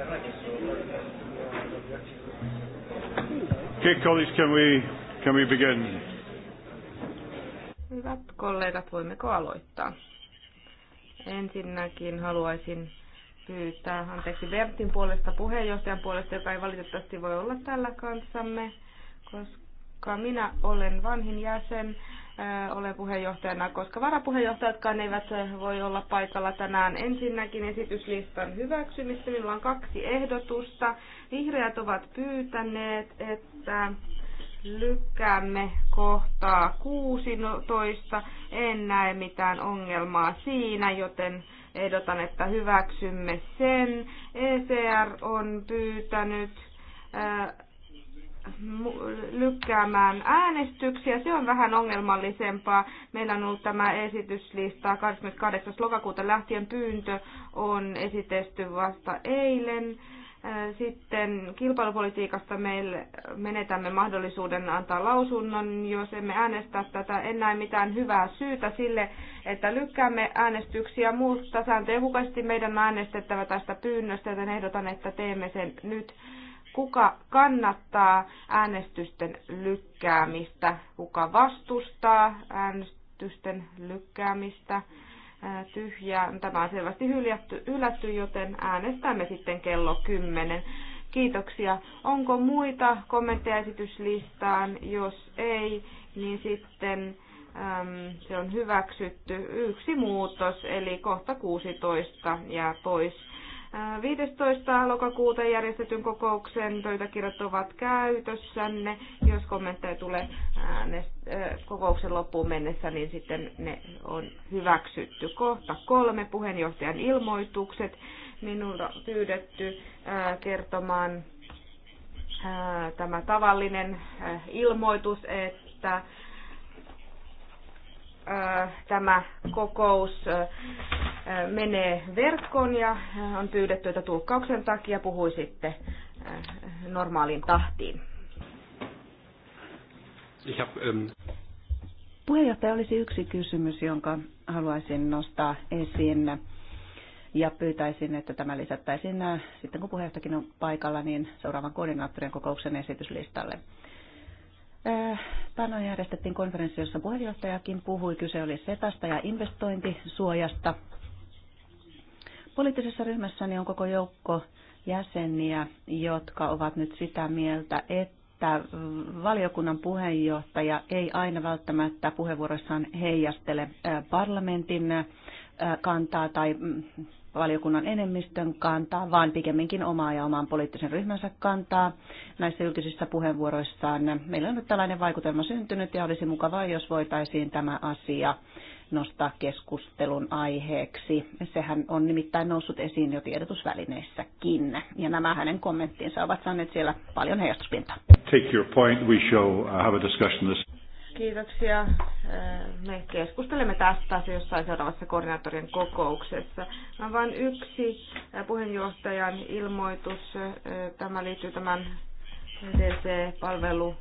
Okay, colleagues, can we, can we begin? Hyvät kollegat, voimmeko aloittaa? Ensinnäkin haluaisin pyytää anteeksi Bertin puolesta, puheenjohtajan puolesta, joka ei valitettavasti voi olla tällä kanssamme, koska minä olen vanhin jäsen ole puheenjohtajana, koska varapuheenjohtajatkaan eivät voi olla paikalla tänään. Ensinnäkin esityslistan hyväksymistä. Minulla on kaksi ehdotusta. Vihreät ovat pyytäneet, että lykkäämme kohtaa 16. En näe mitään ongelmaa siinä, joten ehdotan, että hyväksymme sen. ECR on pyytänyt lykkäämään äänestyksiä. Se on vähän ongelmallisempaa. Meillä on ollut tämä esityslista 28. lokakuuta lähtien pyyntö on esitetty vasta eilen. Äh, sitten kilpailupolitiikasta meillä menetämme mahdollisuuden antaa lausunnon, jos emme äänestä tätä. En näe mitään hyvää syytä sille, että lykkäämme äänestyksiä, mutta sääntöjen mukaisesti meidän on äänestettävä tästä pyynnöstä, joten ehdotan, että teemme sen nyt kuka kannattaa äänestysten lykkäämistä, kuka vastustaa äänestysten lykkäämistä, tyhjää. Tämä on selvästi hyljätty, hylätty, joten äänestämme sitten kello 10. Kiitoksia. Onko muita kommentteja esityslistaan? Jos ei, niin sitten äm, se on hyväksytty. Yksi muutos, eli kohta 16 ja pois 15. lokakuuta järjestetyn kokouksen pöytäkirjat ovat käytössänne. Jos kommentteja tulee kokouksen loppuun mennessä, niin sitten ne on hyväksytty. Kohta kolme puheenjohtajan ilmoitukset. on pyydetty kertomaan tämä tavallinen ilmoitus, että tämä kokous menee verkkoon ja on pyydetty, että tulkkauksen takia puhuisitte normaaliin tahtiin. Ja, ähm... Puheenjohtaja, olisi yksi kysymys, jonka haluaisin nostaa esiin ja pyytäisin, että tämä lisättäisiin äh, sitten kun puheenjohtajakin on paikalla, niin seuraavan koordinaattorin kokouksen esityslistalle. Tänään järjestettiin konferenssi, jossa puheenjohtajakin puhui. Kyse oli SETAsta ja investointisuojasta. Poliittisessa ryhmässäni on koko joukko jäseniä, jotka ovat nyt sitä mieltä, että valiokunnan puheenjohtaja ei aina välttämättä puheenvuorossaan heijastele parlamentin kantaa tai mm, valiokunnan enemmistön kantaa, vaan pikemminkin omaa ja oman poliittisen ryhmänsä kantaa näissä julkisissa puheenvuoroissaan. Meillä on nyt tällainen vaikutelma syntynyt ja olisi mukavaa, jos voitaisiin tämä asia nostaa keskustelun aiheeksi. Sehän on nimittäin noussut esiin jo tiedotusvälineissäkin. Ja nämä hänen kommenttinsa ovat saaneet siellä paljon heijastuspintaa. Take your point. We show, uh, have a discussion this. Kiitoksia. Äh, me keskustelemme tästä asiassa seuraavassa koordinaattorien kokouksessa. On vain yksi äh, puheenjohtajan ilmoitus. Äh, tämä liittyy tämän DC-palvelu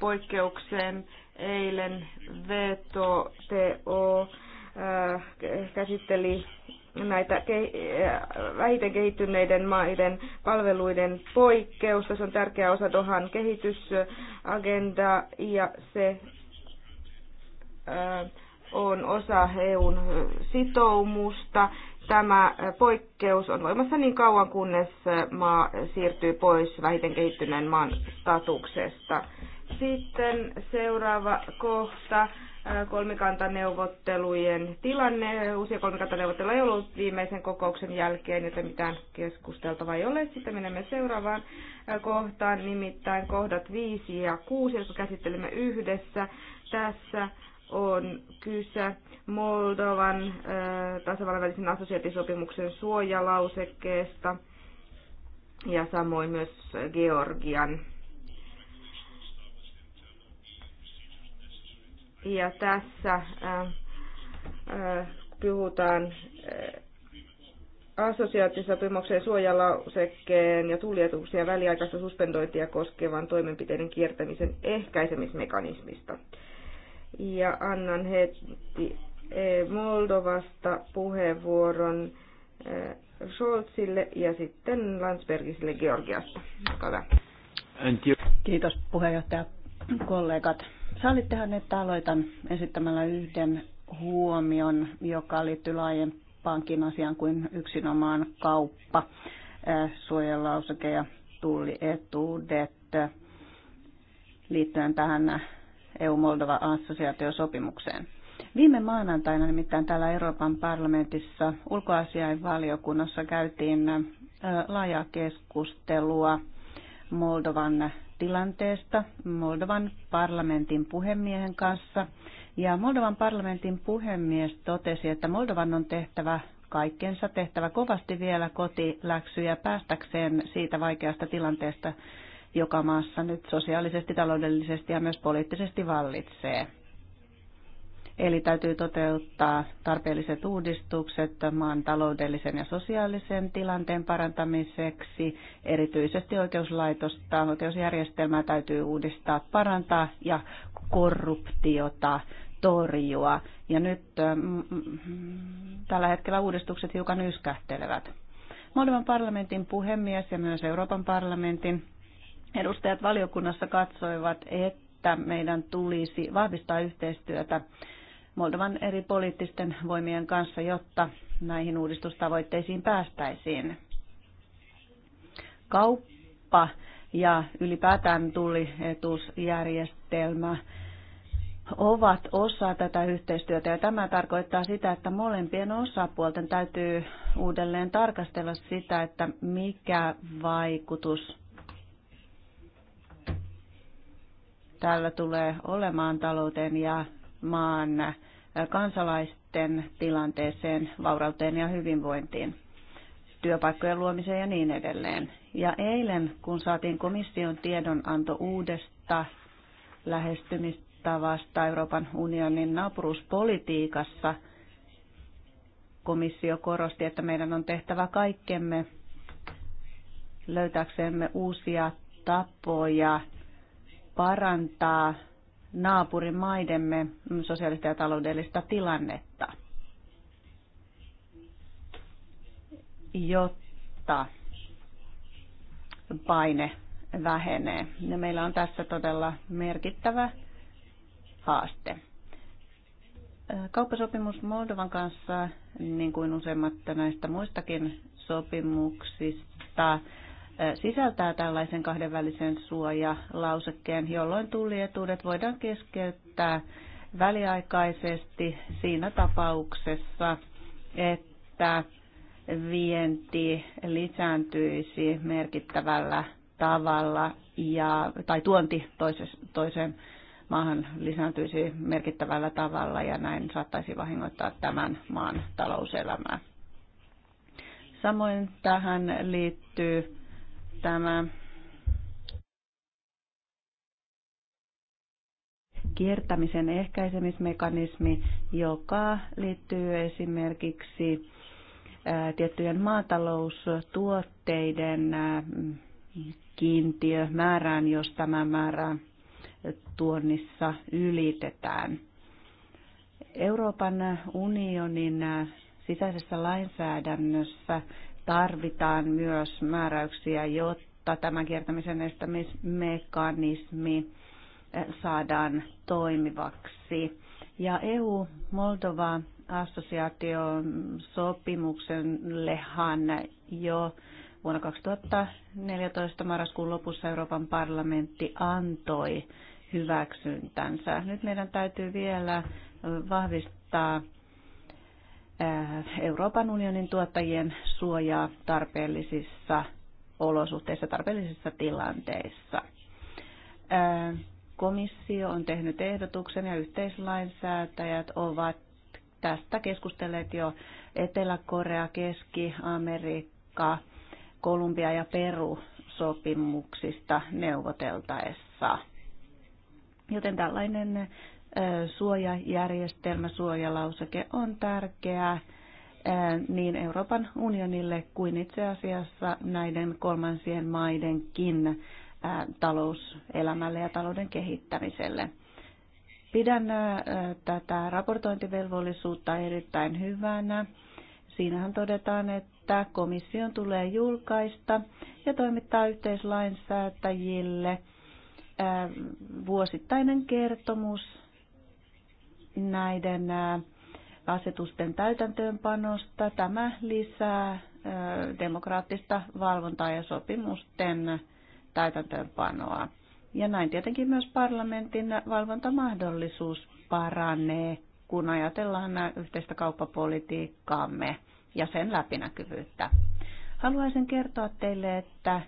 poikkeukseen eilen VTO äh, käsitteli näitä äh, vähiten kehittyneiden maiden palveluiden poikkeusta. Se on tärkeä osa Dohan kehitysagendaa ja se äh, on osa EUn sitoumusta. Tämä poikkeus on voimassa niin kauan, kunnes maa siirtyy pois vähiten kehittyneen maan statuksesta. Sitten seuraava kohta, äh, kolmikantaneuvottelujen tilanne. Uusia kolmikantaneuvotteluja ei ollut viimeisen kokouksen jälkeen, joten mitään keskusteltavaa ei ole. Sitten menemme seuraavaan äh, kohtaan, nimittäin kohdat 5 ja 6, jotka käsittelemme yhdessä. Tässä on kyse Moldovan äh, tasavallan välisen assosiaatisopimuksen suojalausekkeesta ja samoin myös Georgian Ja tässä ähm, äh, puhutaan äh, assosiaatiosopimuksen suojalausekkeen ja tullietuuksien väliaikaista suspendointia koskevan toimenpiteiden kiertämisen ehkäisemismekanismista. Ja annan heti äh, Moldovasta puheenvuoron Scholzille ja sitten Landsbergisille Georgiasta. Kiitos puheenjohtaja kollegat tehnyt, että aloitan esittämällä yhden huomion, joka liittyy laajempaankin asiaan kuin yksinomaan kauppa, suojelauseke ja tullietuudet liittyen tähän EU-Moldova-assosiaatiosopimukseen. Viime maanantaina nimittäin täällä Euroopan parlamentissa ulkoasiainvaliokunnassa käytiin laajaa keskustelua Moldovan tilanteesta Moldovan parlamentin puhemiehen kanssa. Ja Moldovan parlamentin puhemies totesi, että Moldovan on tehtävä kaikkensa tehtävä kovasti vielä kotiläksyjä päästäkseen siitä vaikeasta tilanteesta, joka maassa nyt sosiaalisesti, taloudellisesti ja myös poliittisesti vallitsee. Eli täytyy toteuttaa tarpeelliset uudistukset maan taloudellisen ja sosiaalisen tilanteen parantamiseksi. Erityisesti oikeuslaitosta, oikeusjärjestelmää täytyy uudistaa, parantaa ja korruptiota torjua. Ja nyt mm, mm, mm, tällä hetkellä uudistukset hiukan yskähtelevät. Moldovan parlamentin puhemies ja myös Euroopan parlamentin edustajat valiokunnassa katsoivat, että meidän tulisi vahvistaa yhteistyötä Moldovan eri poliittisten voimien kanssa, jotta näihin uudistustavoitteisiin päästäisiin. Kauppa ja ylipäätään tullietusjärjestelmä ovat osa tätä yhteistyötä ja tämä tarkoittaa sitä, että molempien osapuolten täytyy uudelleen tarkastella sitä, että mikä vaikutus tällä tulee olemaan talouteen ja maan äh, kansalaisten tilanteeseen, vaurauteen ja hyvinvointiin, työpaikkojen luomiseen ja niin edelleen. Ja eilen, kun saatiin komission tiedonanto uudesta lähestymistavasta Euroopan unionin naapuruuspolitiikassa, komissio korosti, että meidän on tehtävä kaikkemme löytääksemme uusia tapoja parantaa naapurimaidemme sosiaalista ja taloudellista tilannetta, jotta paine vähenee. Ja meillä on tässä todella merkittävä haaste. Kauppasopimus Moldovan kanssa, niin kuin useimmat näistä muistakin sopimuksista, sisältää tällaisen kahdenvälisen suojalausekkeen, jolloin tullietuudet voidaan keskeyttää väliaikaisesti siinä tapauksessa, että vienti lisääntyisi merkittävällä tavalla ja, tai tuonti toiseen, maahan lisääntyisi merkittävällä tavalla ja näin saattaisi vahingoittaa tämän maan talouselämää. Samoin tähän liittyy tämä kiertämisen ehkäisemismekanismi, joka liittyy esimerkiksi tiettyjen maataloustuotteiden kiintiömäärään, jos tämä määrä tuonnissa ylitetään. Euroopan unionin sisäisessä lainsäädännössä tarvitaan myös määräyksiä, jotta tämän kiertämisen estämismekanismi eh, saadaan toimivaksi. Ja EU-Moldova assosiaatiosopimuksellehan jo vuonna 2014 marraskuun lopussa Euroopan parlamentti antoi hyväksyntänsä. Nyt meidän täytyy vielä vahvistaa Äh, Euroopan unionin tuottajien suojaa tarpeellisissa olosuhteissa, tarpeellisissa tilanteissa. Äh, komissio on tehnyt ehdotuksen ja yhteislainsäätäjät ovat tästä keskustelleet jo Etelä-Korea, Keski-Amerikka, Kolumbia ja Peru sopimuksista neuvoteltaessa. Joten tällainen suojajärjestelmä, suojalauseke on tärkeää niin Euroopan unionille kuin itse asiassa näiden kolmansien maidenkin talouselämälle ja talouden kehittämiselle. Pidän tätä raportointivelvollisuutta erittäin hyvänä. Siinähän todetaan, että komission tulee julkaista ja toimittaa yhteislainsäätäjille vuosittainen kertomus näiden asetusten täytäntöönpanosta. Tämä lisää demokraattista valvontaa ja sopimusten täytäntöönpanoa. Ja näin tietenkin myös parlamentin valvontamahdollisuus paranee, kun ajatellaan yhteistä kauppapolitiikkaamme ja sen läpinäkyvyyttä. Haluaisin kertoa teille, että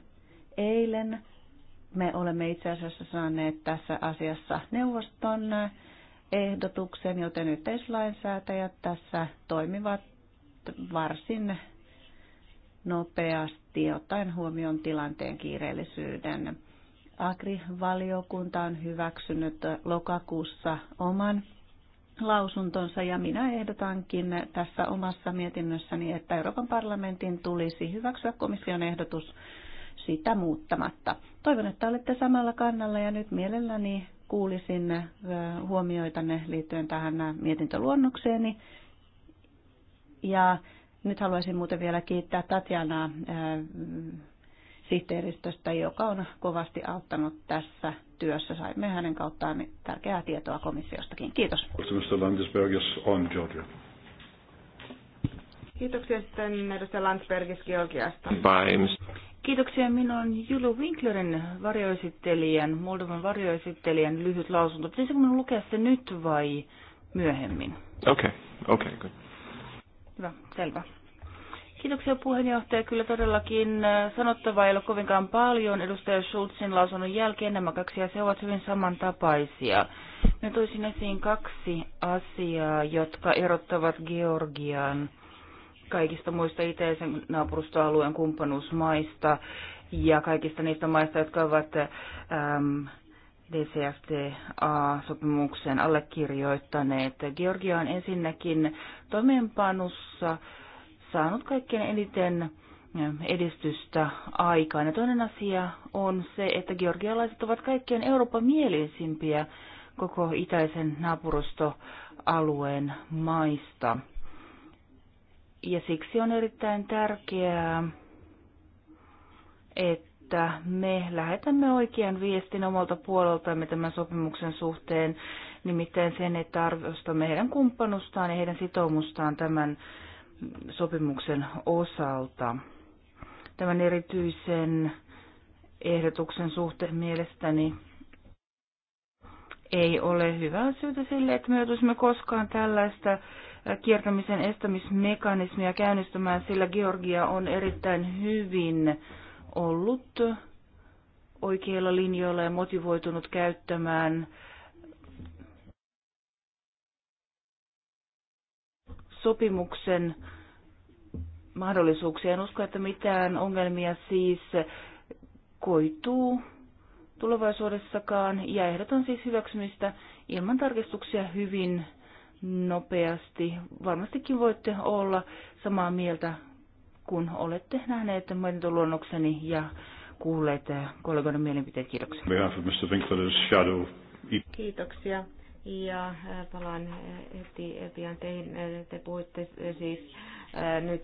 eilen me olemme itse asiassa saaneet tässä asiassa neuvoston ehdotuksen, joten yhteislainsäätäjät tässä toimivat varsin nopeasti ottaen huomioon tilanteen kiireellisyyden. Agri-valiokunta on hyväksynyt lokakuussa oman lausuntonsa ja minä ehdotankin tässä omassa mietinnössäni, että Euroopan parlamentin tulisi hyväksyä komission ehdotus sitä muuttamatta. Toivon, että olette samalla kannalla ja nyt mielelläni kuulisin huomioitanne liittyen tähän mietintöluonnokseeni. Ja nyt haluaisin muuten vielä kiittää Tatjanaa sihteeristöstä, joka on kovasti auttanut tässä työssä. Saimme hänen kauttaan tärkeää tietoa komissiostakin. Kiitos. Kiitoksia sitten edustaja Landsbergis Georgiasta. Bye. Kiitoksia. Minulla on Julu Winklerin varjoesittelijän, Moldovan varjoesittelijän lyhyt lausunto. Pitäisikö minun lukea se nyt vai myöhemmin? Okei, okay. okei, okay, good. Hyvä, selvä. Kiitoksia puheenjohtaja. Kyllä todellakin äh, sanottavaa ei ole kovinkaan paljon. Edustaja Schulzin lausunnon jälkeen nämä kaksi asiaa ovat hyvin samantapaisia. Me toisin esiin kaksi asiaa, jotka erottavat Georgian – kaikista muista itäisen naapurustoalueen kumppanuusmaista ja kaikista niistä maista, jotka ovat äm, DCFTA-sopimuksen allekirjoittaneet. Georgia on ensinnäkin toimeenpanossa saanut kaikkein eniten ähm, edistystä aikaan. Ja toinen asia on se, että georgialaiset ovat kaikkein Euroopan mielisimpiä koko itäisen naapurustoalueen maista. Ja siksi on erittäin tärkeää, että me lähetämme oikean viestin omalta puoleltamme tämän sopimuksen suhteen, nimittäin sen, että arvostamme heidän kumppanustaan ja heidän sitoumustaan tämän sopimuksen osalta. Tämän erityisen ehdotuksen suhteen mielestäni ei ole hyvää syytä sille, että me joutuisimme koskaan tällaista kiertämisen estämismekanismia käynnistämään, sillä Georgia on erittäin hyvin ollut oikeilla linjoilla ja motivoitunut käyttämään sopimuksen mahdollisuuksia. En usko, että mitään ongelmia siis koituu tulevaisuudessakaan ja ehdotan siis hyväksymistä ilman tarkistuksia hyvin nopeasti. Varmastikin voitte olla samaa mieltä, kun olette nähneet luonnokseni ja kuulleet kollegoiden mielipiteet. Kiitoksia. Kiitoksia. Ja äh, palaan äh, heti äh, pian teihin. Te puhuitte siis nyt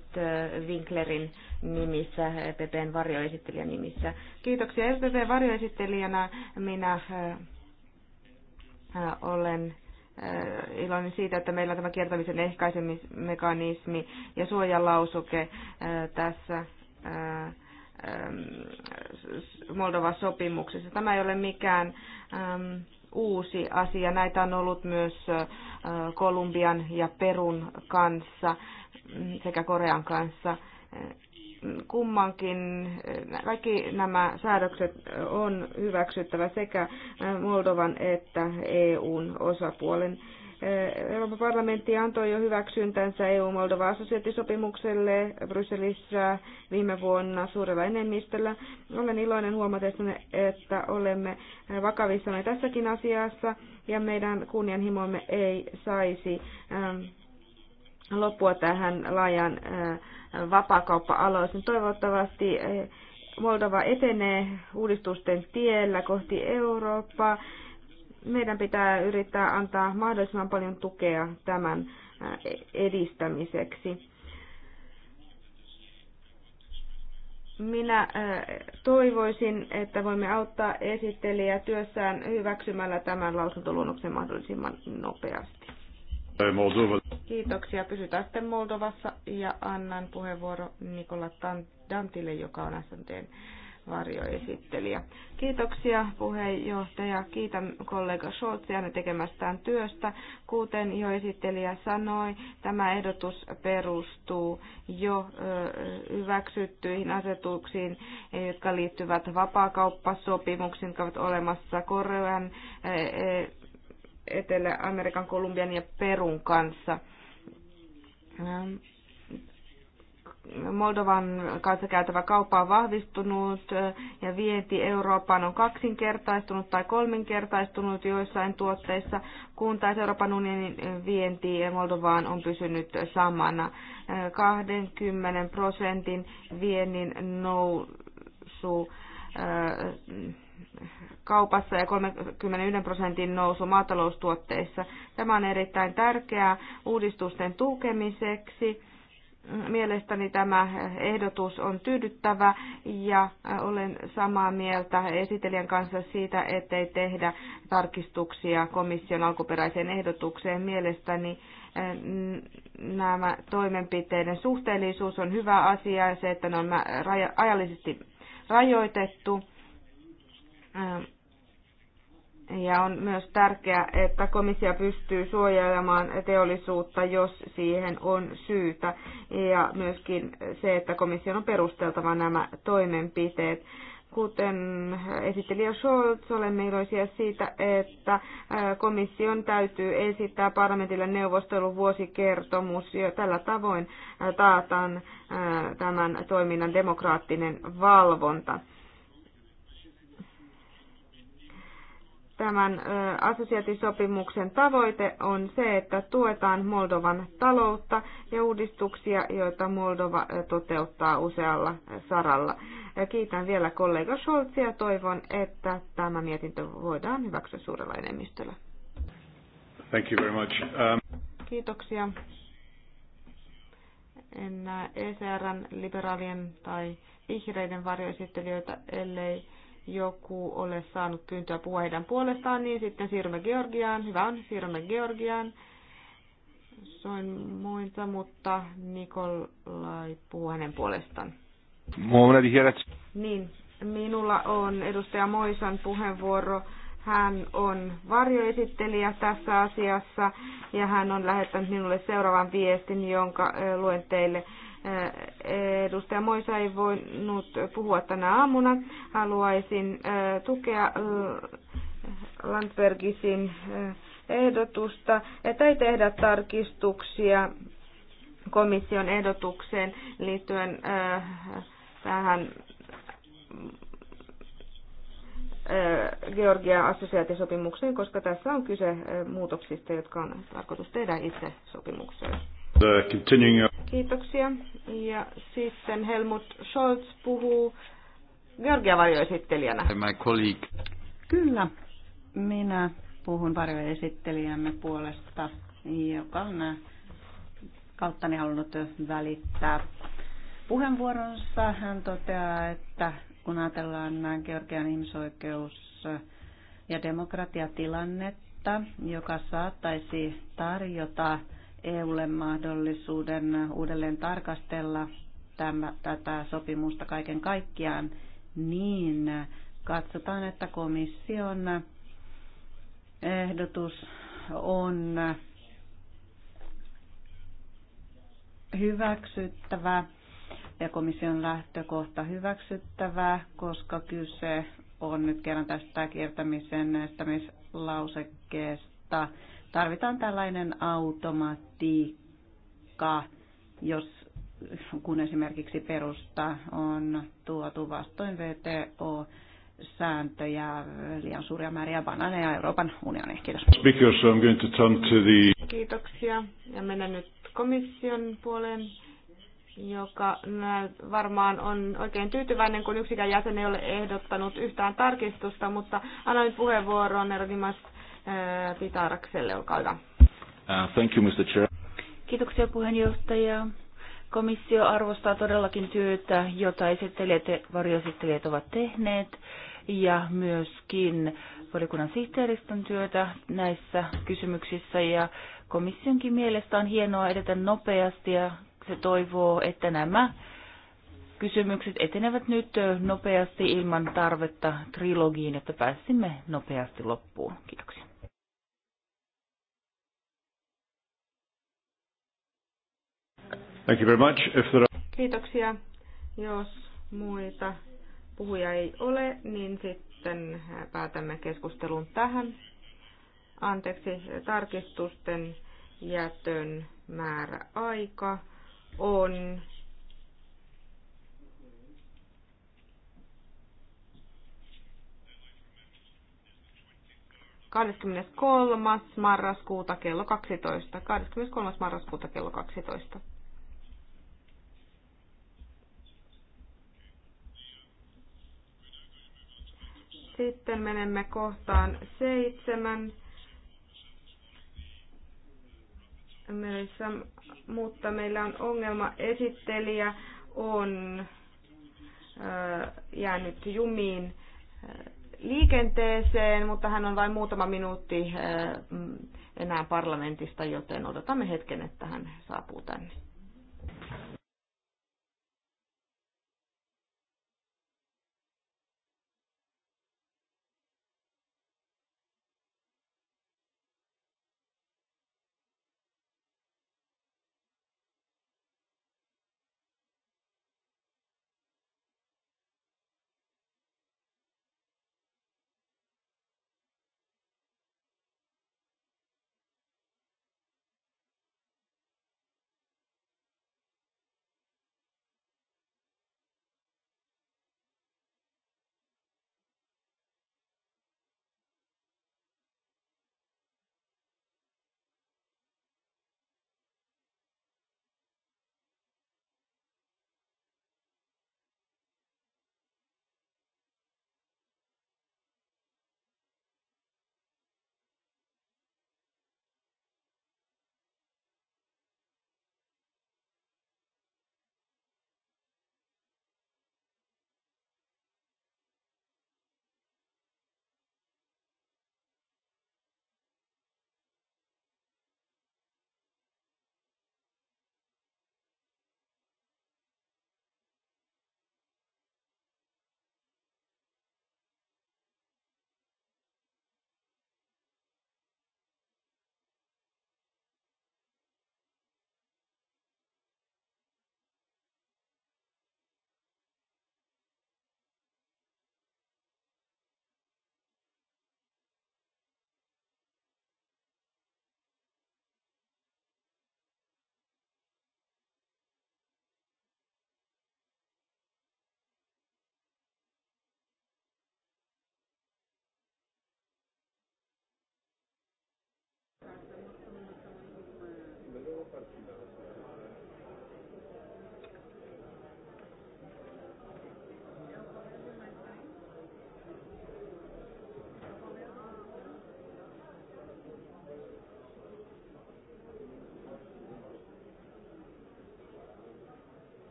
Winklerin nimissä, EPPn varjoesittelijän nimissä. Kiitoksia EPPn varjoesittelijänä. Minä olen Äh, iloinen siitä, että meillä on tämä kiertämisen ehkäisemismekanismi ja suojalausuke äh, tässä äh, ähm, Moldovan sopimuksessa. Tämä ei ole mikään ähm, uusi asia. Näitä on ollut myös Kolumbian ja Perun kanssa sekä Korean kanssa kummankin, kaikki nämä säädökset on hyväksyttävä sekä Moldovan että EUn osapuolen. Euroopan parlamentti antoi jo hyväksyntänsä EU-Moldova-assosiaatisopimukselle Brysselissä viime vuonna suurella enemmistöllä. Olen iloinen huomatessa, että olemme vakavissamme tässäkin asiassa ja meidän kunnianhimomme ei saisi ähm, loppua tähän laajan vapaakauppa-aloisen. Toivottavasti Moldova etenee uudistusten tiellä kohti Eurooppaa. Meidän pitää yrittää antaa mahdollisimman paljon tukea tämän edistämiseksi. Minä toivoisin, että voimme auttaa esittelijä työssään hyväksymällä tämän lausuntoluonnoksen mahdollisimman nopeasti. Kiitoksia. Pysytään sitten Moldovassa ja annan puheenvuoro Nikola Dantille, joka on SMTn varjoesittelijä. Kiitoksia puheenjohtaja. Kiitän kollega Scholzia ne tekemästään työstä. Kuten jo esittelijä sanoi, tämä ehdotus perustuu jo hyväksyttyihin asetuksiin, jotka liittyvät vapaakauppasopimuksiin, jotka ovat olemassa Korean Etelä-Amerikan, Kolumbian ja Perun kanssa. Ähm, Moldovan kanssa käytävä kauppa on vahvistunut äh, ja vienti Eurooppaan on kaksinkertaistunut tai kolminkertaistunut joissain tuotteissa, kun taas Euroopan unionin äh, vienti Moldovaan on pysynyt samana. 20 äh, prosentin viennin nousu kaupassa ja 31 prosentin nousu maataloustuotteissa. Tämä on erittäin tärkeää uudistusten tukemiseksi. Mielestäni tämä ehdotus on tyydyttävä ja olen samaa mieltä esittelijän kanssa siitä, ettei tehdä tarkistuksia komission alkuperäiseen ehdotukseen. Mielestäni mm, nämä toimenpiteiden suhteellisuus on hyvä asia ja se, että ne on ajallisesti rajoitettu ja on myös tärkeää, että komissio pystyy suojelemaan teollisuutta, jos siihen on syytä. Ja myöskin se, että komission on perusteltava nämä toimenpiteet. Kuten esittelijä Scholz, olemme iloisia siitä, että komission täytyy esittää parlamentille neuvostelun vuosikertomus ja tällä tavoin taataan tämän toiminnan demokraattinen valvonta. Tämän assosiaatisopimuksen tavoite on se, että tuetaan Moldovan taloutta ja uudistuksia, joita Moldova toteuttaa usealla saralla. Kiitän vielä kollega Scholzia ja toivon, että tämä mietintö voidaan hyväksyä suurella enemmistöllä. Thank you very much. Um... Kiitoksia. En näe ECRn, liberaalien tai vihreiden varjoesittelijöitä, ellei joku ole saanut pyyntöä puhua heidän puolestaan, niin sitten siirrymme Georgiaan. Hyvä on, siirrymme Georgiaan. Soin muita, mutta Nikolai puhuu hänen puolestaan. Niin, minulla on edustaja Moisan puheenvuoro. Hän on varjoesittelijä tässä asiassa ja hän on lähettänyt minulle seuraavan viestin, jonka eh, luen teille Edustaja Moisa ei voinut puhua tänä aamuna. Haluaisin tukea Landbergisin ehdotusta, että ei tehdä tarkistuksia komission ehdotukseen liittyen tähän Georgian assosiaatiosopimukseen, koska tässä on kyse muutoksista, jotka on tarkoitus tehdä itse sopimukseen. Uh, Kiitoksia. Ja sitten Helmut Scholz puhuu Georgia varjoesittelijänä. My colleague. Kyllä, minä puhun varjoesittelijämme puolesta, joka on äh, kauttani halunnut välittää puheenvuoronsa. Hän toteaa, että kun ajatellaan äh, Georgian ihmisoikeus- ja demokratiatilannetta, joka saattaisi tarjota EUlle mahdollisuuden uudelleen tarkastella tämä, tätä sopimusta kaiken kaikkiaan, niin katsotaan, että komission ehdotus on hyväksyttävä ja komission lähtökohta hyväksyttävä, koska kyse on nyt kerran tästä kiertämisen estämislausekkeesta tarvitaan tällainen automatiikka, jos kun esimerkiksi perusta on tuotu vastoin VTO sääntöjä, liian suuria määriä bananeja Euroopan unioni. Kiitos. Kiitoksia. Ja mennään nyt komission puoleen, joka varmaan on oikein tyytyväinen, kun yksikään jäsen ei ole ehdottanut yhtään tarkistusta, mutta annoin puheenvuoron Erdimas Pitarakselle, olkaa hyvä. Uh, thank you, Mr. Chair. Kiitoksia puheenjohtaja. Komissio arvostaa todellakin työtä, jota esittelijät ja varjoesittelijät ovat tehneet, ja myöskin valiokunnan sihteeristön työtä näissä kysymyksissä. Ja komissionkin mielestä on hienoa edetä nopeasti, ja se toivoo, että nämä kysymykset etenevät nyt nopeasti ilman tarvetta trilogiin, että pääsimme nopeasti loppuun. Kiitoksia. Thank you very much. If there are... Kiitoksia. Jos muita puhuja ei ole, niin sitten päätämme keskustelun tähän. Anteeksi, tarkistusten jätön määräaika on kahdeskymmeneskolmas kolmas marraskuuta kello kaksitoista. kahdeskymmeneskolmas kolmas marraskuuta kello kaksitoista. Sitten menemme kohtaan seitsemän. mutta meillä on ongelma. Esittelijä on äh, jäänyt jumiin äh, liikenteeseen, mutta hän on vain muutama minuutti äh, enää parlamentista, joten odotamme hetken, että hän saapuu tänne.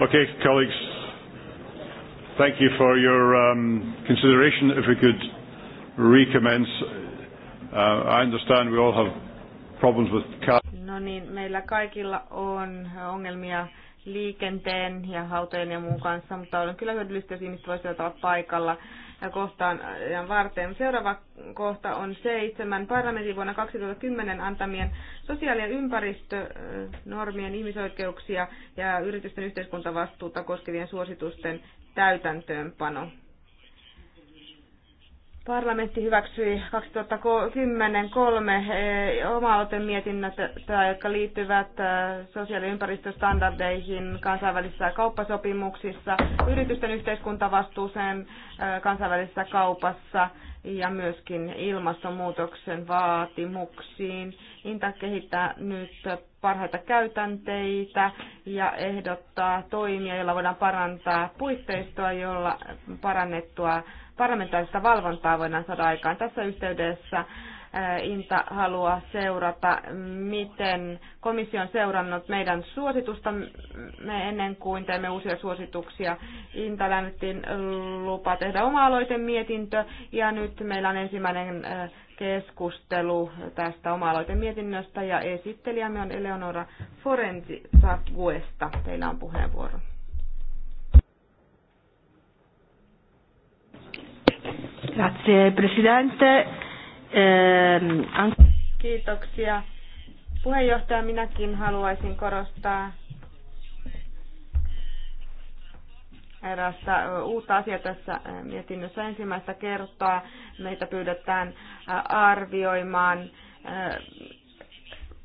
Okay, colleagues, thank you for your um, consideration. If we could recommence, uh, I understand we all have problems with cars. No niin, meillä kaikilla on ongelmia liikenteen ja hautojen ja muun kanssa, mutta on kyllä hyödyllistä, jos ihmiset voisivat olla paikalla ja kohtaan äh, ja varten. Seuraava kohta on seitsemän parlamentin vuonna 2010 antamien Sosiaali- ja ympäristönormien ihmisoikeuksia ja yritysten yhteiskuntavastuuta koskevien suositusten täytäntöönpano. Parlamentti hyväksyi 2010 kolme eh, oma mietinnötä, jotka liittyvät eh, ympäristöstandardeihin kansainvälisissä kauppasopimuksissa, yritysten yhteiskuntavastuuseen eh, kansainvälisessä kaupassa ja myöskin ilmastonmuutoksen vaatimuksiin. Inta kehittää nyt parhaita käytänteitä ja ehdottaa toimia, joilla voidaan parantaa puitteistoa, jolla parannettua parlamentaarista valvontaa voidaan saada aikaan. Tässä yhteydessä Inta haluaa seurata, miten komissio on seurannut meidän me ennen kuin teemme uusia suosituksia. Inta lähdettiin lupa tehdä oma aloitemietintö ja nyt meillä on ensimmäinen keskustelu tästä oma aloitemietinnöstä ja esittelijämme on Eleonora Forensi Saguesta. Teillä on puheenvuoro. Grazie Presidente. Ehm, Kiitoksia. Puheenjohtaja, minäkin haluaisin korostaa erästä uutta asiaa tässä mietinnössä. Ensimmäistä kertaa meitä pyydetään arvioimaan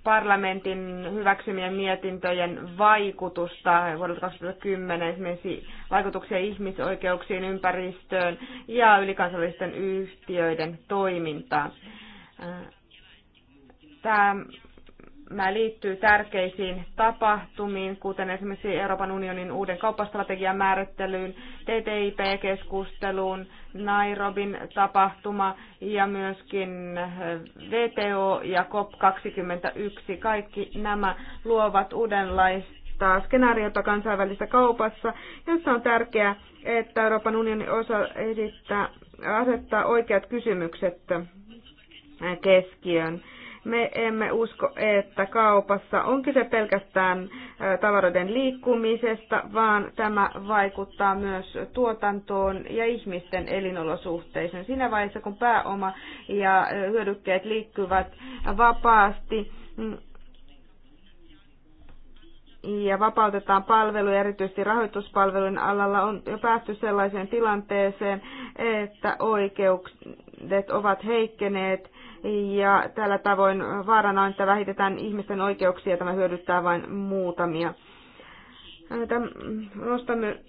parlamentin hyväksymien mietintöjen vaikutusta vuodelta 2010 esimerkiksi vaikutuksia ihmisoikeuksiin, ympäristöön ja ylikansallisten yhtiöiden toimintaan. Tämä liittyy tärkeisiin tapahtumiin, kuten esimerkiksi Euroopan unionin uuden kauppastrategian määrittelyyn, TTIP-keskusteluun, Nairobin tapahtuma ja myöskin VTO ja COP21. Kaikki nämä luovat uudenlaista skenaariota kansainvälisessä kaupassa, jossa on tärkeää, että Euroopan unioni osa esittää, asettaa oikeat kysymykset keskiöön. Me emme usko, että kaupassa on kyse pelkästään tavaroiden liikkumisesta, vaan tämä vaikuttaa myös tuotantoon ja ihmisten elinolosuhteisiin. Siinä vaiheessa, kun pääoma ja hyödykkeet liikkuvat vapaasti, mm, ja vapautetaan palveluja, erityisesti rahoituspalvelujen alalla, on jo päästy sellaiseen tilanteeseen, että oikeudet ovat heikkeneet ja tällä tavoin vaarana on, että vähitetään ihmisten oikeuksia, tämä hyödyttää vain muutamia. nostamme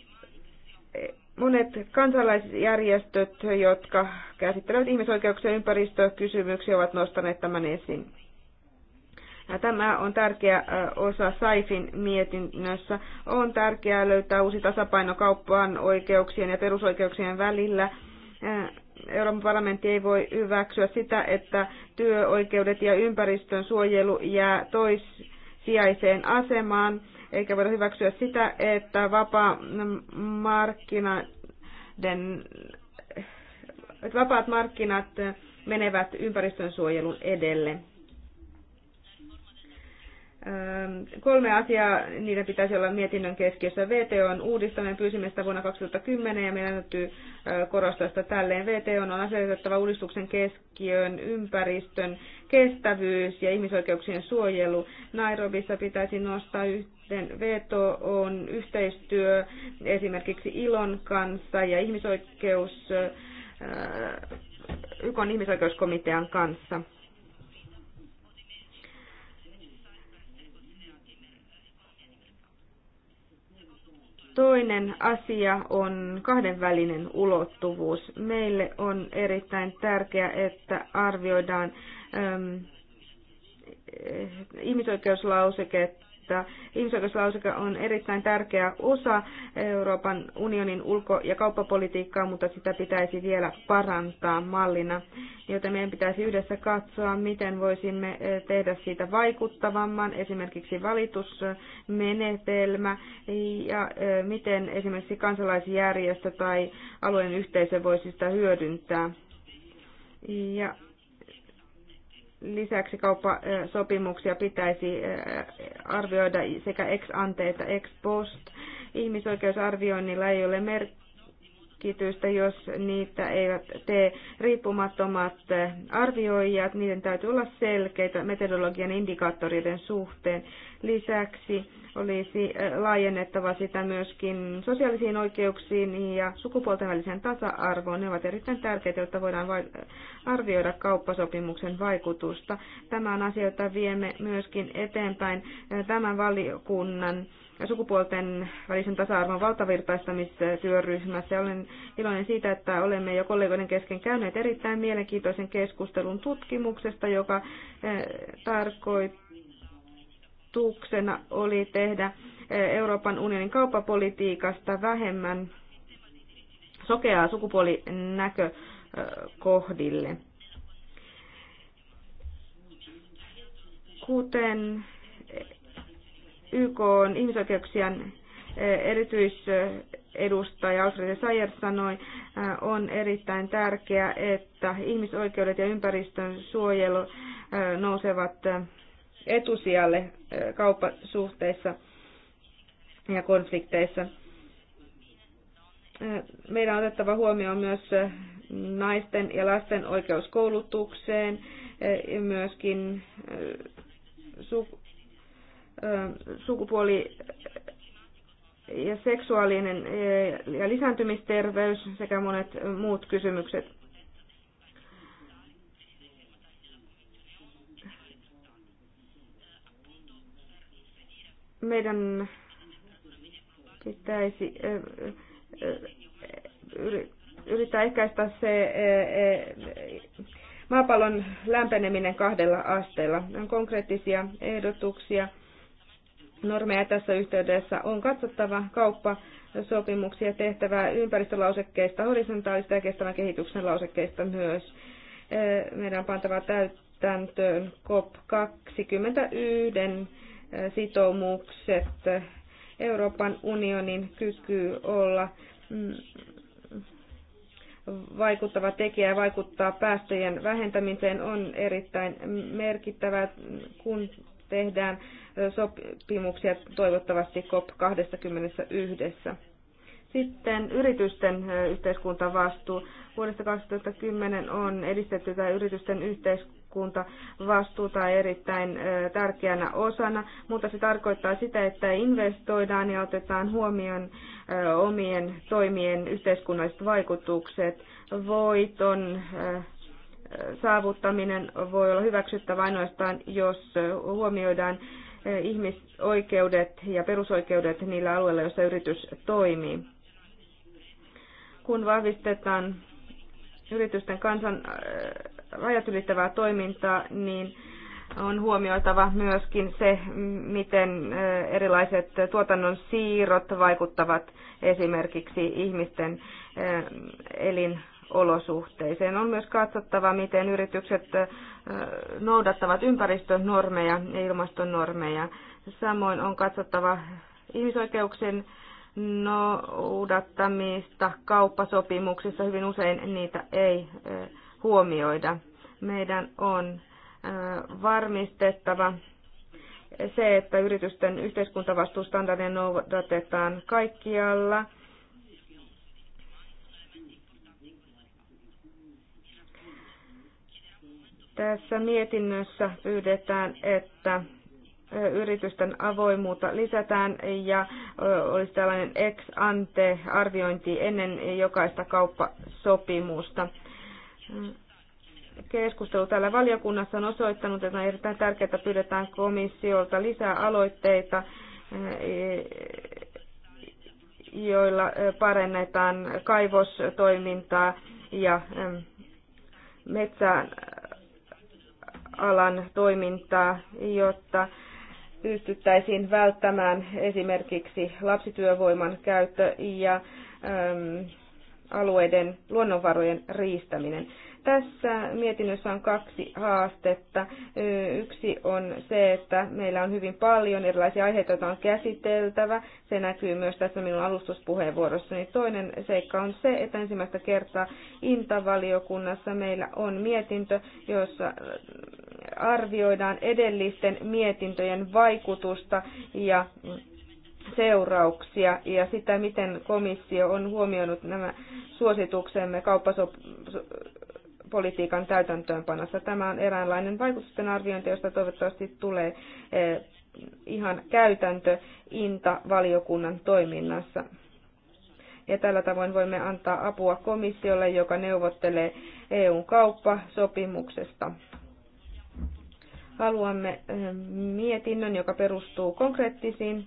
eh, monet kansalaisjärjestöt, jotka käsittelevät ihmisoikeuksia ja ympäristökysymyksiä, ovat nostaneet tämän esiin. Ja tämä on tärkeä osa Saifin mietinnössä. On tärkeää löytää uusi tasapaino kauppaan oikeuksien ja perusoikeuksien välillä Euroopan parlamentti ei voi hyväksyä sitä, että työoikeudet ja ympäristön suojelu jää toissijaiseen asemaan, eikä voida hyväksyä sitä, että vapaa että vapaat markkinat menevät ympäristön suojelun edelle. Ähm, kolme asiaa, niiden pitäisi olla mietinnön keskiössä. VTO on uudistaminen, pyysimme sitä vuonna 2010 ja meidän täytyy korostaa sitä tälleen. VTO on asetettava uudistuksen keskiöön ympäristön kestävyys ja ihmisoikeuksien suojelu. Nairobissa pitäisi nostaa yhteen VTO on yhteistyö esimerkiksi ILON kanssa ja ihmisoikeus, YK ihmisoikeuskomitean kanssa Toinen asia on kahdenvälinen ulottuvuus. Meille on erittäin tärkeää, että arvioidaan ähm, eh, ihmisoikeuslauseketta että ihmisoikeuslauseke on erittäin tärkeä osa Euroopan unionin ulko- ja kauppapolitiikkaa, mutta sitä pitäisi vielä parantaa mallina. Joten meidän pitäisi yhdessä katsoa, miten voisimme eh, tehdä siitä vaikuttavamman, esimerkiksi valitusmenetelmä ja eh, miten esimerkiksi kansalaisjärjestö tai alueen yhteisö voisi sitä hyödyntää. Ja lisäksi kauppasopimuksia pitäisi arvioida sekä ex ante että ex post. Ihmisoikeusarvioinnilla ei ole merkitystä merkitystä, jos niitä eivät tee riippumattomat arvioijat. Niiden täytyy olla selkeitä metodologian indikaattoreiden suhteen. Lisäksi olisi laajennettava sitä myöskin sosiaalisiin oikeuksiin ja sukupuolten väliseen tasa-arvoon. Ne ovat erittäin tärkeitä, jotta voidaan arvioida kauppasopimuksen vaikutusta. Tämä on asia, jota viemme myöskin eteenpäin tämän valiokunnan sukupuolten välisen tasa-arvon valtavirtaistamistyöryhmässä. Olen iloinen siitä, että olemme jo kollegoiden kesken käyneet erittäin mielenkiintoisen keskustelun tutkimuksesta, joka eh, tarkoituksena oli tehdä eh, Euroopan unionin kauppapolitiikasta vähemmän sokeaa sukupuolinäkökohdille. Kuten YK on ihmisoikeuksien e, erityisedustaja Osrede Sayer sanoi, e, on erittäin tärkeää, että ihmisoikeudet ja ympäristön suojelu e, nousevat etusijalle kauppasuhteissa ja konflikteissa. Meidän on otettava huomioon myös naisten ja lasten oikeuskoulutukseen, myöskin sukupuoli ja seksuaalinen ja lisääntymisterveys sekä monet muut kysymykset. Meidän pitäisi yrittää ehkäistä se maapallon lämpeneminen kahdella asteella. On konkreettisia ehdotuksia normeja tässä yhteydessä on katsottava kauppa sopimuksia tehtävää ympäristölausekkeista, horisontaalista ja kestävän kehityksen lausekkeista myös. Meidän on pantava täytäntöön COP21 sitoumukset Euroopan unionin kyky olla mm, vaikuttava tekijä ja vaikuttaa päästöjen vähentämiseen on erittäin merkittävä, kun tehdään sopimuksia toivottavasti COP21. Sitten yritysten yhteiskuntavastuu. Vuodesta 2010 on edistetty tämä yritysten yhteiskunta vastuuta erittäin tärkeänä osana, mutta se tarkoittaa sitä, että investoidaan ja otetaan huomioon omien toimien yhteiskunnalliset vaikutukset, voiton saavuttaminen voi olla hyväksyttävä ainoastaan, jos huomioidaan ihmisoikeudet ja perusoikeudet niillä alueilla, joissa yritys toimii. Kun vahvistetaan yritysten kansan äh, rajat ylittävää toimintaa, niin on huomioitava myöskin se, miten äh, erilaiset tuotannon siirrot vaikuttavat esimerkiksi ihmisten äh, elin olosuhteisiin. On myös katsottava, miten yritykset noudattavat ympäristönormeja ja normeja. Samoin on katsottava ihmisoikeuksien noudattamista kauppasopimuksissa. Hyvin usein niitä ei huomioida. Meidän on varmistettava se, että yritysten yhteiskuntavastuustandardia noudatetaan kaikkialla – Tässä mietinnössä pyydetään, että yritysten avoimuutta lisätään ja olisi tällainen ex ante arviointi ennen jokaista kauppasopimusta. Keskustelu täällä valiokunnassa on osoittanut, että on erittäin tärkeää, että pyydetään komissiolta lisää aloitteita, joilla parennetaan kaivostoimintaa ja metsään alan toimintaa, jotta pystyttäisiin välttämään esimerkiksi lapsityövoiman käyttö ja äm, alueiden luonnonvarojen riistäminen. Tässä mietinnössä on kaksi haastetta. Yksi on se, että meillä on hyvin paljon erilaisia aiheita, joita on käsiteltävä. Se näkyy myös tässä minun alustuspuheenvuorossani. Toinen seikka on se, että ensimmäistä kertaa Intavaliokunnassa meillä on mietintö, jossa arvioidaan edellisten mietintöjen vaikutusta ja seurauksia ja sitä, miten komissio on huomioinut nämä suosituksemme kauppasop- politiikan täytäntöönpanossa. Tämä on eräänlainen vaikutusten arviointi, josta toivottavasti tulee e, ihan käytäntö INTA-valiokunnan toiminnassa. Ja tällä tavoin voimme antaa apua komissiolle, joka neuvottelee EUn kauppasopimuksesta. Haluamme e, mietinnön, joka perustuu konkreettisiin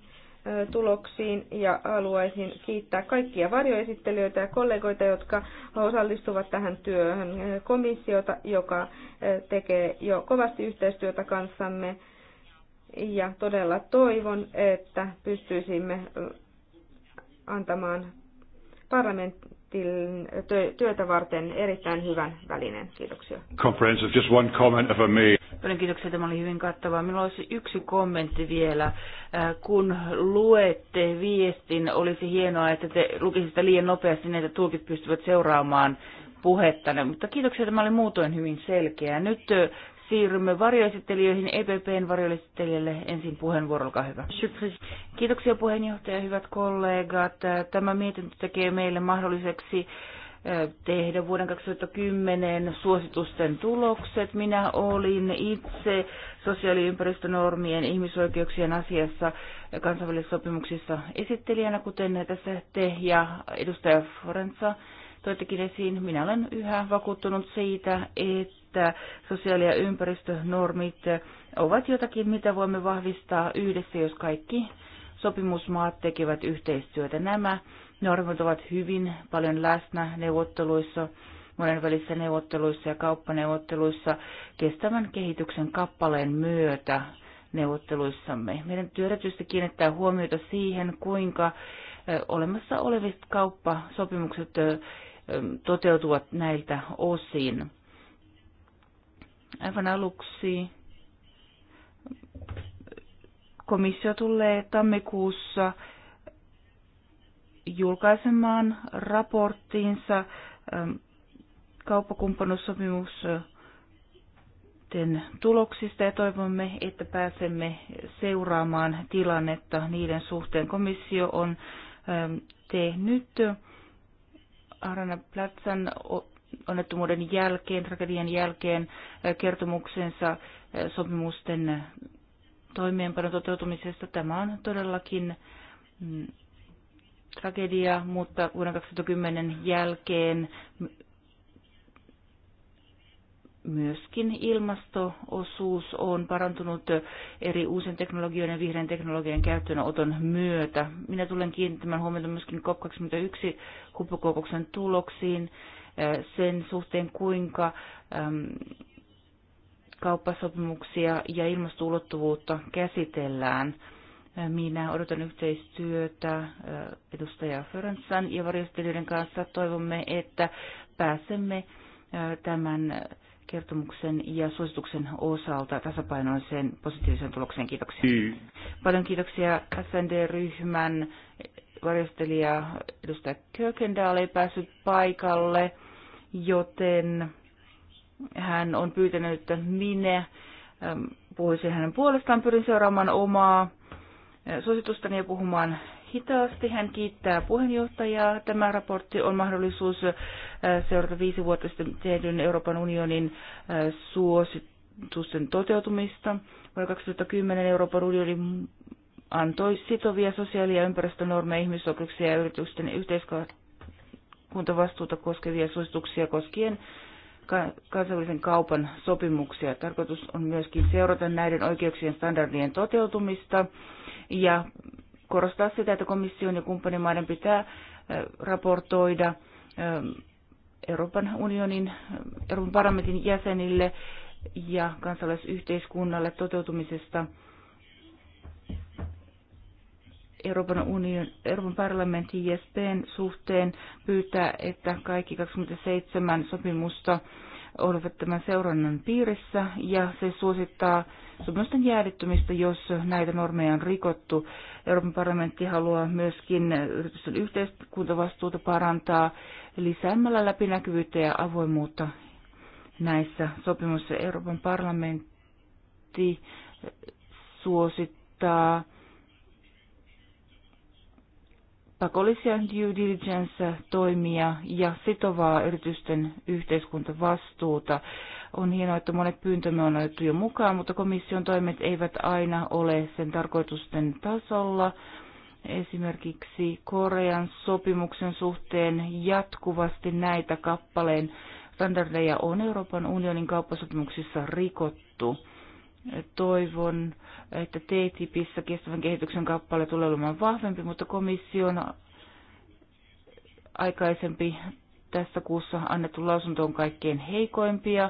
tuloksiin ja haluaisin kiittää kaikkia varjoesittelijöitä ja kollegoita, jotka osallistuvat tähän työhön. Komissiota, joka tekee jo kovasti yhteistyötä kanssamme ja todella toivon, että pystyisimme antamaan parlament, työtä varten erittäin hyvän välineen. Kiitoksia. Comprehensive, just one comment if I may. Paljon kiitoksia, tämä oli hyvin kattavaa. Minulla olisi yksi kommentti vielä. Äh, kun luette viestin, olisi hienoa, että te lukisitte liian nopeasti, niin että tulkit pystyvät seuraamaan puhettanne. Mutta kiitoksia, tämä oli muutoin hyvin selkeä. Nyt äh, siirrymme varjoesittelijöihin. EPPn varjoesittelijälle ensin puheenvuoro, olkaa hyvä. Kiitoksia puheenjohtaja, hyvät kollegat. Tämä mietintö tekee meille mahdolliseksi tehdä vuoden 2010 suositusten tulokset. Minä olin itse sosiaaliympäristönormien ihmisoikeuksien asiassa kansainvälisissä sopimuksissa esittelijänä, kuten tässä te ja edustaja Forenza toittekin esiin. Minä olen yhä vakuuttunut siitä, että että sosiaali- ja ympäristönormit ovat jotakin, mitä voimme vahvistaa yhdessä, jos kaikki sopimusmaat tekevät yhteistyötä. Nämä normit ovat hyvin paljon läsnä neuvotteluissa, monenvälisissä neuvotteluissa ja kauppaneuvotteluissa kestävän kehityksen kappaleen myötä neuvotteluissamme. Meidän työrätystä kiinnittää huomiota siihen, kuinka olemassa olevista kauppasopimukset toteutuvat näiltä osin. Aivan aluksi komissio tulee tammikuussa julkaisemaan raporttiinsa ähm, kauppakumppanuussopimusten tuloksista ja toivomme, että pääsemme seuraamaan tilannetta niiden suhteen. Komissio on ähm, tehnyt Arana Platsan onnettomuuden jälkeen, tragedian jälkeen eh, kertomuksensa eh, sopimusten eh, toimeenpanon toteutumisesta. Tämä on todellakin mm, tragedia, mutta vuoden 2010 jälkeen myöskin ilmastoosuus on parantunut eri uusien teknologioiden ja vihreän teknologian käyttöönoton myötä. Minä tulen kiinnittämään huomiota myöskin COP21 huippukokouksen tuloksiin sen suhteen, kuinka kauppasopimuksia ja ilmastoulottuvuutta käsitellään. Minä odotan yhteistyötä edustaja Föransan ja varjostelijoiden kanssa. Toivomme, että pääsemme tämän kertomuksen ja suosituksen osalta tasapainoiseen positiiviseen tulokseen. Kiitoksia. Mm. Paljon kiitoksia SND-ryhmän varjostelija edustaja Kökendal ei päässyt paikalle joten hän on pyytänyt, että minä ähm, puhuisin hänen puolestaan, pyrin seuraamaan omaa äh, suositustani ja puhumaan hitaasti. Hän kiittää puheenjohtajaa. Tämä raportti on mahdollisuus äh, seurata viisi vuotta sitten tehdyn Euroopan unionin äh, suositusten toteutumista. Vuonna 2010 Euroopan unioni antoi sitovia sosiaali- ja ympäristönormeja, ihmisoikeuksia ja yritysten yhteiskuntaa kuntavastuuta koskevia suosituksia koskien kansainvälisen kaupan sopimuksia. Tarkoitus on myöskin seurata näiden oikeuksien standardien toteutumista ja korostaa sitä, että komission ja kumppanimaiden pitää raportoida Euroopan unionin, Euroopan parlamentin jäsenille ja kansalaisyhteiskunnalle toteutumisesta – Euroopan, union, Euroopan parlamentin JSPn suhteen pyytää, että kaikki 27 sopimusta olivat tämän seurannan piirissä ja se suosittaa sopimusten jäädyttämistä, jos näitä normeja on rikottu. Euroopan parlamentti haluaa myöskin yritysten yhteiskuntavastuuta parantaa lisäämällä läpinäkyvyyttä ja avoimuutta näissä sopimuksissa. Euroopan parlamentti suosittaa pakollisia due diligence-toimia ja sitovaa yritysten yhteiskuntavastuuta. On hienoa, että monet pyyntömme on otettu jo mukaan, mutta komission toimet eivät aina ole sen tarkoitusten tasolla. Esimerkiksi Korean sopimuksen suhteen jatkuvasti näitä kappaleen standardeja on Euroopan unionin kauppasopimuksissa rikottu. Toivon, että TTIPissä kestävän kehityksen kappale tulee olemaan vahvempi, mutta komission aikaisempi tässä kuussa annettu lausunto on kaikkein heikoimpia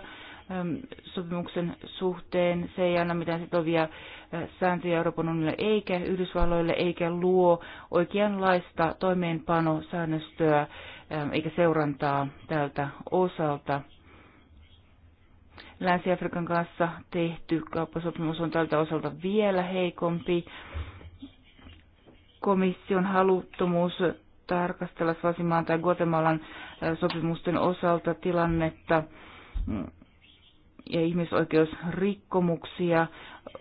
ähm, sopimuksen suhteen. Se ei anna mitään sitovia äh, sääntöjä Euroopan unionille eikä Yhdysvalloille, eikä luo oikeanlaista toimeenpanosäännöstöä ähm, eikä seurantaa tältä osalta. Länsi-Afrikan kanssa tehty kauppasopimus on tältä osalta vielä heikompi. Komission haluttomuus tarkastella Svasimaan tai Guatemalan sopimusten osalta tilannetta mm, ja ihmisoikeusrikkomuksia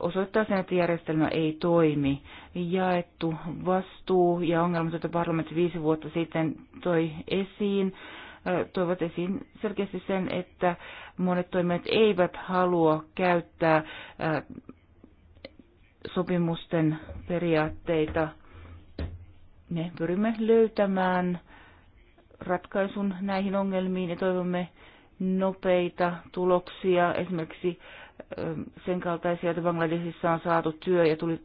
osoittaa sen, että järjestelmä ei toimi. Jaettu vastuu ja ongelmat, joita parlamentti viisi vuotta sitten toi esiin, toivat esiin selkeästi sen, että monet toimijat eivät halua käyttää sopimusten periaatteita. Me pyrimme löytämään ratkaisun näihin ongelmiin ja toivomme nopeita tuloksia, esimerkiksi sen kaltaisia, että Bangladesissa on saatu työ- ja tuli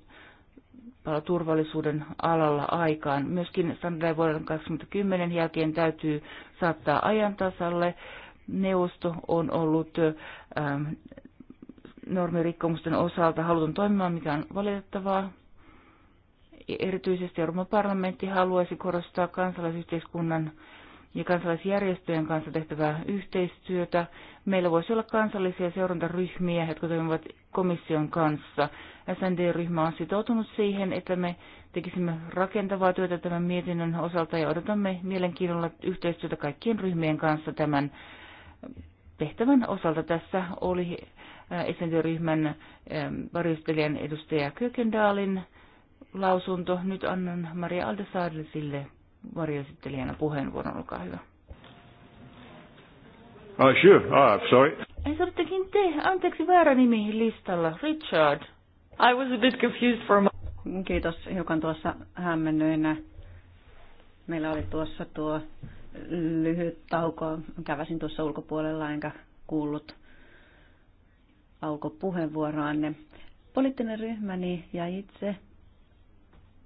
turvallisuuden alalla aikaan. Myöskin standardeja vuoden 2010 jälkeen täytyy saattaa ajan tasalle. Neuvosto on ollut ähm, normirikkomusten osalta halutun toimimaan, mikä on valitettavaa. Erityisesti Euroopan parlamentti haluaisi korostaa kansalaisyhteiskunnan äh, ja kansalaisjärjestöjen kanssa tehtävää yhteistyötä. Meillä voisi olla kansallisia seurantaryhmiä, jotka toimivat komission kanssa. SND-ryhmä on sitoutunut siihen, että me tekisimme rakentavaa työtä tämän mietinnön osalta ja odotamme mielenkiinnolla yhteistyötä kaikkien ryhmien kanssa tämän tehtävän osalta. Tässä oli äh, SND-ryhmän ähm, varjostelijan edustaja Kökendaalin lausunto. Nyt annan Maria sille varjoesittelijänä puheenvuoron, olkaa hyvä. Oh, sure. ah, sorry. Ei sovittekin te. Anteeksi, väärä nimi listalla. Richard. I was a bit confused for a moment. Kiitos. Hiukan tuossa hämmennyinä. Meillä oli tuossa tuo lyhyt tauko. Käväsin tuossa ulkopuolella enkä kuullut aukopuheenvuoroanne. Poliittinen ryhmäni ja itse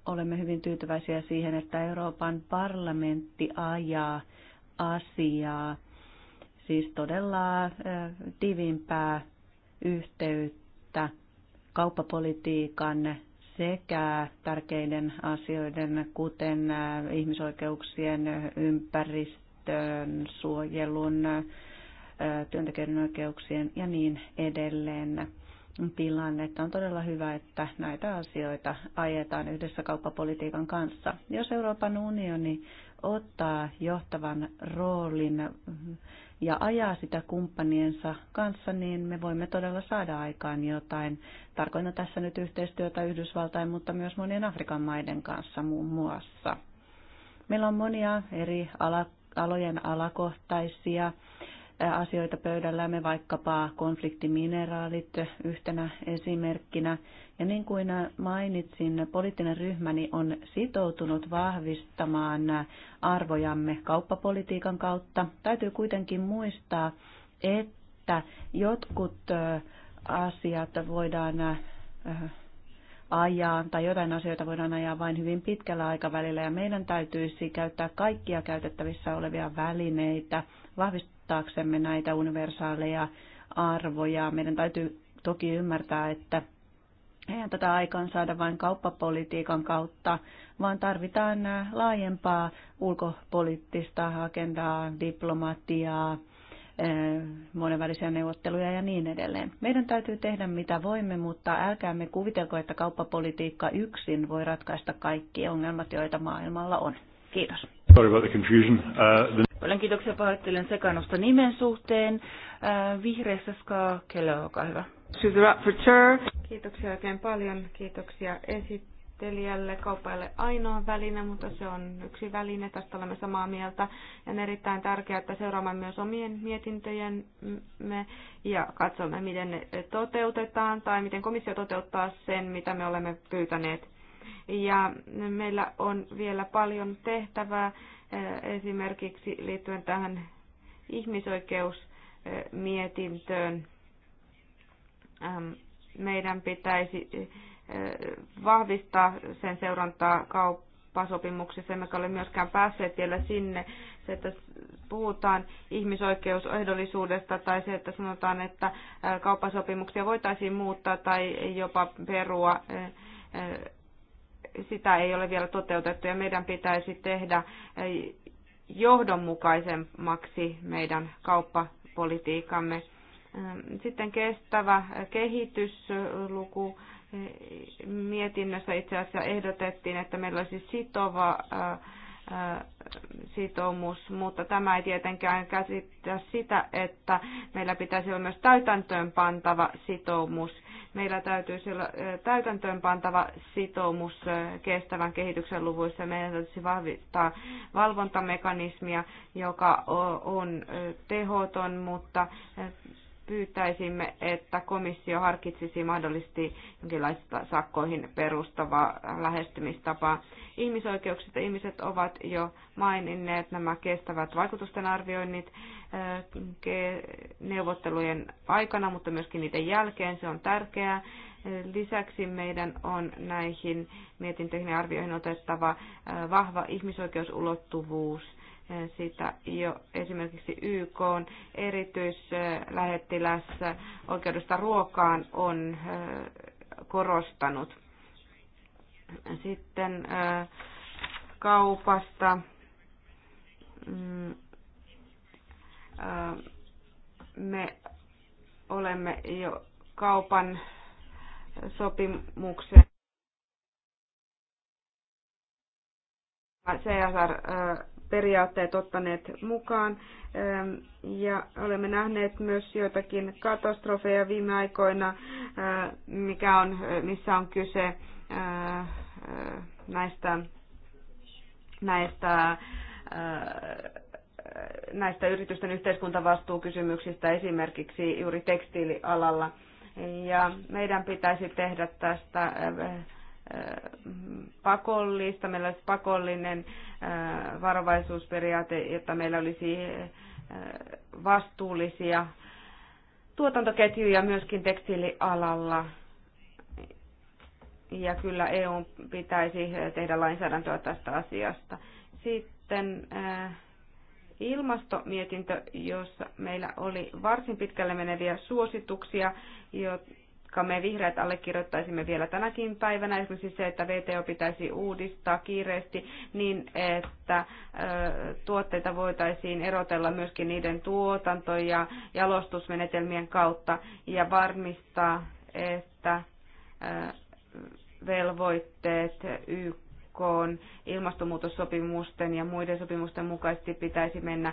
olemme hyvin tyytyväisiä siihen, että Euroopan parlamentti ajaa asiaa, siis todella tiivimpää yhteyttä kauppapolitiikan sekä tärkeiden asioiden, kuten ihmisoikeuksien, ympäristön, suojelun, työntekijöiden oikeuksien ja niin edelleen että On todella hyvä, että näitä asioita ajetaan yhdessä kauppapolitiikan kanssa. Jos Euroopan unioni ottaa johtavan roolin ja ajaa sitä kumppaniensa kanssa, niin me voimme todella saada aikaan jotain. Tarkoitan tässä nyt yhteistyötä Yhdysvaltain, mutta myös monien Afrikan maiden kanssa muun muassa. Meillä on monia eri ala, alojen alakohtaisia asioita pöydällämme, vaikkapa konfliktimineraalit yhtenä esimerkkinä. Ja niin kuin mainitsin, poliittinen ryhmäni on sitoutunut vahvistamaan arvojamme kauppapolitiikan kautta. Täytyy kuitenkin muistaa, että jotkut asiat voidaan ajaa tai jotain asioita voidaan ajaa vain hyvin pitkällä aikavälillä ja meidän täytyisi käyttää kaikkia käytettävissä olevia välineitä, vahvistaa noudattaaksemme näitä universaaleja arvoja. Meidän täytyy toki ymmärtää, että eihän tätä aikaan saada vain kauppapolitiikan kautta, vaan tarvitaan laajempaa ulkopoliittista agendaa, diplomatiaa, eh, monenvälisiä neuvotteluja ja niin edelleen. Meidän täytyy tehdä mitä voimme, mutta älkäämme kuvitelko, että kauppapolitiikka yksin voi ratkaista kaikki ongelmat, joita maailmalla on. Kiitos. Sorry about the confusion. Uh, the... Olen kiitoksia pahoittelen sekannusta nimen suhteen. Vihreässä Ska Kello, olkaa hyvä. Kiitoksia oikein paljon. Kiitoksia esittelijälle. kaupalle. ainoa väline, mutta se on yksi väline. Tästä olemme samaa mieltä. Ja on erittäin tärkeää, että seuraamme myös omien mietintöjemme ja katsomme, miten ne toteutetaan tai miten komissio toteuttaa sen, mitä me olemme pyytäneet. Ja meillä on vielä paljon tehtävää esimerkiksi liittyen tähän ihmisoikeusmietintöön. Meidän pitäisi vahvistaa sen seurantaa kauppasopimuksessa, emmekä ole myöskään päässeet vielä sinne. Se, että puhutaan ihmisoikeusehdollisuudesta tai se, että sanotaan, että kauppasopimuksia voitaisiin muuttaa tai jopa perua sitä ei ole vielä toteutettu ja meidän pitäisi tehdä eh, johdonmukaisemmaksi meidän kauppapolitiikamme. Eh, sitten kestävä kehitysluku. Eh, mietinnössä itse asiassa ehdotettiin, että meillä olisi sitova äh, sitoumus, mutta tämä ei tietenkään käsitä sitä, että meillä pitäisi olla myös täytäntöönpantava sitoumus. Meillä täytyy olla täytäntöönpantava sitoumus kestävän kehityksen luvuissa. Meidän täytyisi vahvistaa valvontamekanismia, joka on tehoton, mutta pyytäisimme, että komissio harkitsisi mahdollisesti jonkinlaista sakkoihin perustavaa lähestymistapaa. Ihmisoikeukset ihmiset ovat jo maininneet nämä kestävät vaikutusten arvioinnit äh, neuvottelujen aikana, mutta myöskin niiden jälkeen. Se on tärkeää. Lisäksi meidän on näihin mietintöihin ja arvioihin otettava äh, vahva ihmisoikeusulottuvuus sitä jo esimerkiksi YK on erityislähettilässä oikeudesta ruokaan on korostanut. Sitten kaupasta mm, me olemme jo kaupan sopimuksen CSR periaatteet ottaneet mukaan. Ehm, ja olemme nähneet myös joitakin katastrofeja viime aikoina, eh, mikä on, missä on kyse eh, eh, näistä, näistä näistä yritysten yhteiskuntavastuukysymyksistä esimerkiksi juuri tekstiilialalla. Ja meidän pitäisi tehdä tästä pakollista, meillä olisi pakollinen varovaisuusperiaate, jotta meillä olisi vastuullisia tuotantoketjuja myöskin tekstiilialalla. Ja kyllä EU pitäisi tehdä lainsäädäntöä tästä asiasta. Sitten ilmastomietintö, jossa meillä oli varsin pitkälle meneviä suosituksia, jonka me vihreät allekirjoittaisimme vielä tänäkin päivänä, esimerkiksi se, että VTO pitäisi uudistaa kiireesti niin, että tuotteita voitaisiin erotella myöskin niiden tuotanto- ja jalostusmenetelmien kautta ja varmistaa, että velvoitteet YK ilmastonmuutossopimusten ja muiden sopimusten mukaisesti pitäisi mennä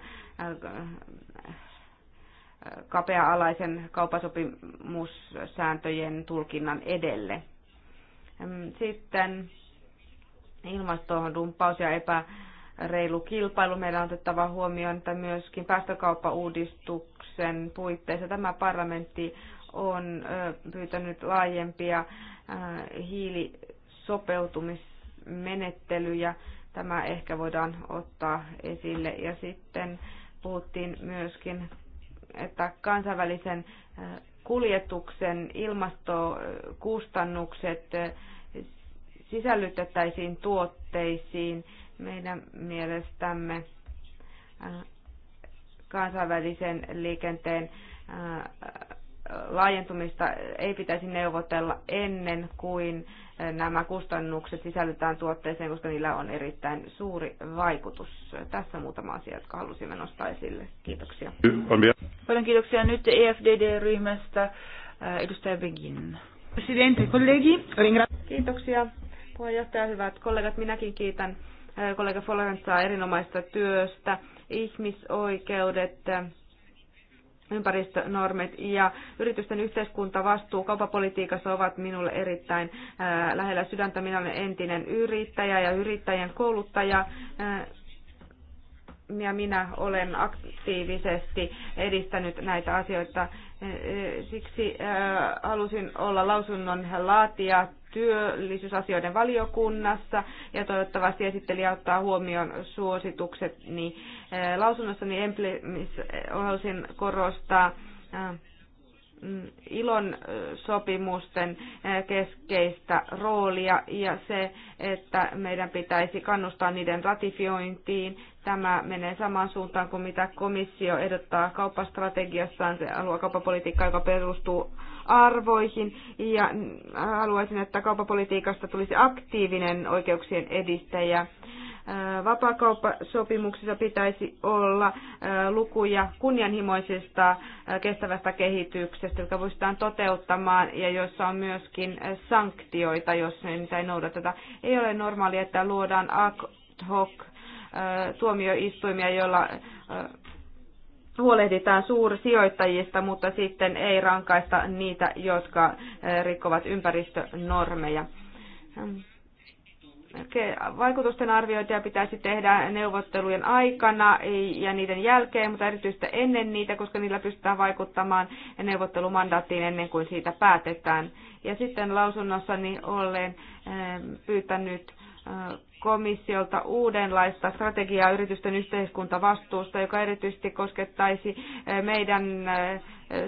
kapea-alaisen kaupasopimussääntöjen tulkinnan edelle. Sitten ilmastoon dumppaus ja epäreilu kilpailu. Meillä on otettava huomioon, että myöskin päästökauppauudistuksen puitteissa tämä parlamentti on pyytänyt laajempia hiilisopeutumismenettelyjä. Tämä ehkä voidaan ottaa esille. Ja sitten puhuttiin myöskin että kansainvälisen kuljetuksen ilmastokustannukset sisällytettäisiin tuotteisiin. Meidän mielestämme kansainvälisen liikenteen laajentumista ei pitäisi neuvotella ennen kuin nämä kustannukset sisällytään tuotteeseen, koska niillä on erittäin suuri vaikutus. Tässä muutama asia, jotka halusimme nostaa esille. Kiitoksia. Paljon kiitoksia nyt EFDD-ryhmästä. Äh, edustaja Begin. Presidente, kollegi. Kiitoksia puheenjohtaja, hyvät kollegat. Minäkin kiitän äh, kollega Folenzaa erinomaista työstä. Ihmisoikeudet, ympäristönormit ja yritysten yhteiskuntavastuu kaupapolitiikassa ovat minulle erittäin lähellä sydäntä. Minä olen entinen yrittäjä ja yrittäjän kouluttaja ja minä olen aktiivisesti edistänyt näitä asioita. Siksi halusin olla lausunnon laatija työllisyysasioiden valiokunnassa ja toivottavasti esittelijä ottaa huomioon suositukset niin Eh, lausunnossani Emplimissä halusin korostaa eh, mm, ilon eh, sopimusten keskeistä roolia ja se, että meidän pitäisi kannustaa niiden ratifiointiin. Tämä menee samaan suuntaan kuin mitä komissio ehdottaa kauppastrategiassaan. Se haluaa joka perustuu arvoihin ja mm, haluaisin, että kauppapolitiikasta tulisi aktiivinen oikeuksien edistäjä vapakauppasopimuksissa pitäisi olla lukuja kunnianhimoisesta kestävästä kehityksestä, jotka pystytään toteuttamaan ja joissa on myöskin sanktioita, jos niitä ei noudateta. Ei ole normaalia, että luodaan ad hoc tuomioistuimia, joilla huolehditaan suursijoittajista, mutta sitten ei rankaista niitä, jotka rikkovat ympäristönormeja vaikutusten arviointia pitäisi tehdä neuvottelujen aikana ja niiden jälkeen, mutta erityisesti ennen niitä, koska niillä pystytään vaikuttamaan neuvottelumandaattiin ennen kuin siitä päätetään. Ja sitten lausunnossani olen eh, pyytänyt komissiolta uudenlaista strategiaa yritysten yhteiskuntavastuusta, joka erityisesti koskettaisi eh, meidän eh,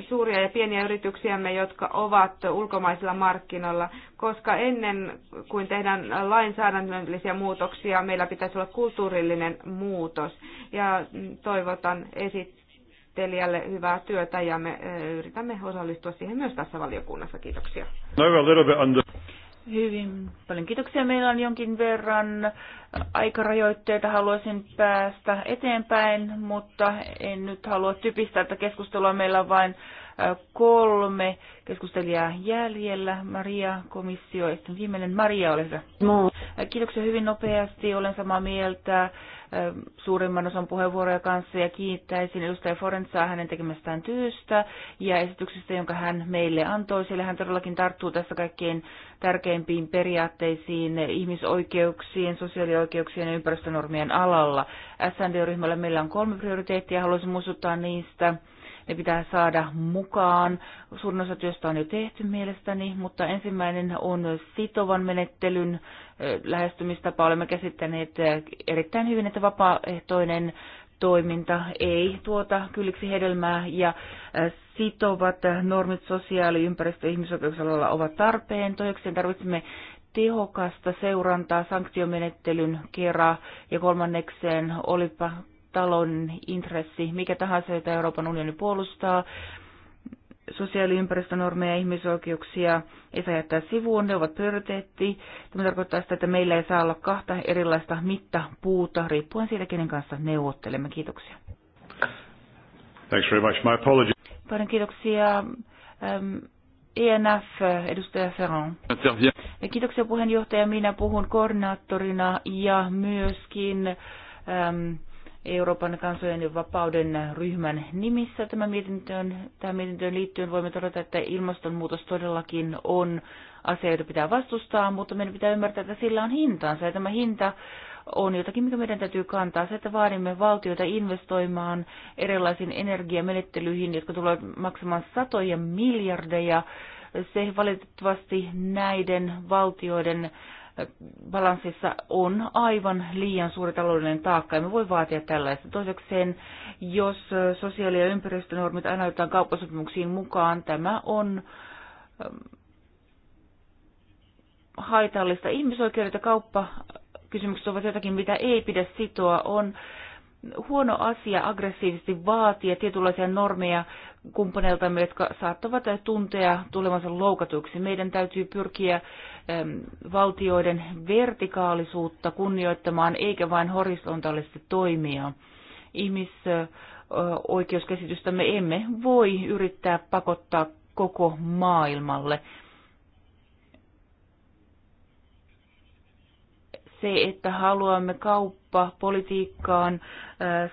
suuria ja pieniä yrityksiämme, jotka ovat ulkomaisilla markkinoilla, koska ennen kuin tehdään lainsäädännöllisiä muutoksia, meillä pitäisi olla kulttuurillinen muutos. Ja toivotan esittelijälle hyvää työtä ja me eh, yritämme osallistua siihen myös tässä valiokunnassa. Kiitoksia. Hyvin paljon kiitoksia. Meillä on jonkin verran aikarajoitteita. Haluaisin päästä eteenpäin, mutta en nyt halua typistää tätä keskustelua. Meillä on vain äh, kolme keskustelijaa jäljellä. Maria, komissio, ja sitten viimeinen Maria, ole hyvä. Kiitoksia hyvin nopeasti. Olen samaa mieltä suurimman osan puheenvuoroja kanssa ja kiittäisin edustaja Forensaa hänen tekemästään työstä ja esityksestä, jonka hän meille antoi. Sillä hän todellakin tarttuu tässä kaikkein tärkeimpiin periaatteisiin, ihmisoikeuksien, sosiaalioikeuksien ja ympäristönormien alalla. SND-ryhmällä meillä on kolme prioriteettia. Haluaisin muistuttaa niistä ne pitää saada mukaan. Suurin osa työstä on jo tehty mielestäni, mutta ensimmäinen on sitovan menettelyn lähestymistapa. Olemme käsittäneet erittäin hyvin, että vapaaehtoinen toiminta ei tuota kylliksi hedelmää ja sitovat normit sosiaali-, ympäristö- ja ihmisoikeusalalla ovat tarpeen. Toiseksi tarvitsemme tehokasta seurantaa sanktiomenettelyn kerran ja kolmannekseen olipa Talon intressi, mikä tahansa, jota Euroopan unioni puolustaa, sosiaaliympäristönormeja ja ihmisoikeuksia ei saa jättää sivuun, ne ovat prioriteetti. Tämä tarkoittaa sitä, että meillä ei saa olla kahta erilaista mittapuuta, riippuen siitä, kenen kanssa neuvottelemme. Kiitoksia. Thanks very much. My apologies. Paljon kiitoksia. ENF, edustaja Ferron. Kiitoksia puheenjohtaja. Minä puhun koordinaattorina ja myöskin ähm, Euroopan kansojen vapauden ryhmän nimissä tämän mietintöön, tähän mietintöön liittyen voimme todeta, että ilmastonmuutos todellakin on asia, jota pitää vastustaa, mutta meidän pitää ymmärtää, että sillä on hintaansa ja tämä hinta on jotakin, mikä meidän täytyy kantaa. Se, että vaadimme valtioita investoimaan erilaisiin energiamenettelyihin, jotka tulevat maksamaan satoja miljardeja, se valitettavasti näiden valtioiden balanssissa on aivan liian suuri taloudellinen taakka. Emme voi vaatia tällaista. Toisekseen, jos sosiaali- ja ympäristönormit aina otetaan kauppasopimuksiin mukaan, tämä on ähm, haitallista. Ihmisoikeudet ja kauppakysymykset ovat jotakin, mitä ei pidä sitoa. On huono asia aggressiivisesti vaatia tietynlaisia normeja kumppaneilta jotka saattavat tuntea tulevansa loukatuksi Meidän täytyy pyrkiä valtioiden vertikaalisuutta kunnioittamaan, eikä vain horisontaalisesti toimia. Ihmisoikeuskäsitystä me emme voi yrittää pakottaa koko maailmalle. se, että haluamme kauppa-politiikkaan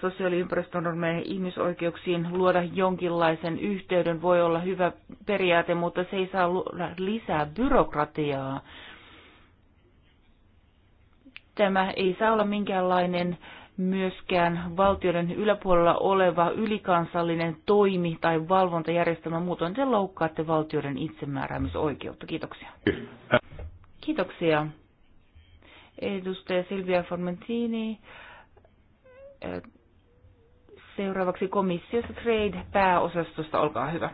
sosiaali-ympäristönormeihin, ihmisoikeuksiin luoda jonkinlaisen yhteyden, voi olla hyvä periaate, mutta se ei saa luoda lisää byrokratiaa. Tämä ei saa olla minkäänlainen myöskään valtioiden yläpuolella oleva ylikansallinen toimi tai valvontajärjestelmä. Muutoin te loukkaatte valtioiden itsemääräämisoikeutta. Kiitoksia. Kiitoksia edustaja Silvia Formentini. Seuraavaksi komissiossa Trade-pääosastosta, olkaa hyvä.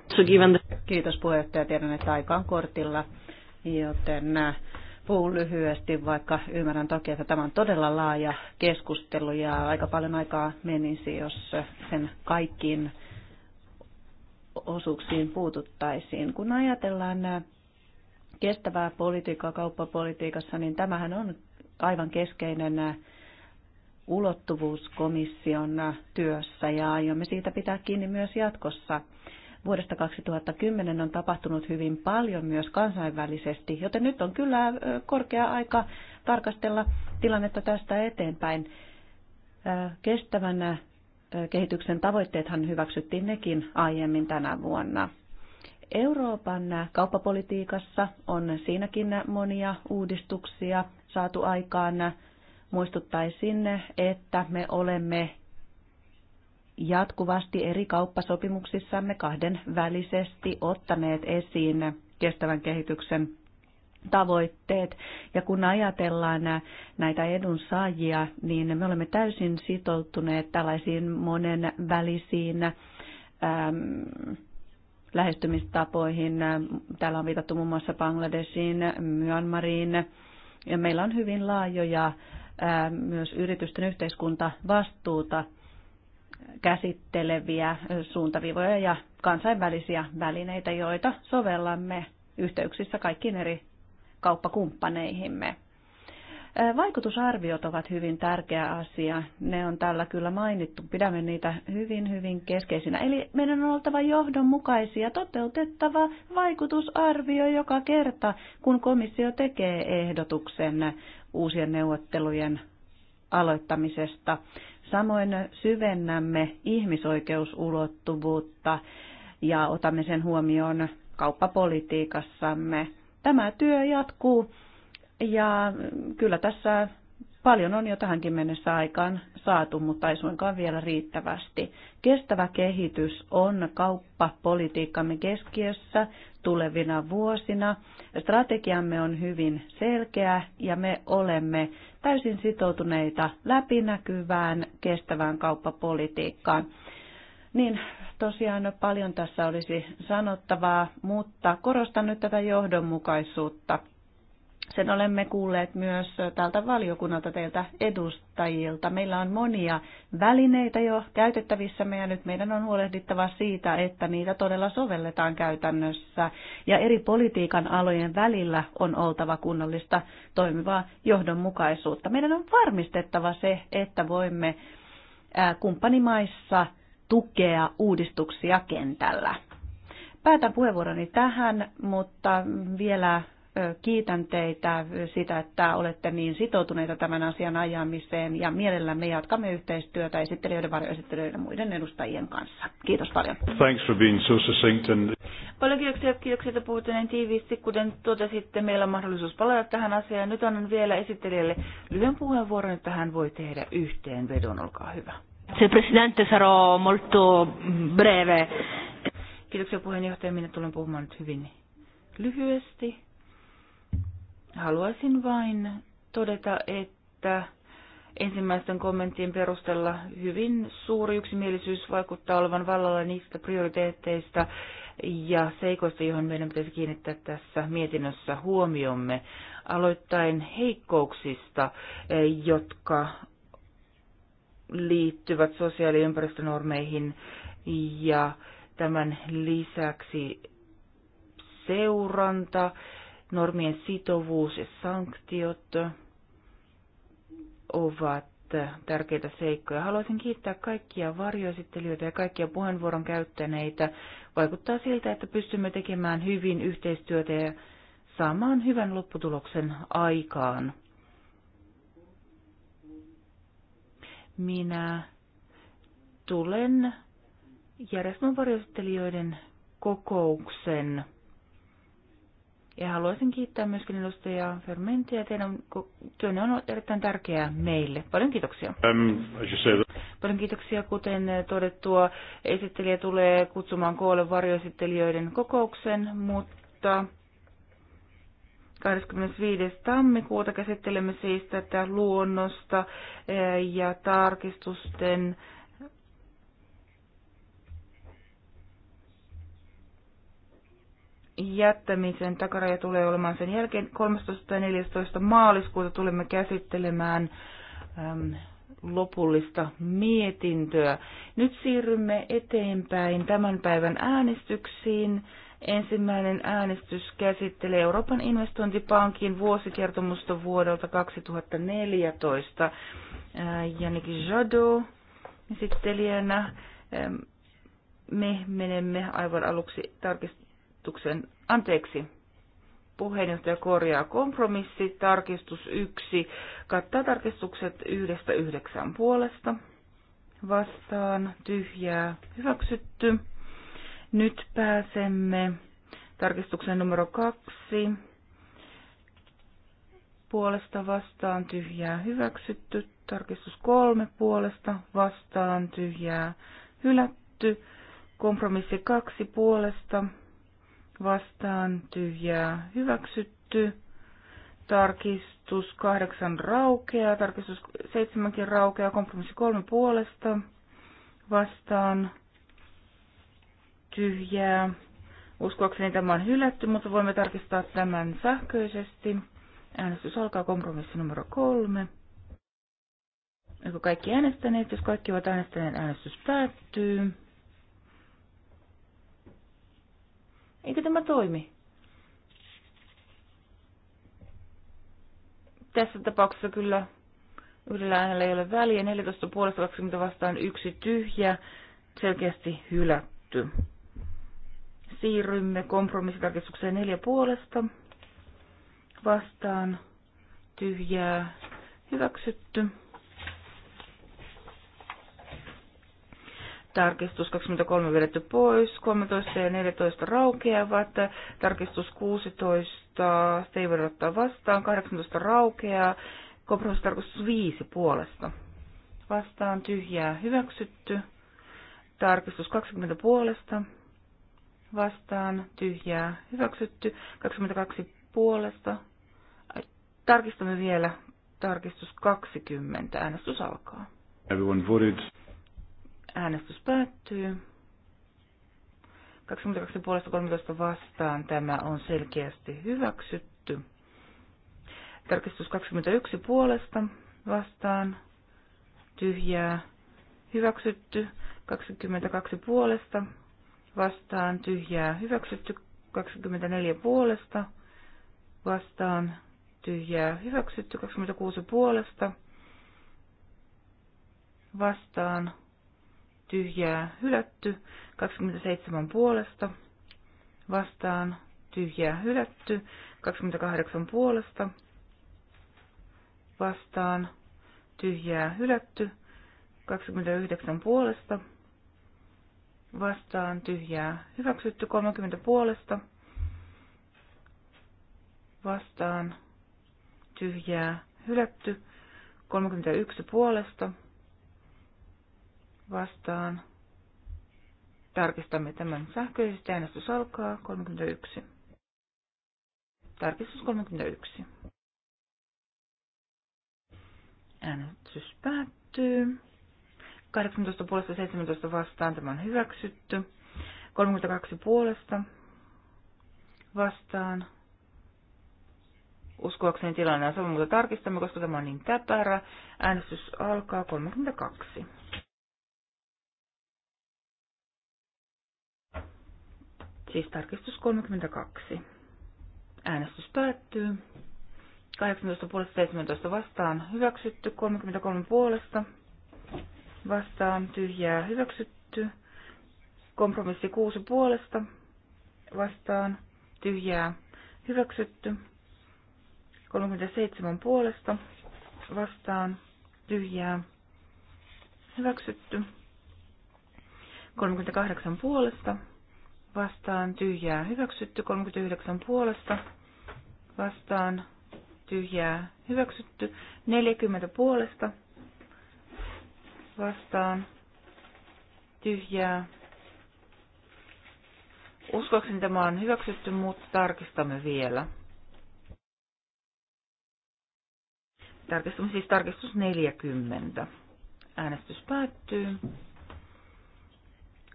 Kiitos puheenjohtaja, tiedän, että aika on kortilla, joten puhun lyhyesti, vaikka ymmärrän toki, että tämä on todella laaja keskustelu ja aika paljon aikaa menisi, jos sen kaikkiin osuuksiin puututtaisiin. Kun ajatellaan kestävää politiikkaa kauppapolitiikassa, niin tämähän on aivan keskeinen äh, ulottuvuus komission äh, työssä ja aiomme siitä pitää kiinni myös jatkossa. Vuodesta 2010 on tapahtunut hyvin paljon myös kansainvälisesti, joten nyt on kyllä äh, korkea aika tarkastella tilannetta tästä eteenpäin. Kestävän kehityksen tavoitteethan hyväksyttiin nekin aiemmin tänä vuonna. Euroopan kauppapolitiikassa on siinäkin monia uudistuksia saatu aikaan. Muistuttaisin, että me olemme jatkuvasti eri kauppasopimuksissamme kahden välisesti ottaneet esiin kestävän kehityksen tavoitteet. Ja kun ajatellaan näitä edunsaajia, niin me olemme täysin sitoutuneet tällaisiin monen välisiin ähm, lähestymistapoihin. Täällä on viitattu muun muassa Bangladesiin, Myanmariin, ja meillä on hyvin laajoja myös yritysten yhteiskuntavastuuta käsitteleviä suuntaviivoja ja kansainvälisiä välineitä, joita sovellamme yhteyksissä kaikkiin eri kauppakumppaneihimme. Vaikutusarviot ovat hyvin tärkeä asia. Ne on tällä kyllä mainittu. Pidämme niitä hyvin, hyvin keskeisinä. Eli meidän on oltava johdonmukaisia, toteutettava vaikutusarvio joka kerta, kun komissio tekee ehdotuksen uusien neuvottelujen aloittamisesta. Samoin syvennämme ihmisoikeusulottuvuutta ja otamme sen huomioon kauppapolitiikassamme. Tämä työ jatkuu ja kyllä tässä paljon on jo tähänkin mennessä aikaan saatu, mutta ei suinkaan vielä riittävästi. Kestävä kehitys on kauppapolitiikkamme keskiössä tulevina vuosina. Strategiamme on hyvin selkeä ja me olemme täysin sitoutuneita läpinäkyvään kestävään kauppapolitiikkaan. Niin, tosiaan paljon tässä olisi sanottavaa, mutta korostan nyt tätä johdonmukaisuutta sen olemme kuulleet myös tältä valiokunnalta teiltä edustajilta. Meillä on monia välineitä jo käytettävissämme ja nyt meidän on huolehdittava siitä, että niitä todella sovelletaan käytännössä. Ja eri politiikan alojen välillä on oltava kunnollista toimivaa johdonmukaisuutta. Meidän on varmistettava se, että voimme kumppanimaissa tukea uudistuksia kentällä. Päätän puheenvuoroni tähän, mutta vielä kiitän teitä sitä, että olette niin sitoutuneita tämän asian ajamiseen ja mielellämme jatkamme yhteistyötä esittelijöiden, varjoesittelijöiden ja muiden edustajien kanssa. Kiitos paljon. Thanks for being so succinct and... Paljon kiitoksia, kiitoksia, että puhutte niin tiiviisti. Kuten totesitte, meillä on mahdollisuus palata tähän asiaan. Nyt annan vielä esittelijälle lyhyen puheenvuoron, että hän voi tehdä yhteenvedon. Olkaa hyvä. Se presidente sarò molto breve. Kiitoksia puheenjohtaja. Minä tulen puhumaan nyt hyvin lyhyesti Haluaisin vain todeta, että ensimmäisten kommenttien perusteella hyvin suuri yksimielisyys vaikuttaa olevan vallalla niistä prioriteetteista ja seikoista, johon meidän pitäisi kiinnittää tässä mietinnössä huomiomme, aloittain heikkouksista, eh, jotka liittyvät sosiaali- ja ympäristönormeihin ja tämän lisäksi seuranta normien sitovuus ja sanktiot ovat tärkeitä seikkoja. Haluaisin kiittää kaikkia varjoesittelijöitä ja kaikkia puheenvuoron käyttäneitä. Vaikuttaa siltä, että pystymme tekemään hyvin yhteistyötä ja saamaan hyvän lopputuloksen aikaan. Minä tulen järjestelmän varjoesittelijöiden kokouksen ja haluaisin kiittää myöskin edustaja Fermentia. Teidän työnne on erittäin tärkeää meille. Paljon kiitoksia. Um, Paljon kiitoksia. Kuten todettua, esittelijä tulee kutsumaan koolle varjoesittelijöiden kokouksen, mutta 25. tammikuuta käsittelemme siis tätä luonnosta eh, ja tarkistusten jättämisen takaraja tulee olemaan sen jälkeen 13. ja 14. maaliskuuta tulemme käsittelemään äm, lopullista mietintöä. Nyt siirrymme eteenpäin tämän päivän äänestyksiin. Ensimmäinen äänestys käsittelee Euroopan investointipankin vuosikertomusta vuodelta 2014. Janik Jado esittelijänä. Me menemme aivan aluksi tarkistamaan tarkistuksen, anteeksi, puheenjohtaja korjaa kompromissi, tarkistus 1 kattaa tarkistukset yhdestä yhdeksän puolesta, vastaan, tyhjää, hyväksytty. Nyt pääsemme tarkistuksen numero 2, puolesta vastaan, tyhjää, hyväksytty. Tarkistus 3 puolesta vastaan, tyhjää, hylätty. Kompromissi kaksi puolesta vastaan tyhjää hyväksytty. Tarkistus kahdeksan raukeaa, tarkistus seitsemänkin raukeaa, kompromissi kolme puolesta vastaan tyhjää. Uskoakseni tämä on hylätty, mutta voimme tarkistaa tämän sähköisesti. Äänestys alkaa kompromissi numero kolme. Eikö kaikki äänestäneet? Jos kaikki ovat äänestäneet, äänestys päättyy. Eikö tämä toimi? Tässä tapauksessa kyllä yhdellä äänellä ei ole väliä. 14 puolesta 20 vastaan yksi tyhjä, selkeästi hylätty. Siirrymme kompromissitarkistukseen neljä puolesta vastaan tyhjää hyväksytty. Tarkistus 23 vedetty pois, 13 ja 14 raukeavat, tarkistus 16 voida ottaa vastaan, 18 raukeaa, kompromissitarkistus 5 puolesta. Vastaan tyhjää hyväksytty, tarkistus 20 puolesta, vastaan tyhjää hyväksytty, 22 puolesta. Tarkistamme vielä tarkistus 20, äänestys alkaa. Everyone voted. Äänestys päättyy. 22 puolesta 13 vastaan tämä on selkeästi hyväksytty. Tarkistus 21 puolesta vastaan tyhjää hyväksytty. 22 puolesta vastaan tyhjää hyväksytty. 24 puolesta vastaan tyhjää hyväksytty. 26 puolesta vastaan tyhjää hylätty, 27 puolesta vastaan tyhjää hylätty, 28 puolesta vastaan tyhjää hylätty, 29 puolesta vastaan tyhjää hyväksytty, 30 puolesta vastaan tyhjää hylätty, 31 puolesta vastaan. Tarkistamme tämän sähköisesti. Äänestys alkaa 31. Tarkistus 31. Äänestys päättyy. 18 puolesta 17 vastaan tämä on hyväksytty. 32 puolesta vastaan. Uskoakseni tilanne on sama, mutta tarkistamme, koska tämä on niin täpärä. Äänestys alkaa 32. Siis tarkistus 32. Äänestys päättyy. 18 puolesta 17 vastaan hyväksytty, 33 puolesta vastaan tyhjää hyväksytty, kompromissi 6 puolesta vastaan tyhjää hyväksytty, 37 puolesta vastaan tyhjää hyväksytty, 38 puolesta vastaan tyhjää hyväksytty, 39 puolesta vastaan tyhjää hyväksytty, 40 puolesta vastaan tyhjää. Uskoakseni tämä on hyväksytty, mutta tarkistamme vielä. Tarkistamme siis tarkistus 40. Äänestys päättyy.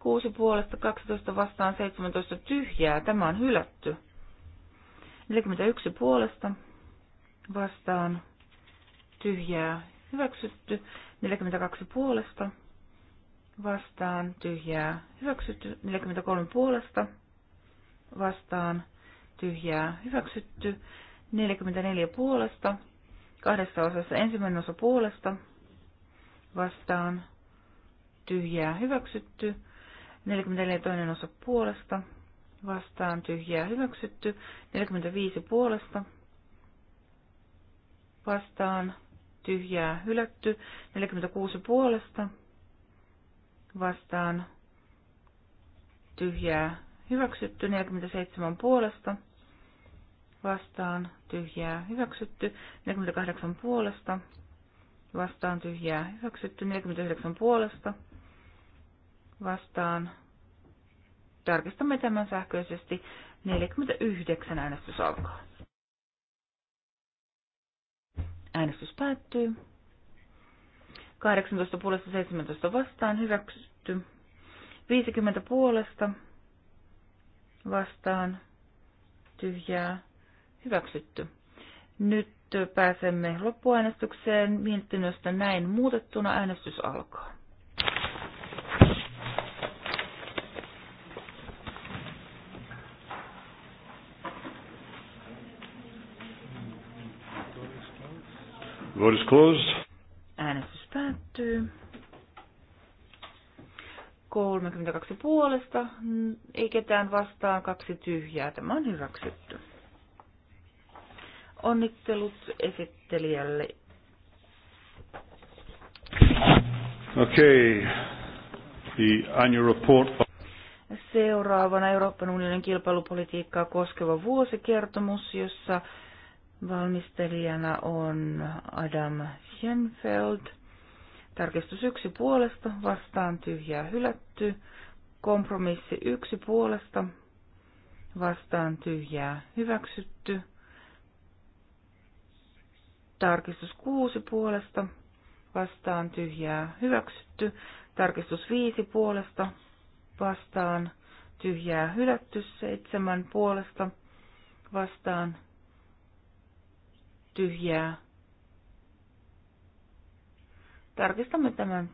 6 puolesta 12 vastaan 17 tyhjää. Tämä on hylätty. 41 puolesta vastaan tyhjää hyväksytty. 42 puolesta vastaan tyhjää hyväksytty. 43 puolesta vastaan tyhjää hyväksytty. 44 puolesta kahdessa osassa ensimmäinen osa puolesta vastaan tyhjää hyväksytty 44 toinen osa puolesta, vastaan tyhjää hyväksytty. 45 puolesta, vastaan tyhjää hylätty. 46 puolesta, vastaan tyhjää hyväksytty. 47 puolesta, vastaan tyhjää hyväksytty. 48 puolesta, vastaan tyhjää hyväksytty. 49 puolesta, vastaan. Tarkistamme tämän sähköisesti. 49 äänestys alkaa. Äänestys päättyy. 18 puolesta 17 vastaan hyväksytty. 50 puolesta vastaan tyhjää hyväksytty. Nyt pääsemme loppuäänestykseen. Mietinnöstä näin muutettuna äänestys alkaa. Vote is closed. Äänestys päättyy. 32 puolesta, ei ketään vastaan, kaksi tyhjää. Tämä on hyväksytty. Onnittelut esittelijälle. Okei. Okay. The annual report. Seuraavana Euroopan unionin kilpailupolitiikkaa koskeva vuosikertomus, jossa Valmistelijana on Adam Schenfeld. Tarkistus yksi puolesta, vastaan tyhjää hylätty. Kompromissi yksi puolesta, vastaan tyhjää hyväksytty. Tarkistus kuusi puolesta, vastaan tyhjää hyväksytty. Tarkistus viisi puolesta, vastaan tyhjää hylätty. Seitsemän puolesta, vastaan tyhjää. Tarkistamme tämän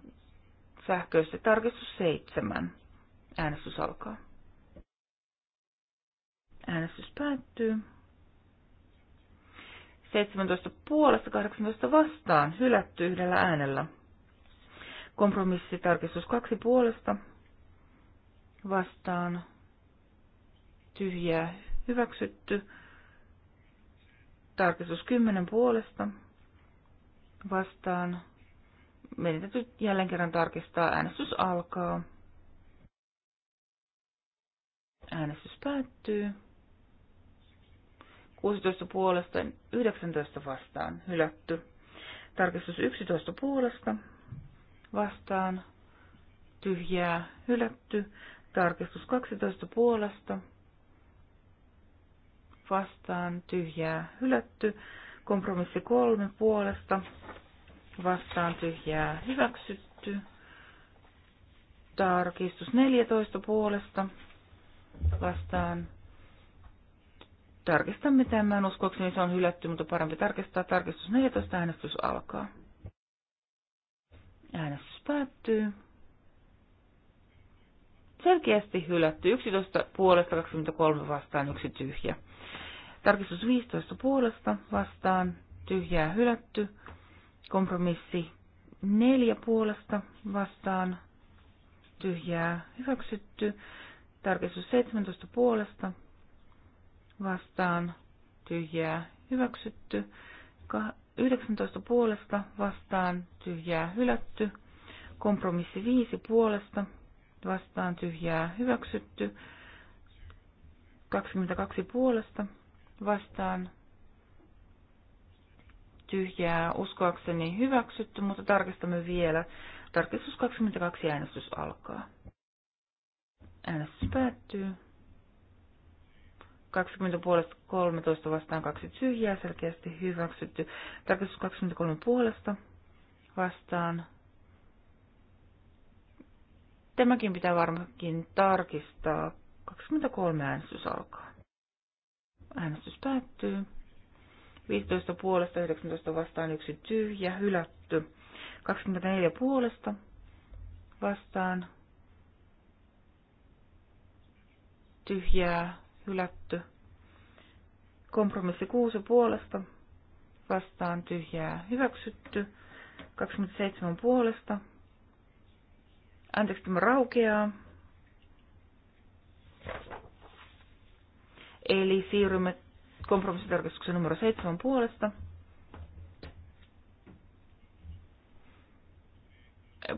sähköistä. Tarkistus seitsemän. Äänestys alkaa. Äänestys päättyy. 17 puolesta 18 vastaan hylätty yhdellä äänellä. Kompromissitarkistus kaksi puolesta vastaan tyhjää hyväksytty. Tarkistus 10 puolesta vastaan. Meidän täytyy jälleen kerran tarkistaa. Äänestys alkaa. Äänestys päättyy. 16 puolesta, 19 vastaan, hylätty. Tarkistus 11 puolesta, vastaan, tyhjää, hylätty. Tarkistus 12 puolesta, vastaan tyhjää hylätty. Kompromissi kolme puolesta vastaan tyhjää hyväksytty. Tarkistus 14 puolesta vastaan. Tarkistamme tämän. Uskoakseni se on hylätty, mutta parempi tarkistaa. Tarkistus 14. Äänestys alkaa. Äänestys päättyy selkeästi hylätty. 11 puolesta 23 vastaan, yksi tyhjä. Tarkistus 15 puolesta vastaan, tyhjää hylätty. Kompromissi 4 puolesta vastaan, tyhjää hyväksytty. Tarkistus 17 puolesta vastaan, tyhjää hyväksytty. 19 puolesta vastaan, tyhjää hylätty. Kompromissi 5 puolesta vastaan tyhjää hyväksytty. 22 puolesta vastaan tyhjää uskoakseni hyväksytty, mutta tarkistamme vielä. Tarkistus 22 äänestys alkaa. Äänestys päättyy. 20 puolesta 13 vastaan 2 tyhjää selkeästi hyväksytty. Tarkistus 23 puolesta vastaan Tämäkin pitää varmaankin tarkistaa. 23 äänestys alkaa. Äänestys päättyy. 15 puolesta, 19 vastaan, yksi tyhjä, hylätty. 24 puolesta vastaan, tyhjää, hylätty. Kompromissi 6 puolesta vastaan, tyhjää, hyväksytty. 27 puolesta Anteeksi, tämä raukeaa. Eli siirrymme kompromissitarkastuksen numero seitsemän puolesta.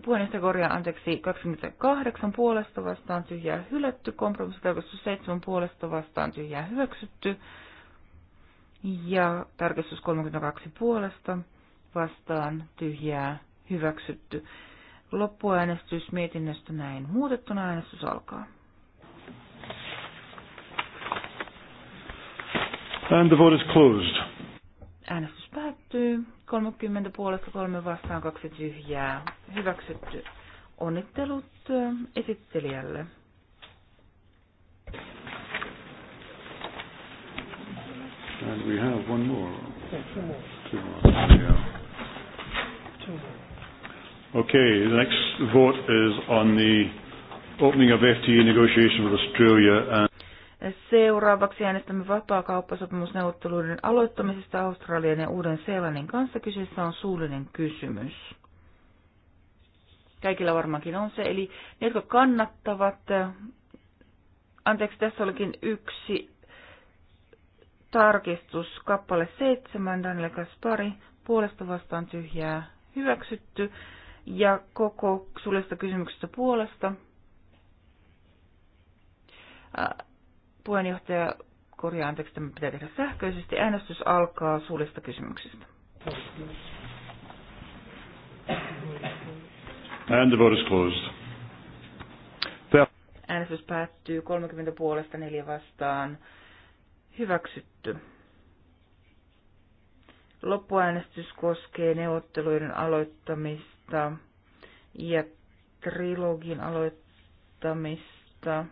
Puheenjohtaja korjaa, anteeksi, 28 puolesta vastaan tyhjää hylätty, kompromissitarkastus 7 puolesta vastaan tyhjää hyväksytty ja tarkastus 32 puolesta vastaan tyhjää hyväksytty. Loppuäänestys mietinnöstä näin muutettuna äänestys alkaa. And the vote is closed. Äänestys päättyy. 30 puolesta, 3 vastaan, 2 tyhjää. Hyväksytty. Onnittelut äh, esittelijälle. And we have one more. Yeah, two more. Two more. Yeah. Two more. Okay, the next vote is on the opening of FTA negotiation with Australia and Seuraavaksi äänestämme vapaakauppasopimusneuvotteluiden aloittamisesta Australian ja Uuden-Seelannin kanssa. Kyseessä on suullinen kysymys. Kaikilla varmaankin on se. Eli ne, jotka kannattavat, anteeksi, tässä olikin yksi tarkistus, kappale 7, Daniel Kaspari, puolesta vastaan tyhjää hyväksytty ja koko sulesta kysymyksestä puolesta. Puheenjohtaja korjaa, anteeksi, tämä pitää tehdä sähköisesti. Äänestys alkaa suullisesta kysymyksestä. And the vote is closed. Äänestys päättyy 30 puolesta 4 vastaan. Hyväksytty. Loppuäänestys koskee neuvotteluiden aloittamista aloittamista ja trilogin aloittamista.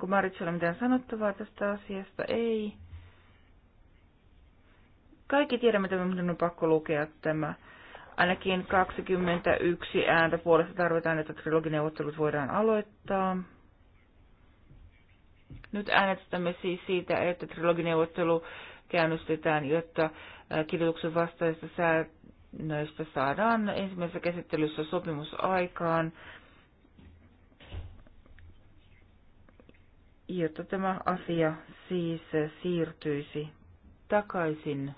Kun Maritsella mitään sanottavaa tästä asiasta, ei. Kaikki tiedämme että minun on pakko lukea tämä. Ainakin 21 ääntä puolesta tarvitaan, että trilogineuvottelut voidaan aloittaa. Nyt äänestämme siis siitä, että trilogineuvottelu käynnistetään, jotta kirjoituksen vastaista sää noista saadaan ensimmäisessä käsittelyssä sopimus aikaan, jotta tämä asia siis siirtyisi takaisin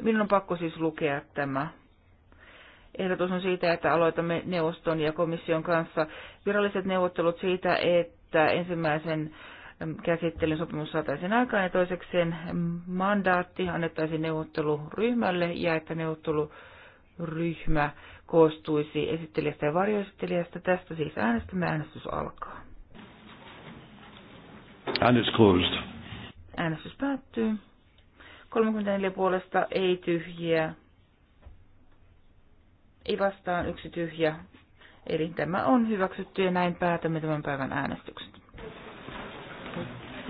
Minun on pakko siis lukea tämä. Ehdotus on siitä, että aloitamme neuvoston ja komission kanssa viralliset neuvottelut siitä, että ensimmäisen käsittelyn sopimus saataisiin aikaan ja toisekseen mandaatti annettaisiin neuvotteluryhmälle ja että neuvotteluryhmä koostuisi esittelijästä ja varjoesittelijästä. Tästä siis äänestämme. Äänestys alkaa. Äänestys closed. Äänestys päättyy. 34 puolesta ei tyhjiä. Ei vastaan yksi tyhjä. Eli tämä on hyväksytty ja näin päätämme tämän päivän äänestyksen.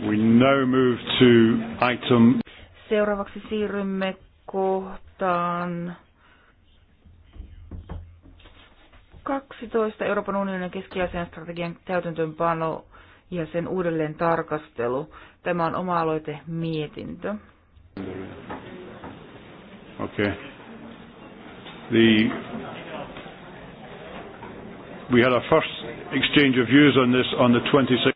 We now move to item. Seuraavaksi siirrymme kohtaan 12 Euroopan unionin keski strategian täytäntöönpano ja sen uudelleen tarkastelu. Tämä on oma-aloite mietintö. Okay. The, we had our first exchange of views on this on the 26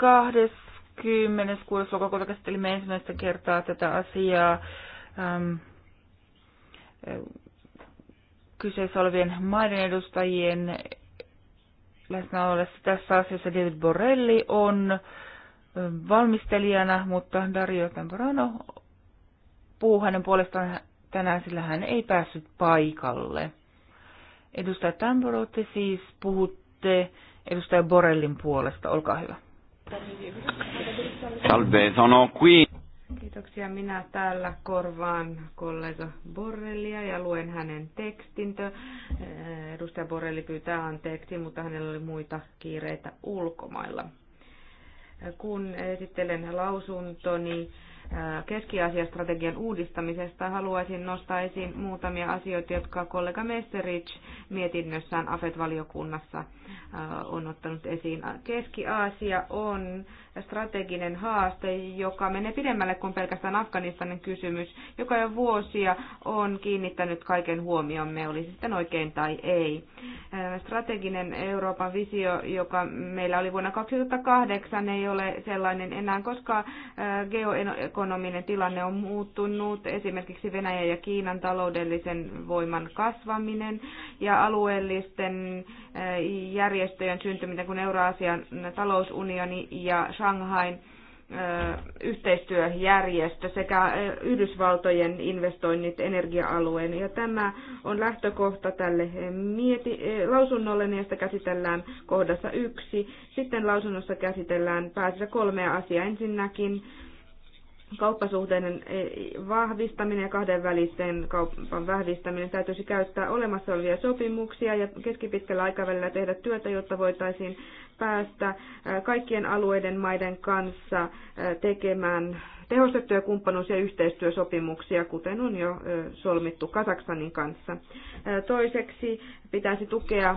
26. lokakuuta käsittelimme ensimmäistä kertaa tätä asiaa. Ähm, kyseessä olevien maiden edustajien läsnä ollessa tässä asiassa David Borrelli on valmistelijana, mutta Dario Tamburano puhuu hänen puolestaan tänään, sillä hän ei päässyt paikalle. Edustaja Tamburo, te siis puhutte edustaja Borellin puolesta. Olkaa hyvä. Salve, sono qui. Kiitoksia. Minä täällä korvaan kollega Borrellia ja luen hänen tekstintö. Edustaja Borrelli pyytää anteeksi, mutta hänellä oli muita kiireitä ulkomailla. Kun esittelen lausuntoni, niin keski strategian uudistamisesta haluaisin nostaa esiin muutamia asioita, jotka kollega Messerich mietinnössään AFET-valiokunnassa on ottanut esiin. Keski-Aasia on strateginen haaste, joka menee pidemmälle kuin pelkästään Afganistanin kysymys, joka jo vuosia on kiinnittänyt kaiken huomiomme, oli sitten oikein tai ei. Strateginen Euroopan visio, joka meillä oli vuonna 2008, ei ole sellainen enää, koska geoekonominen tilanne on muuttunut, esimerkiksi Venäjän ja Kiinan taloudellisen voiman kasvaminen ja alueellisten järjestöjen syntyminen, kun Euroasian talousunioni ja Shanghai yhteistyöjärjestö sekä Yhdysvaltojen investoinnit energia-alueen. Ja tämä on lähtökohta tälle mieti- lausunnolle, ja niin sitä käsitellään kohdassa yksi. Sitten lausunnossa käsitellään päässä kolmea asiaa. Ensinnäkin kauppasuhteiden e, vahvistaminen ja kahdenvälisten kaupan vahvistaminen täytyisi käyttää olemassa olevia sopimuksia ja keskipitkällä aikavälillä tehdä työtä, jotta voitaisiin päästä kaikkien alueiden maiden kanssa tekemään tehostettuja kumppanuus- ja yhteistyösopimuksia, kuten on jo solmittu Kazakstanin kanssa. Toiseksi pitäisi tukea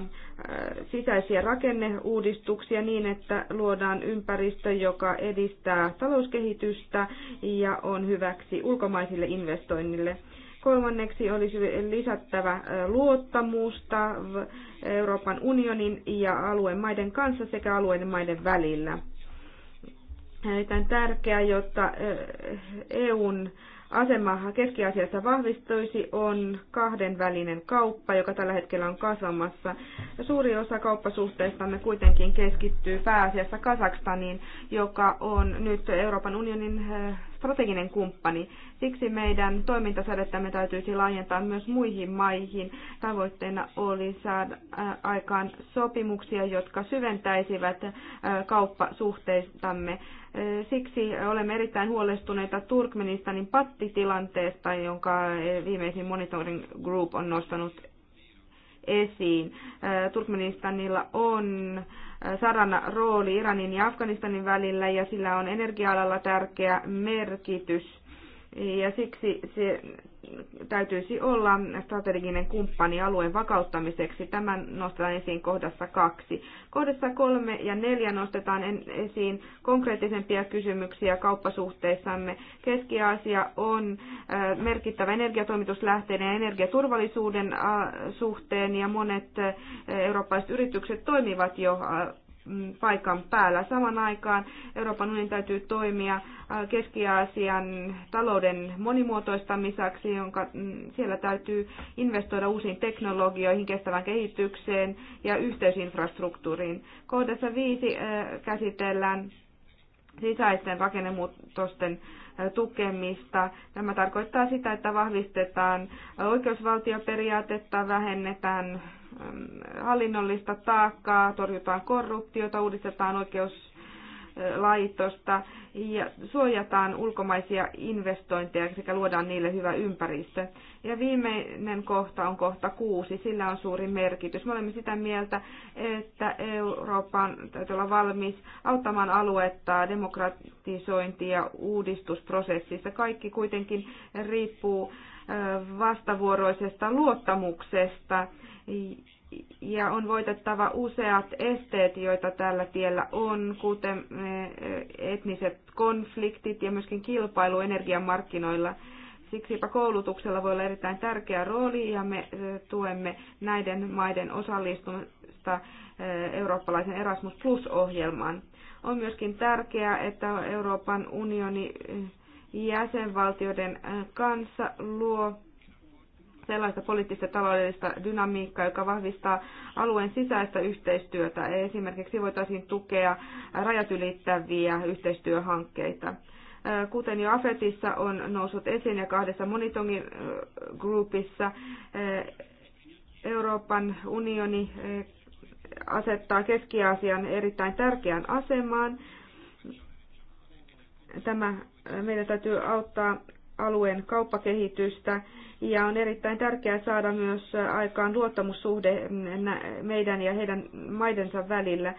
sisäisiä rakenneuudistuksia niin, että luodaan ympäristö, joka edistää talouskehitystä ja on hyväksi ulkomaisille investoinnille. Kolmanneksi olisi lisättävä luottamusta Euroopan unionin ja alueen maiden kanssa sekä alueiden maiden välillä erittäin tärkeä, jotta EUn asema keskiasiassa vahvistuisi, on kahdenvälinen kauppa, joka tällä hetkellä on kasvamassa. Suuri osa kauppasuhteistamme kuitenkin keskittyy pääasiassa Kasakstaniin, joka on nyt Euroopan unionin strateginen kumppani. Siksi meidän toimintasädettämme täytyisi laajentaa myös muihin maihin. Tavoitteena oli saada äh, aikaan sopimuksia, jotka syventäisivät äh, kauppasuhteistamme. Äh, siksi olemme erittäin huolestuneita Turkmenistanin pattitilanteesta, jonka viimeisin monitoring group on nostanut esiin. Turkmenistanilla on sarana rooli Iranin ja Afganistanin välillä ja sillä on energia-alalla tärkeä merkitys. Ja siksi se täytyisi olla strateginen kumppani alueen vakauttamiseksi. Tämän nostetaan esiin kohdassa kaksi. Kohdassa kolme ja neljä nostetaan esiin konkreettisempia kysymyksiä kauppasuhteissamme. Keski-Aasia on merkittävä energiatoimituslähteiden ja energiaturvallisuuden suhteen ja monet eurooppalaiset yritykset toimivat jo Mm, paikan päällä. Saman aikaan Euroopan unionin täytyy toimia äh, Keski-Aasian talouden monimuotoistamiseksi, jonka mm, siellä täytyy investoida uusiin teknologioihin, kestävään kehitykseen ja yhteisinfrastruktuuriin. Kohdassa viisi äh, käsitellään sisäisten rakennemuutosten äh, tukemista. Tämä tarkoittaa sitä, että vahvistetaan oikeusvaltioperiaatetta, vähennetään hallinnollista taakkaa, torjutaan korruptiota, uudistetaan oikeuslaitosta ja suojataan ulkomaisia investointeja sekä luodaan niille hyvä ympäristö. Ja viimeinen kohta on kohta kuusi, sillä on suuri merkitys. Me olemme sitä mieltä, että Euroopan täytyy olla valmis auttamaan aluetta demokratisointi- ja uudistusprosessissa. Kaikki kuitenkin riippuu vastavuoroisesta luottamuksesta ja on voitettava useat esteet, joita tällä tiellä on, kuten etniset konfliktit ja myöskin kilpailu energiamarkkinoilla. Siksipä koulutuksella voi olla erittäin tärkeä rooli ja me tuemme näiden maiden osallistumista eurooppalaisen Erasmus Plus-ohjelmaan. On myöskin tärkeää, että Euroopan unioni jäsenvaltioiden äh, kanssa luo sellaista poliittista taloudellista dynamiikkaa, joka vahvistaa alueen sisäistä yhteistyötä. Esimerkiksi voitaisiin tukea rajat ylittäviä yhteistyöhankkeita. Äh, kuten jo Afetissa on noussut esiin ja kahdessa monitongin äh, groupissa, Euroopan unioni asettaa Keski-Aasian erittäin tärkeään asemaan. Tämä meidän täytyy auttaa alueen kauppakehitystä ja on erittäin tärkeää saada myös aikaan luottamussuhde meidän ja heidän maidensa välillä.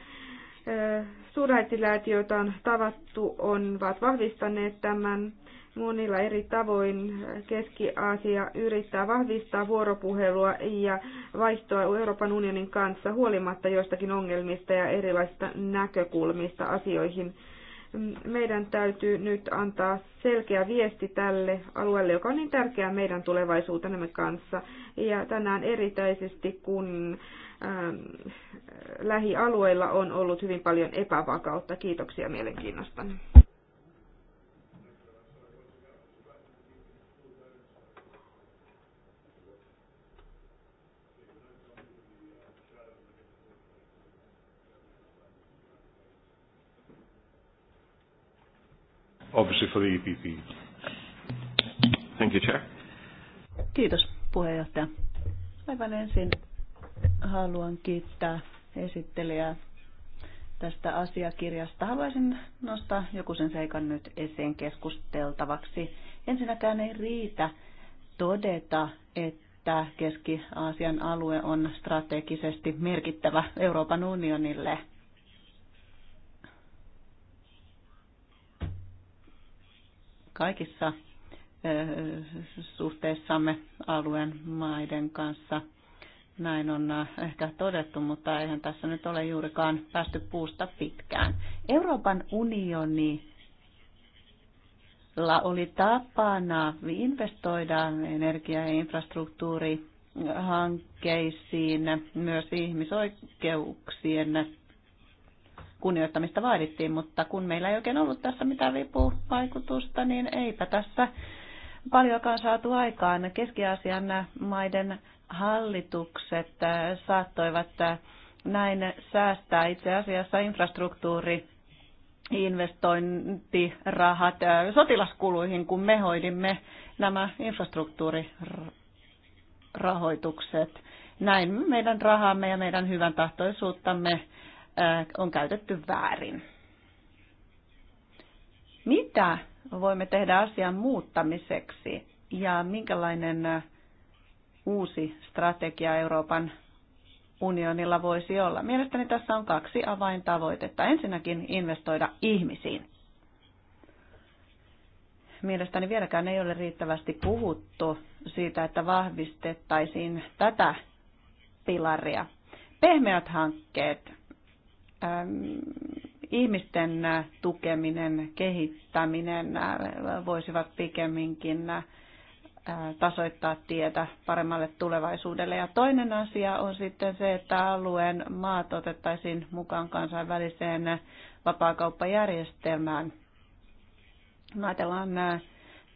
Suurlähettiläät, joita on tavattu, ovat vahvistaneet tämän monilla eri tavoin. Keski-Aasia yrittää vahvistaa vuoropuhelua ja vaihtoa Euroopan unionin kanssa huolimatta joistakin ongelmista ja erilaisista näkökulmista asioihin meidän täytyy nyt antaa selkeä viesti tälle alueelle, joka on niin tärkeää meidän tulevaisuutemme kanssa. Ja tänään erityisesti, kun ähm, lähialueilla on ollut hyvin paljon epävakautta. Kiitoksia mielenkiinnosta. obviously for the EPP. Thank you, Chair. Kiitos puheenjohtaja. Aivan ensin haluan kiittää esittelijää tästä asiakirjasta. Haluaisin nostaa joku sen seikan nyt esiin keskusteltavaksi. Ensinnäkään ei riitä todeta, että Keski-Aasian alue on strategisesti merkittävä Euroopan unionille – kaikissa suhteissamme alueen maiden kanssa. Näin on ehkä todettu, mutta eihän tässä nyt ole juurikaan päästy puusta pitkään. Euroopan unioni oli tapana investoida energia- ja infrastruktuurihankkeisiin myös ihmisoikeuksien kunnioittamista vaadittiin, mutta kun meillä ei oikein ollut tässä mitään vipuvaikutusta, niin eipä tässä paljonkaan saatu aikaan. Keski-Aasian maiden hallitukset äh, saattoivat äh, näin säästää itse asiassa infrastruktuuri investointirahat äh, sotilaskuluihin, kun me hoidimme nämä infrastruktuurirahoitukset. Näin meidän rahamme ja meidän hyvän tahtoisuuttamme on käytetty väärin. Mitä voimme tehdä asian muuttamiseksi ja minkälainen uusi strategia Euroopan unionilla voisi olla? Mielestäni tässä on kaksi avaintavoitetta. Ensinnäkin investoida ihmisiin. Mielestäni vieläkään ei ole riittävästi puhuttu siitä, että vahvistettaisiin tätä pilaria. Pehmeät hankkeet, Ähm, ihmisten äh, tukeminen, kehittäminen äh, voisivat pikemminkin äh, tasoittaa tietä paremmalle tulevaisuudelle. Ja toinen asia on sitten se, että alueen maat otettaisiin mukaan kansainväliseen vapaakauppajärjestelmään. Ajatellaan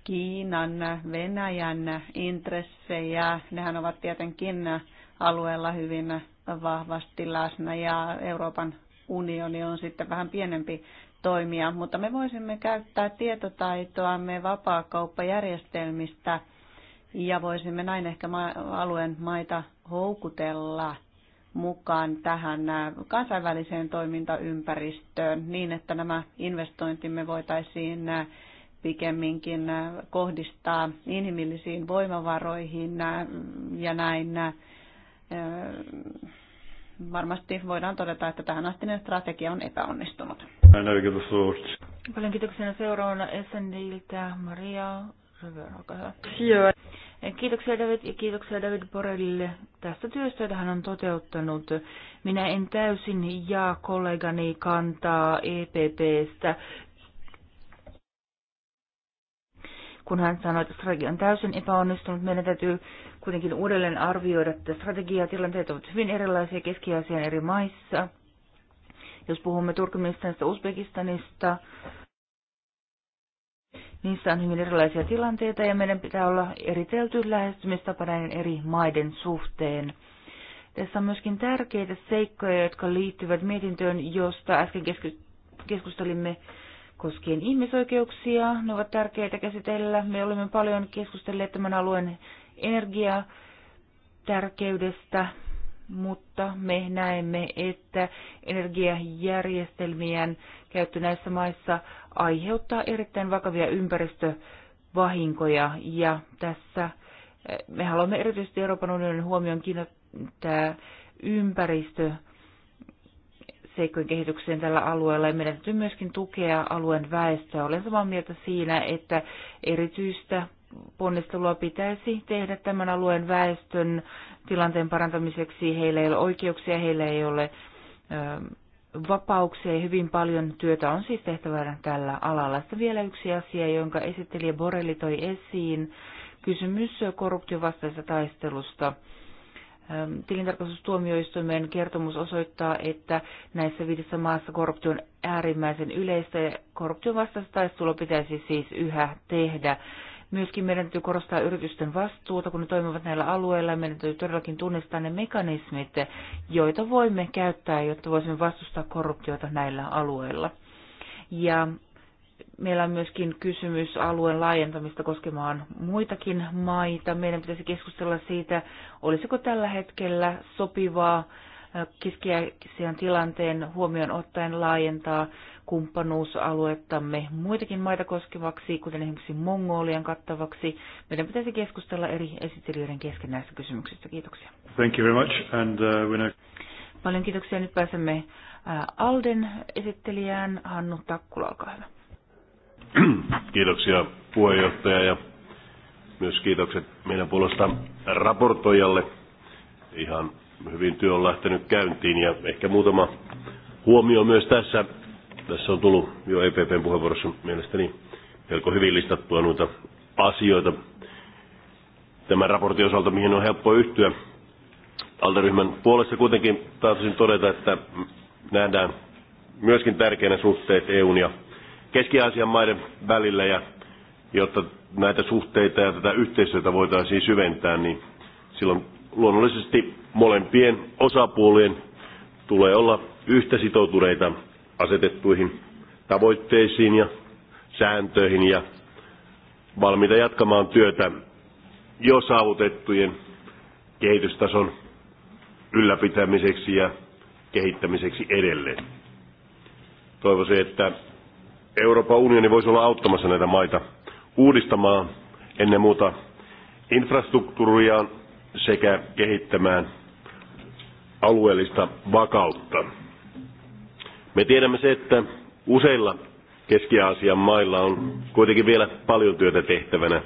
Kiinan, Venäjän intressejä. Nehän ovat tietenkin alueella hyvin vahvasti läsnä ja Euroopan unioni on sitten vähän pienempi toimija, mutta me voisimme käyttää tietotaitoamme vapaakauppajärjestelmistä ja voisimme näin ehkä alueen maita houkutella mukaan tähän kansainväliseen toimintaympäristöön niin, että nämä investointimme voitaisiin pikemminkin kohdistaa inhimillisiin voimavaroihin ja näin varmasti voidaan todeta, että tähän astinen strategia on epäonnistunut. Paljon kiitoksia seuraavana SNDiltä Maria Rivera, Kiitoksia David ja kiitoksia David Borellille tästä työstä, jota hän on toteuttanut. Minä en täysin jaa kollegani kantaa EPPstä, kun hän sanoi, että strategia on täysin epäonnistunut. Meidän täytyy kuitenkin uudelleen arvioida että strategiatilanteet ovat hyvin erilaisia keski eri maissa. Jos puhumme Turkmenistanista, Uzbekistanista, niissä on hyvin erilaisia tilanteita ja meidän pitää olla eritelty lähestymistapa näiden eri maiden suhteen. Tässä on myöskin tärkeitä seikkoja, jotka liittyvät mietintöön, josta äsken keskustelimme koskien ihmisoikeuksia. Ne ovat tärkeitä käsitellä. Me olemme paljon keskustelleet tämän alueen energia tärkeydestä, mutta me näemme, että energiajärjestelmien käyttö näissä maissa aiheuttaa erittäin vakavia ympäristövahinkoja ja tässä eh, me haluamme erityisesti Euroopan unionin huomioon kiinnittää ympäristö seikkojen kehitykseen tällä alueella ja meidän täytyy myöskin tukea alueen väestöä. Olen samaa mieltä siinä, että erityistä ponnistelua pitäisi tehdä tämän alueen väestön tilanteen parantamiseksi. Heillä ei ole oikeuksia, heillä ei ole ähm, vapauksia ja hyvin paljon työtä on siis tehtävänä tällä alalla. Sitten vielä yksi asia, jonka esittelijä Borelli toi esiin. Kysymys korruptiovastaisesta taistelusta. Ähm, tilintarkastustuomioistuimen kertomus osoittaa, että näissä viidessä maassa korruptio on äärimmäisen yleistä ja korruptiovastaista taistelua pitäisi siis yhä tehdä. Myöskin meidän täytyy korostaa yritysten vastuuta, kun ne toimivat näillä alueilla. Meidän täytyy todellakin tunnistaa ne mekanismit, joita voimme käyttää, jotta voisimme vastustaa korruptiota näillä alueilla. Ja meillä on myöskin kysymys alueen laajentamista koskemaan muitakin maita. Meidän pitäisi keskustella siitä, olisiko tällä hetkellä sopivaa äh, keskiäisiän tilanteen huomioon ottaen laajentaa kumppanuusaluettamme muitakin maita koskevaksi, kuten esimerkiksi Mongolian kattavaksi. Meidän pitäisi keskustella eri esittelijöiden kesken näistä kysymyksistä. Kiitoksia. Thank you very much. And, uh, we're now... Paljon kiitoksia. Nyt pääsemme Alden esittelijään. Hannu Takkula, olkaa hyvä. Kiitoksia puheenjohtaja ja myös kiitokset meidän puolesta raportoijalle. Ihan hyvin työ on lähtenyt käyntiin ja ehkä muutama huomio myös tässä tässä on tullut jo EPPn puheenvuorossa mielestäni melko hyvin listattua noita asioita tämän raportin osalta, mihin on helppo yhtyä. Altaryhmän puolesta kuitenkin taasin todeta, että nähdään myöskin tärkeänä suhteet EUn ja Keski-Aasian maiden välillä ja jotta näitä suhteita ja tätä yhteistyötä voitaisiin syventää, niin silloin luonnollisesti molempien osapuolien tulee olla yhtä sitoutuneita asetettuihin tavoitteisiin ja sääntöihin ja valmiita jatkamaan työtä jo saavutettujen kehitystason ylläpitämiseksi ja kehittämiseksi edelleen. Toivoisin, että Euroopan unioni voisi olla auttamassa näitä maita uudistamaan ennen muuta infrastruktuuriaan sekä kehittämään alueellista vakautta. Me tiedämme se, että useilla Keski-Aasian mailla on kuitenkin vielä paljon työtä tehtävänä,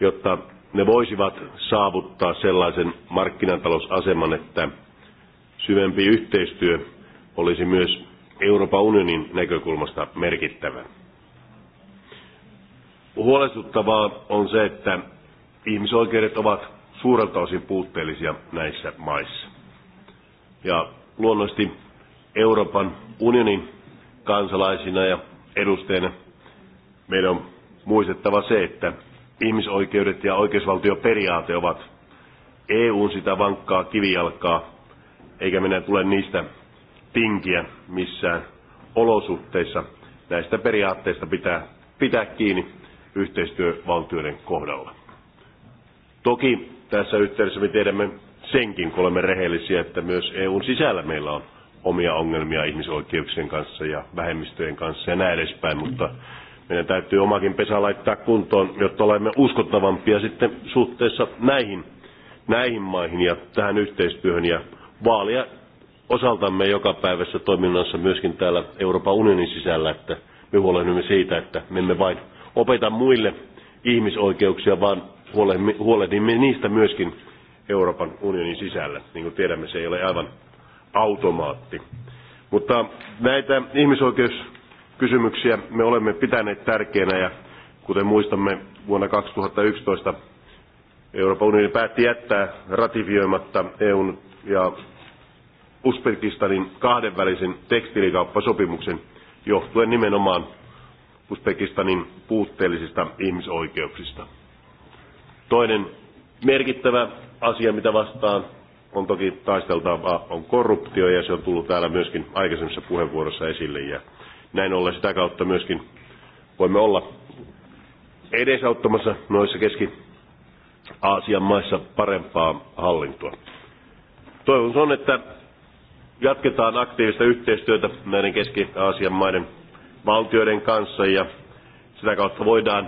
jotta ne voisivat saavuttaa sellaisen markkinatalousaseman, että syvempi yhteistyö olisi myös Euroopan unionin näkökulmasta merkittävä. Huolestuttavaa on se, että ihmisoikeudet ovat suurelta osin puutteellisia näissä maissa. Ja luonnollisesti Euroopan unionin kansalaisina ja edustajina meidän on muistettava se, että ihmisoikeudet ja oikeusvaltioperiaate ovat EUn sitä vankkaa kivijalkaa, eikä minä tule niistä tinkiä missään olosuhteissa. Näistä periaatteista pitää pitää kiinni yhteistyövaltioiden kohdalla. Toki tässä yhteydessä me tiedämme senkin, kun olemme rehellisiä, että myös EUn sisällä meillä on omia ongelmia ihmisoikeuksien kanssa ja vähemmistöjen kanssa ja näin edespäin, mutta meidän täytyy omakin pesä laittaa kuntoon, jotta olemme uskottavampia sitten suhteessa näihin, näihin maihin ja tähän yhteistyöhön ja vaalia osaltamme joka päivässä toiminnassa myöskin täällä Euroopan unionin sisällä, että me huolehdimme siitä, että me emme vain opeta muille ihmisoikeuksia, vaan huolehdimme niistä myöskin Euroopan unionin sisällä. Niin kuin tiedämme, se ei ole aivan automaatti. Mutta näitä ihmisoikeuskysymyksiä me olemme pitäneet tärkeänä ja kuten muistamme vuonna 2011 Euroopan unioni päätti jättää ratifioimatta EUn ja Uzbekistanin kahdenvälisen tekstiilikauppasopimuksen johtuen nimenomaan Uzbekistanin puutteellisista ihmisoikeuksista. Toinen merkittävä asia, mitä vastaan on toki taisteltava on korruptio ja se on tullut täällä myöskin aikaisemmissa puheenvuorossa esille ja näin ollen sitä kautta myöskin voimme olla edesauttamassa noissa Keski-Aasian maissa parempaa hallintoa. Toivon, on, että jatketaan aktiivista yhteistyötä näiden Keski-Aasian maiden valtioiden kanssa ja sitä kautta voidaan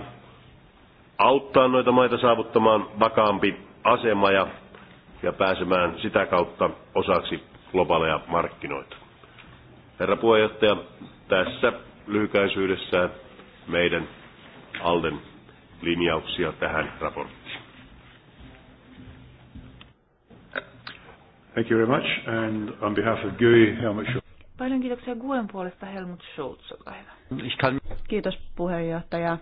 auttaa noita maita saavuttamaan vakaampi asema ja ja pääsemään sitä kautta osaksi globaaleja markkinoita. Herra puheenjohtaja, tässä lyhykäisyydessään meidän Alden linjauksia tähän raporttiin. Thank you very much. And on behalf of GUI, Helmut Schultz. Paljon kiitoksia Guen puolesta Helmut Schultz, olkaa hyvä. Kiitos puheenjohtaja.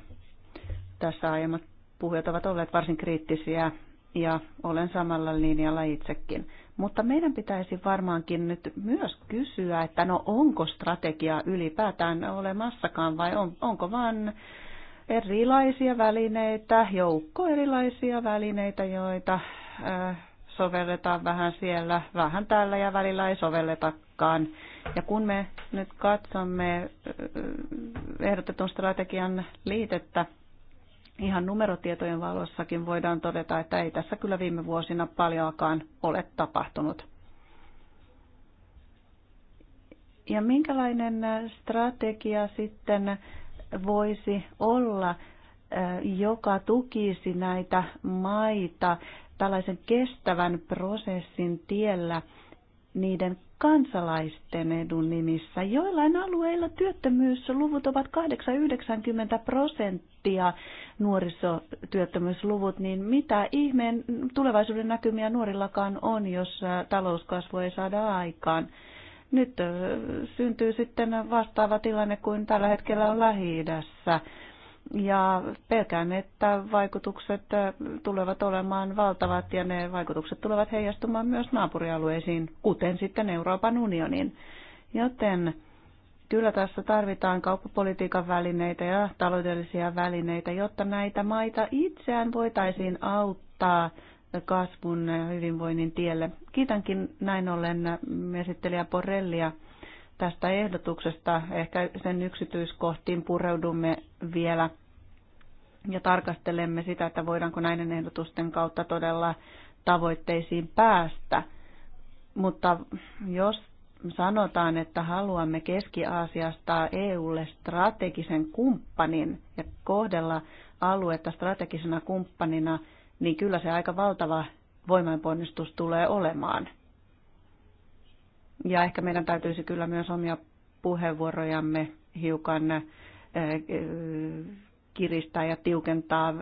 Tässä aiemmat puhujat ovat olleet varsin kriittisiä ja olen samalla linjalla itsekin. Mutta meidän pitäisi varmaankin nyt myös kysyä, että no onko strategia ylipäätään olemassakaan vai on, onko vain erilaisia välineitä, joukko erilaisia välineitä, joita äh, sovelletaan vähän siellä, vähän täällä ja välillä ei sovelletakaan. Ja kun me nyt katsomme äh, ehdotetun strategian liitettä ihan numerotietojen valossakin voidaan todeta, että ei tässä kyllä viime vuosina paljoakaan ole tapahtunut. Ja minkälainen strategia sitten voisi olla, joka tukisi näitä maita tällaisen kestävän prosessin tiellä niiden kansalaisten edun nimissä. Joillain alueilla työttömyysluvut ovat 8-90 prosenttia nuorisotyöttömyysluvut, niin mitä ihmeen tulevaisuuden näkymiä nuorillakaan on, jos talouskasvu ei saada aikaan? Nyt syntyy sitten vastaava tilanne kuin tällä hetkellä on lähi -idässä ja pelkäämme, että vaikutukset äh, tulevat olemaan valtavat ja ne vaikutukset tulevat heijastumaan myös naapurialueisiin, kuten sitten Euroopan unionin. Joten kyllä tässä tarvitaan kauppapolitiikan välineitä ja taloudellisia välineitä, jotta näitä maita itseään voitaisiin auttaa kasvun ja hyvinvoinnin tielle. Kiitänkin näin ollen esittelijä Porellia tästä ehdotuksesta. Ehkä sen yksityiskohtiin pureudumme vielä ja tarkastelemme sitä, että voidaanko näiden ehdotusten kautta todella tavoitteisiin päästä. Mutta jos sanotaan, että haluamme Keski-Aasiasta EUlle strategisen kumppanin ja kohdella aluetta strategisena kumppanina, niin kyllä se aika valtava voimainponnistus tulee olemaan – ja ehkä meidän täytyisi kyllä myös omia puheenvuorojamme hiukan eh, eh, kiristää ja tiukentaa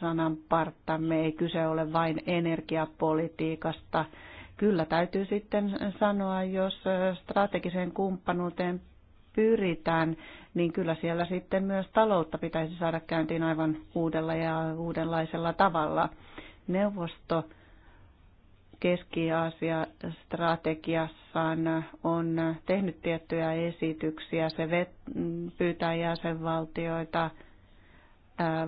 sananparttamme. Ei kyse ole vain energiapolitiikasta. Kyllä täytyy sitten sanoa, jos eh, strategiseen kumppanuuteen pyritään, niin kyllä siellä sitten myös taloutta pitäisi saada käyntiin aivan uudella ja uudenlaisella tavalla. Neuvosto Keski-Aasia-strategiassaan on tehnyt tiettyjä esityksiä. Se vet- pyytää jäsenvaltioita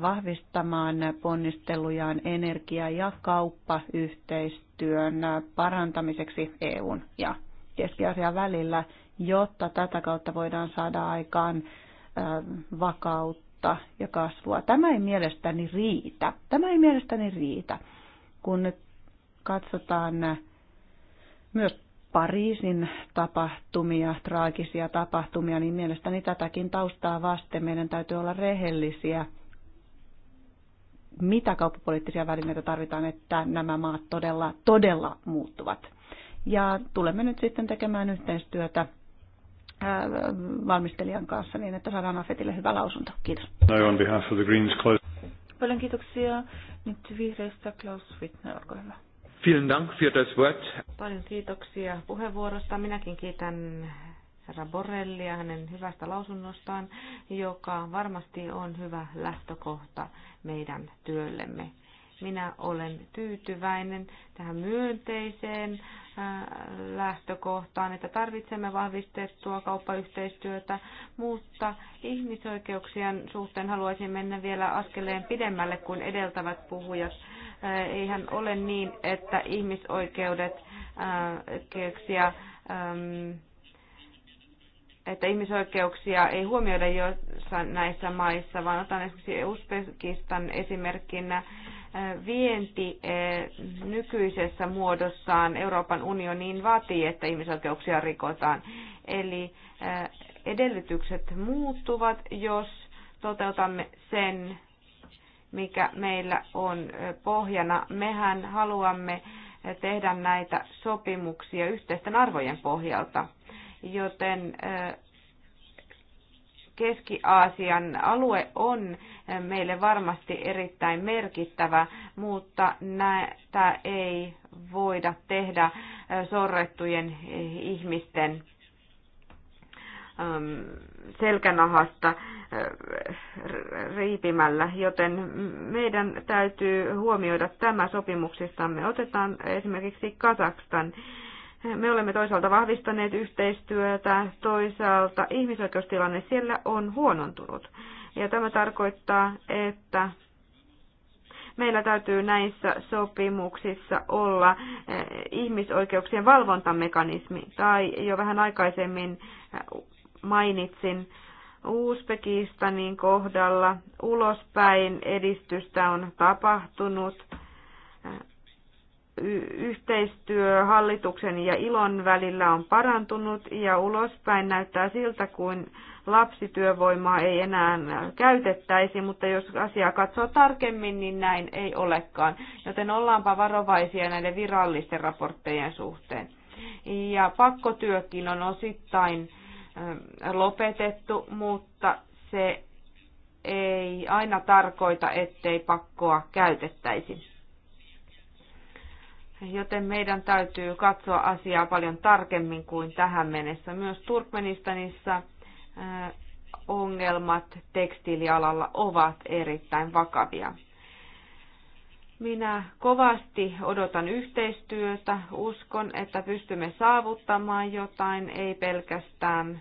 vahvistamaan ponnistelujaan energia- ja kauppayhteistyön parantamiseksi EUn ja Keski-Aasian välillä, jotta tätä kautta voidaan saada aikaan vakautta ja kasvua. Tämä ei mielestäni riitä. Tämä ei mielestäni riitä. Kun nyt katsotaan myös Pariisin tapahtumia, traagisia tapahtumia, niin mielestäni tätäkin taustaa vasten meidän täytyy olla rehellisiä. Mitä kauppapoliittisia välineitä tarvitaan, että nämä maat todella, todella muuttuvat? Ja tulemme nyt sitten tekemään yhteistyötä valmistelijan kanssa niin, että saadaan Afetille hyvä lausunto. Kiitos. No, Paljon kiitoksia. Nyt vihreistä Klaus Wittner, olkaa hyvä. Vielen Dank für das Wort. Paljon kiitoksia puheenvuorosta. Minäkin kiitän herra Borrellia hänen hyvästä lausunnostaan, joka varmasti on hyvä lähtökohta meidän työllemme. Minä olen tyytyväinen tähän myönteiseen äh, lähtökohtaan, että tarvitsemme vahvistettua kauppayhteistyötä, mutta ihmisoikeuksien suhteen haluaisin mennä vielä askeleen pidemmälle kuin edeltävät puhujat Äh, eihän ole niin, että ihmisoikeudet äh, keksiä ähm, että ihmisoikeuksia ei huomioida joissain näissä maissa, vaan otan esimerkiksi Uzbekistan esimerkkinä äh, vienti nykyisessä muodossaan Euroopan unioniin vaatii, että ihmisoikeuksia rikotaan. Eli edellytykset muuttuvat, jos toteutamme sen, mikä meillä on pohjana. Mehän haluamme tehdä näitä sopimuksia yhteisten arvojen pohjalta, joten Keski-Aasian alue on meille varmasti erittäin merkittävä, mutta näitä ei voida tehdä sorrettujen ihmisten selkänahasta riipimällä, joten meidän täytyy huomioida tämä sopimuksistamme. Otetaan esimerkiksi Kazakstan. Me olemme toisaalta vahvistaneet yhteistyötä, toisaalta ihmisoikeustilanne siellä on huonontunut. Ja tämä tarkoittaa, että meillä täytyy näissä sopimuksissa olla eh, ihmisoikeuksien valvontamekanismi. Tai jo vähän aikaisemmin mainitsin, Uusbekistanin kohdalla ulospäin edistystä on tapahtunut. Yhteistyö hallituksen ja ilon välillä on parantunut ja ulospäin näyttää siltä kuin lapsityövoimaa ei enää käytettäisi, mutta jos asiaa katsoo tarkemmin, niin näin ei olekaan. Joten ollaanpa varovaisia näiden virallisten raporttejen suhteen. Ja pakkotyökin on osittain Ähm, lopetettu, mutta se ei aina tarkoita, ettei pakkoa käytettäisi. Joten meidän täytyy katsoa asiaa paljon tarkemmin kuin tähän mennessä. Myös Turkmenistanissa äh, ongelmat tekstiilialalla ovat erittäin vakavia. Minä kovasti odotan yhteistyötä. Uskon, että pystymme saavuttamaan jotain, ei pelkästään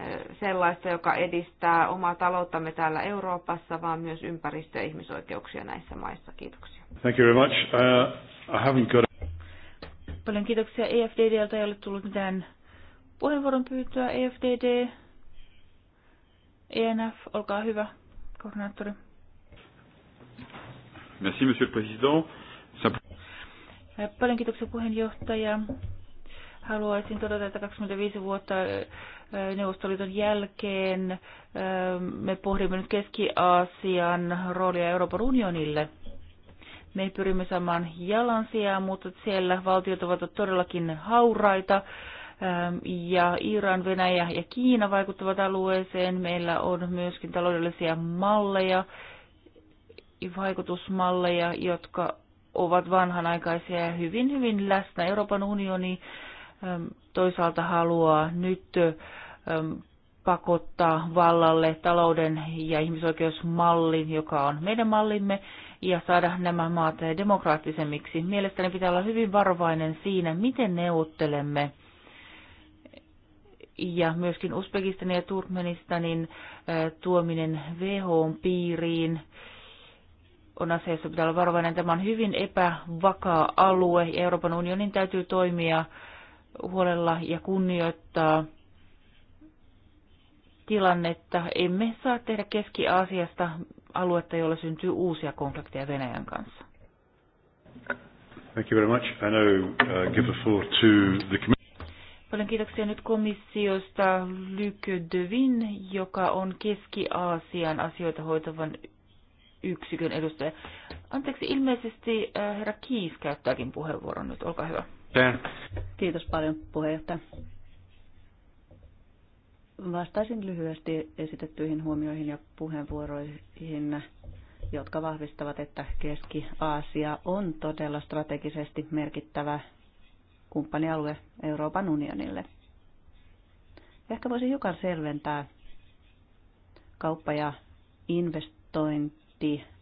eh, sellaista, joka edistää omaa talouttamme täällä Euroopassa, vaan myös ympäristö- ja ihmisoikeuksia näissä maissa. Kiitoksia. Thank you very much. Uh, I got... Paljon kiitoksia EFDDltä, ei ole tullut mitään puheenvuoron pyytöä. EFDD, ENF, olkaa hyvä, koordinaattori. Merci, monsieur le président. Paljon kiitoksia puheenjohtaja. Haluaisin todeta, että 25 vuotta Neuvostoliiton jälkeen me pohdimme nyt Keski-Aasian roolia Euroopan unionille. Me pyrimme saamaan jalansia, mutta siellä valtiot ovat todellakin hauraita ja Iran, Venäjä ja Kiina vaikuttavat alueeseen. Meillä on myöskin taloudellisia malleja, vaikutusmalleja, jotka ovat vanhanaikaisia ja hyvin, hyvin läsnä. Euroopan unioni toisaalta haluaa nyt pakottaa vallalle talouden ja ihmisoikeusmallin, joka on meidän mallimme, ja saada nämä maat demokraattisemmiksi. Mielestäni pitää olla hyvin varovainen siinä, miten neuvottelemme ja myöskin Uzbekistanin ja Turkmenistanin tuominen WHOn piiriin on asia, pitää olla varovainen. Tämä on hyvin epävakaa alue ja Euroopan unionin täytyy toimia huolella ja kunnioittaa tilannetta. Emme saa tehdä Keski-Aasiasta aluetta, jolla syntyy uusia konflikteja Venäjän kanssa. Thank you very much. I now uh, give the floor to the Paljon kiitoksia nyt komissiosta Lyke Devin, joka on Keski-Aasian asioita hoitavan yksikön edustaja. Anteeksi, ilmeisesti äh, herra Kiis käyttääkin puheenvuoron nyt. Olkaa hyvä. Kiitos paljon puheenjohtaja. Vastaisin lyhyesti esitettyihin huomioihin ja puheenvuoroihin, jotka vahvistavat, että Keski-Aasia on todella strategisesti merkittävä kumppanialue Euroopan unionille. Ehkä voisi hiukan selventää kauppa- ja investointi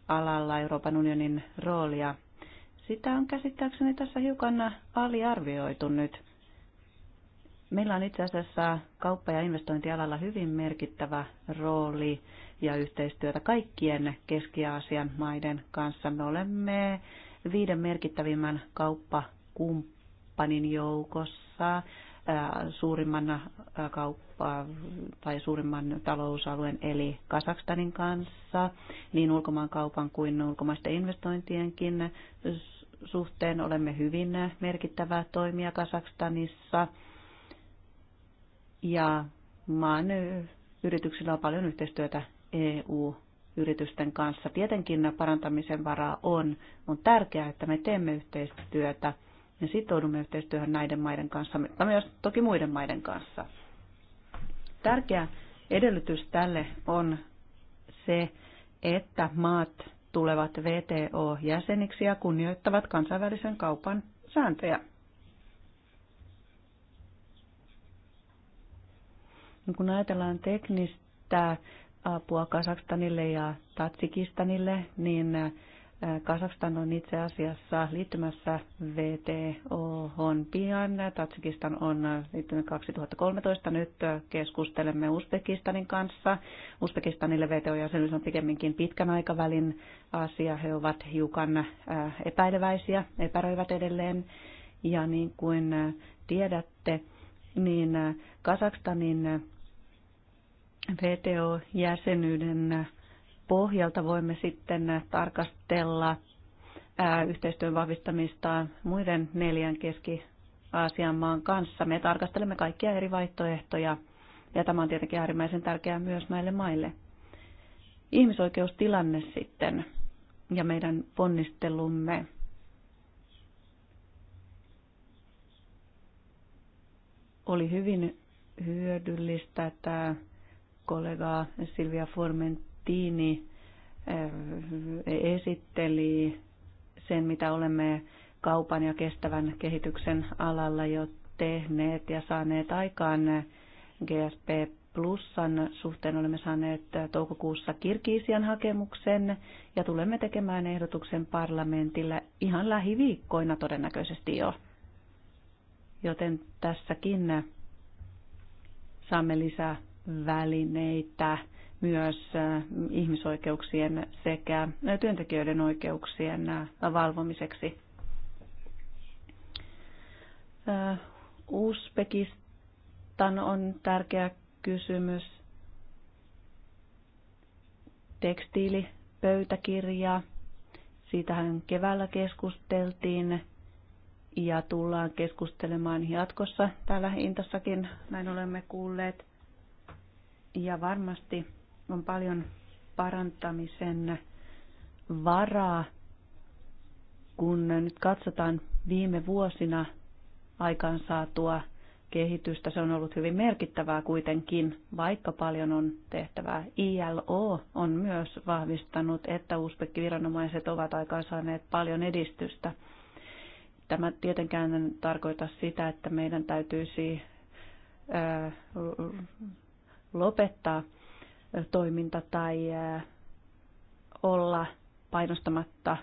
alalla Euroopan unionin roolia. Sitä on käsittääkseni tässä hiukan aliarvioitu nyt. Meillä on itse asiassa kauppa- ja investointialalla hyvin merkittävä rooli ja yhteistyötä kaikkien Keski-Aasian maiden kanssa. Me olemme viiden merkittävimmän kauppakumppanin joukossa suurimman kauppaa tai suurimman talousalueen eli Kasakstanin kanssa niin ulkomaankaupan kuin ulkomaisten investointienkin suhteen olemme hyvin merkittävä toimija Kasakstanissa. Ja maan yrityksillä on paljon yhteistyötä EU yritysten kanssa. Tietenkin parantamisen varaa on. On tärkeää, että me teemme yhteistyötä me sitoudumme yhteistyöhön näiden maiden kanssa, mutta myös toki muiden maiden kanssa. Tärkeä edellytys tälle on se, että maat tulevat VTO-jäseniksi ja kunnioittavat kansainvälisen kaupan sääntöjä. Kun ajatellaan teknistä apua Kasakstanille ja Tatsikistanille, niin Äh, Kasakstan on itse asiassa liittymässä VTOhon pian. Tatsikistan on liittynyt 2013. Nyt keskustelemme Uzbekistanin kanssa. Uzbekistanille VTO-jäsenyys on pikemminkin pitkän aikavälin asia. He ovat hiukan äh, epäileväisiä, epäröivät edelleen. Ja niin kuin äh, tiedätte, niin Kasakstanin VTO-jäsenyyden pohjalta voimme sitten tarkastella yhteistyön vahvistamista muiden neljän Keski-Aasian maan kanssa. Me tarkastelemme kaikkia eri vaihtoehtoja ja tämä on tietenkin äärimmäisen tärkeää myös näille maille. Ihmisoikeustilanne sitten ja meidän ponnistelumme. Oli hyvin hyödyllistä, että kollega Silvia Formen tiini eh, esitteli sen, mitä olemme kaupan ja kestävän kehityksen alalla jo tehneet ja saaneet aikaan GSP Plusan suhteen olemme saaneet toukokuussa Kirkiisian hakemuksen ja tulemme tekemään ehdotuksen parlamentille ihan lähiviikkoina todennäköisesti jo. Joten tässäkin saamme lisää välineitä myös ihmisoikeuksien sekä työntekijöiden oikeuksien valvomiseksi. Uzbekistan on tärkeä kysymys. Tekstiilipöytäkirja. Siitähän keväällä keskusteltiin ja tullaan keskustelemaan jatkossa täällä Intassakin, näin olemme kuulleet. Ja varmasti on paljon parantamisen varaa, kun nyt katsotaan viime vuosina aikaansaatua kehitystä. Se on ollut hyvin merkittävää kuitenkin, vaikka paljon on tehtävää. ILO on myös vahvistanut, että uspekkiviranomaiset ovat aikaansaaneet paljon edistystä. Tämä tietenkään tarkoita sitä, että meidän täytyisi lopettaa toiminta tai olla painostamatta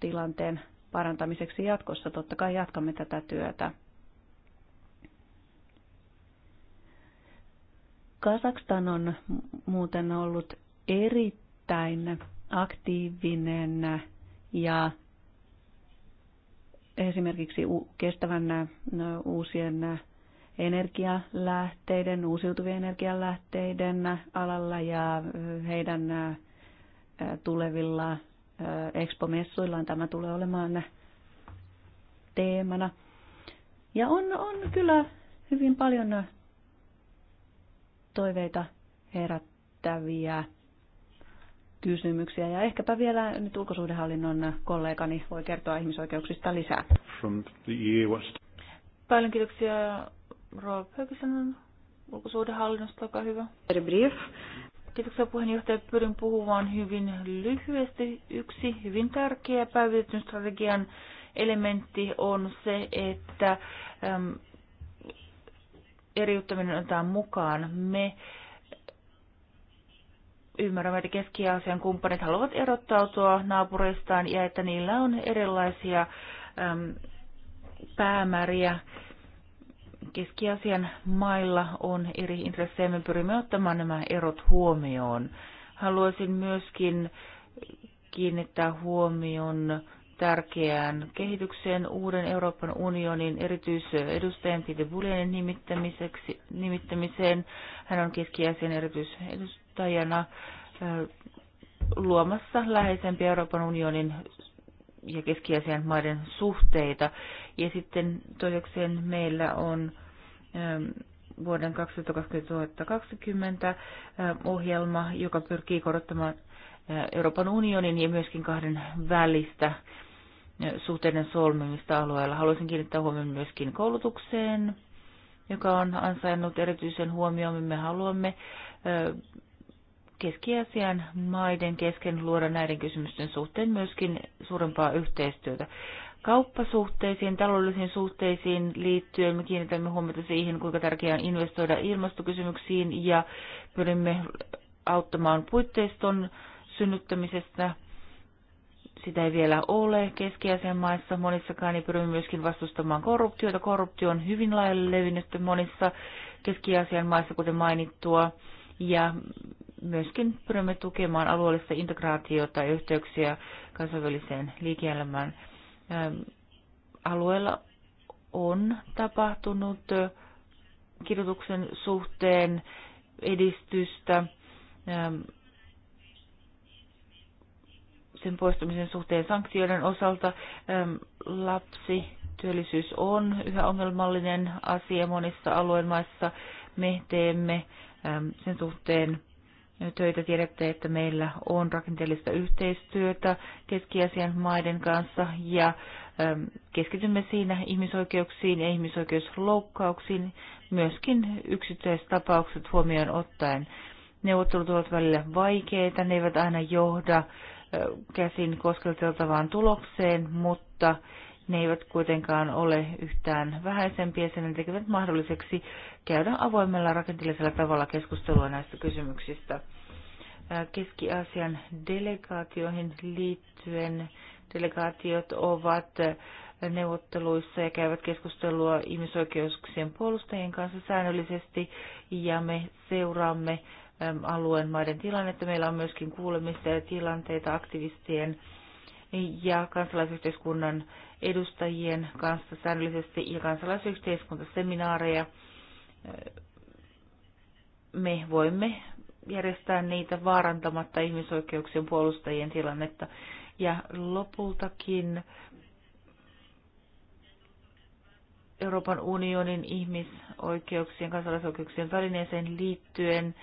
tilanteen parantamiseksi jatkossa. Totta kai jatkamme tätä työtä. Kasakstan on muuten ollut erittäin aktiivinen ja esimerkiksi kestävän uusien energialähteiden, uusiutuvien energialähteiden alalla ja heidän tulevilla expomessuillaan tämä tulee olemaan teemana. Ja on, on kyllä hyvin paljon toiveita herättäviä kysymyksiä. Ja ehkäpä vielä nyt ulkosuhdehallinnon kollegani voi kertoa ihmisoikeuksista lisää. From the e Paljon kiitoksia Rolf Högisen ulkosuhdehallinnosta, olkaa hyvä. Brief. Kiitoksia puheenjohtaja. Pyrin puhumaan hyvin lyhyesti. Yksi hyvin tärkeä päivitetyn strategian elementti on se, että äm, eriyttäminen otetaan mukaan. Me ymmärrämme, että Keski-Aasian kumppanit haluavat erottautua naapureistaan ja että niillä on erilaisia äm, päämääriä Keski-Asian mailla on eri intressejä. Me pyrimme ottamaan nämä erot huomioon. Haluaisin myöskin kiinnittää huomion tärkeään kehitykseen uuden Euroopan unionin erityisedustajan Peter Buljanin nimittämiseksi, nimittämiseen. Hän on keski-Aasian erityisedustajana luomassa läheisempiä Euroopan unionin ja keski maiden suhteita. Ja sitten toisekseen meillä on ähm, vuoden 2020 äh, ohjelma, joka pyrkii korottamaan äh, Euroopan unionin ja myöskin kahden välistä äh, suhteiden solmimista alueella. Haluaisin kiinnittää huomioon myöskin koulutukseen, joka on ansainnut erityisen huomioon. Me haluamme keski maiden kesken luoda näiden kysymysten suhteen myöskin suurempaa yhteistyötä kauppasuhteisiin, taloudellisiin suhteisiin liittyen. Me kiinnitämme huomiota siihen, kuinka tärkeää on investoida ilmastokysymyksiin ja pyrimme auttamaan puitteiston synnyttämisestä. Sitä ei vielä ole keski maissa monissakaan, niin pyrimme myöskin vastustamaan korruptiota. Korruptio on hyvin laajalle levinnyt monissa keski maissa, kuten mainittua, ja myöskin pyrimme tukemaan alueellista integraatiota ja yhteyksiä kansainväliseen liike-elämään alueella on tapahtunut kirjoituksen suhteen edistystä sen poistumisen suhteen sanktioiden osalta. Lapsi työllisyys on yhä ongelmallinen asia monissa alueen maissa. Me teemme sen suhteen töitä. Tiedätte, että meillä on rakenteellista yhteistyötä keskiasian maiden kanssa ja ähm, keskitymme siinä ihmisoikeuksiin ja ihmisoikeusloukkauksiin, myöskin yksittäistapaukset huomioon ottaen. Neuvottelut ovat välillä vaikeita, ne eivät aina johda äh, käsin koskelteltavaan tulokseen, mutta ne eivät kuitenkaan ole yhtään vähäisempiä, sen tekevät mahdolliseksi käydä avoimella rakenteellisella tavalla keskustelua näistä kysymyksistä. Keski-Aasian delegaatioihin liittyen. Delegaatiot ovat neuvotteluissa ja käyvät keskustelua ihmisoikeuksien puolustajien kanssa säännöllisesti ja me seuraamme alueen maiden tilannetta. Meillä on myöskin kuulemista ja tilanteita aktivistien ja kansalaisyhteiskunnan edustajien kanssa säännöllisesti ja kansalaisyhteiskuntaseminaareja. Me voimme järjestää niitä vaarantamatta ihmisoikeuksien puolustajien tilannetta. Ja lopultakin Euroopan unionin ihmisoikeuksien, kansalaisoikeuksien välineeseen liittyen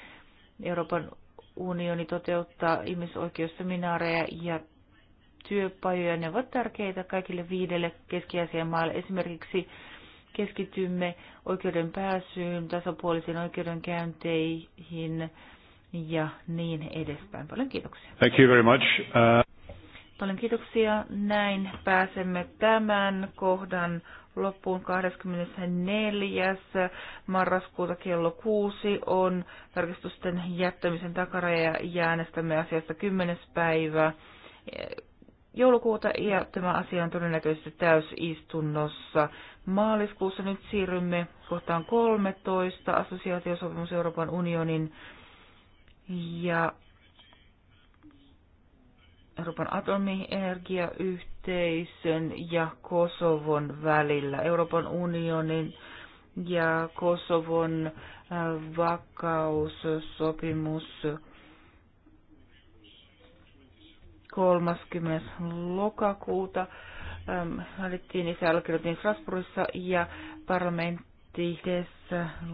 Euroopan unioni toteuttaa ihmisoikeusseminaareja ja työpajoja. Ne ovat tärkeitä kaikille viidelle keski maalle. Esimerkiksi keskitymme oikeuden pääsyyn, tasapuolisiin oikeudenkäynteihin, ja niin edespäin. Paljon kiitoksia. Thank you very much. Uh... Paljon kiitoksia. Näin pääsemme tämän kohdan loppuun 24. marraskuuta kello 6 on tarkistusten jättämisen takaraja ja äänestämme asiasta 10. päivä eh, joulukuuta ja tämä asia on todennäköisesti täysistunnossa. Maaliskuussa nyt siirrymme kohtaan 13 assosiaatiosopimus Euroopan unionin ja Euroopan atomienergiayhteisön ja Kosovon välillä. Euroopan unionin ja Kosovon äh, vakaussopimus 30. lokakuuta. Ähm, valittiin niissä allekirjoitettiin Strasbourgissa ja parlamentti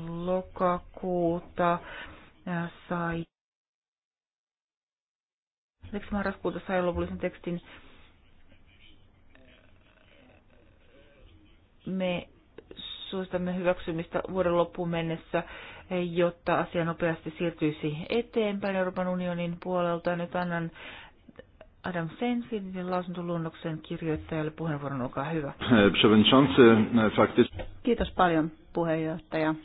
lokakuuta äh, sai Lisäksi marraskuuta sai lopullisen tekstin. Me suostamme hyväksymistä vuoden loppuun mennessä, jotta asia nopeasti siirtyisi eteenpäin Euroopan unionin puolelta. Nyt annan Adam Sensin lausuntoluonnoksen kirjoittajalle puheenvuoron. Olkaa hyvä. Eh, eh, Kiitos paljon puheenjohtaja.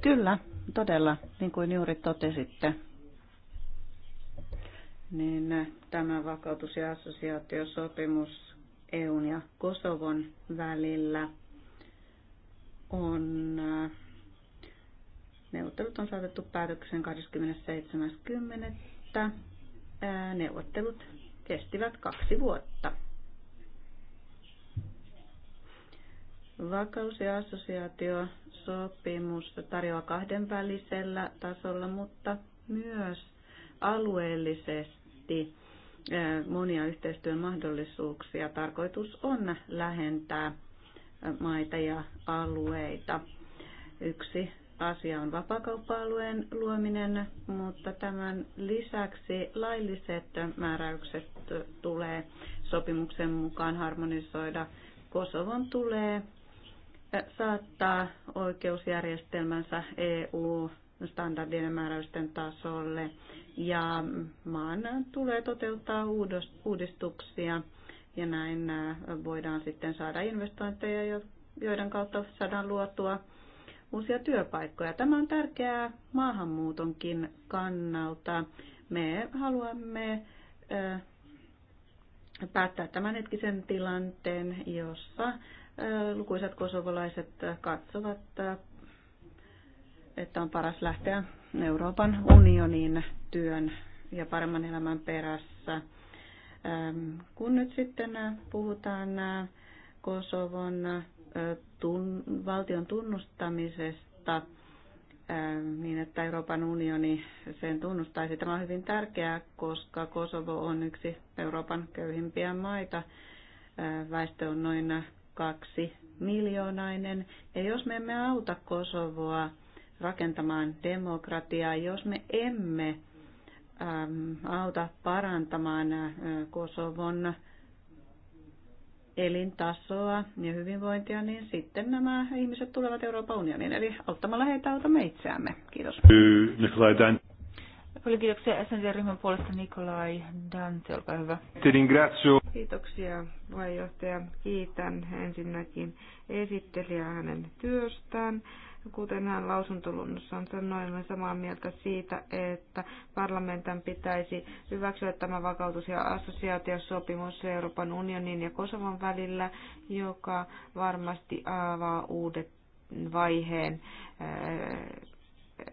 Kyllä, todella, niin kuin juuri totesitte, niin tämä vakautus- ja assosiaatiosopimus EUn ja Kosovon välillä on äh, Neuvottelut on saatettu päätökseen 27.10. Äh, neuvottelut kestivät kaksi vuotta. Vakaus- ja assosiaatiosopimus tarjoaa kahdenvälisellä tasolla, mutta myös alueellisesti miettii monia yhteistyön mahdollisuuksia. Tarkoitus on lähentää maita ja alueita. Yksi asia on vapakauppa-alueen luominen, mutta tämän lisäksi lailliset määräykset tulee sopimuksen mukaan harmonisoida. Kosovon tulee saattaa oikeusjärjestelmänsä EU standardien määräysten tasolle. Ja maan tulee toteuttaa uudistuksia ja näin voidaan sitten saada investointeja, joiden kautta saadaan luotua uusia työpaikkoja. Tämä on tärkeää maahanmuutonkin kannalta. Me haluamme päättää tämän hetkisen tilanteen, jossa lukuisat kosovolaiset katsovat että on paras lähteä Euroopan unionin työn ja paremman elämän perässä. Kun nyt sitten äh, puhutaan äh, Kosovon äh, tun, valtion tunnustamisesta, niin että Euroopan unioni sen tunnustaisi. Tämä on hyvin tärkeää, koska Kosovo on yksi Euroopan köyhimpiä maita. Väestö on noin kaksi miljoonainen. Ja jos me emme auta Kosovoa rakentamaan demokratiaa, jos me emme auta parantamaan Kosovon elintasoa ja hyvinvointia, niin sitten nämä ihmiset tulevat Euroopan unioniin. Eli auttamalla heitä autamme itseämme. Kiitos. Nikolai Dan. Paljon kiitoksia SND-ryhmän puolesta Nikolai Dante, olkaa hyvä. Kiitoksia puheenjohtaja. Kiitän ensinnäkin esittelijää hänen työstään. Kuten hän on sanoi, olen samaa mieltä siitä, että parlamentin pitäisi hyväksyä tämä vakautus- ja assosiaatiosopimus Euroopan unionin ja Kosovan välillä, joka varmasti avaa uudet vaiheen eh,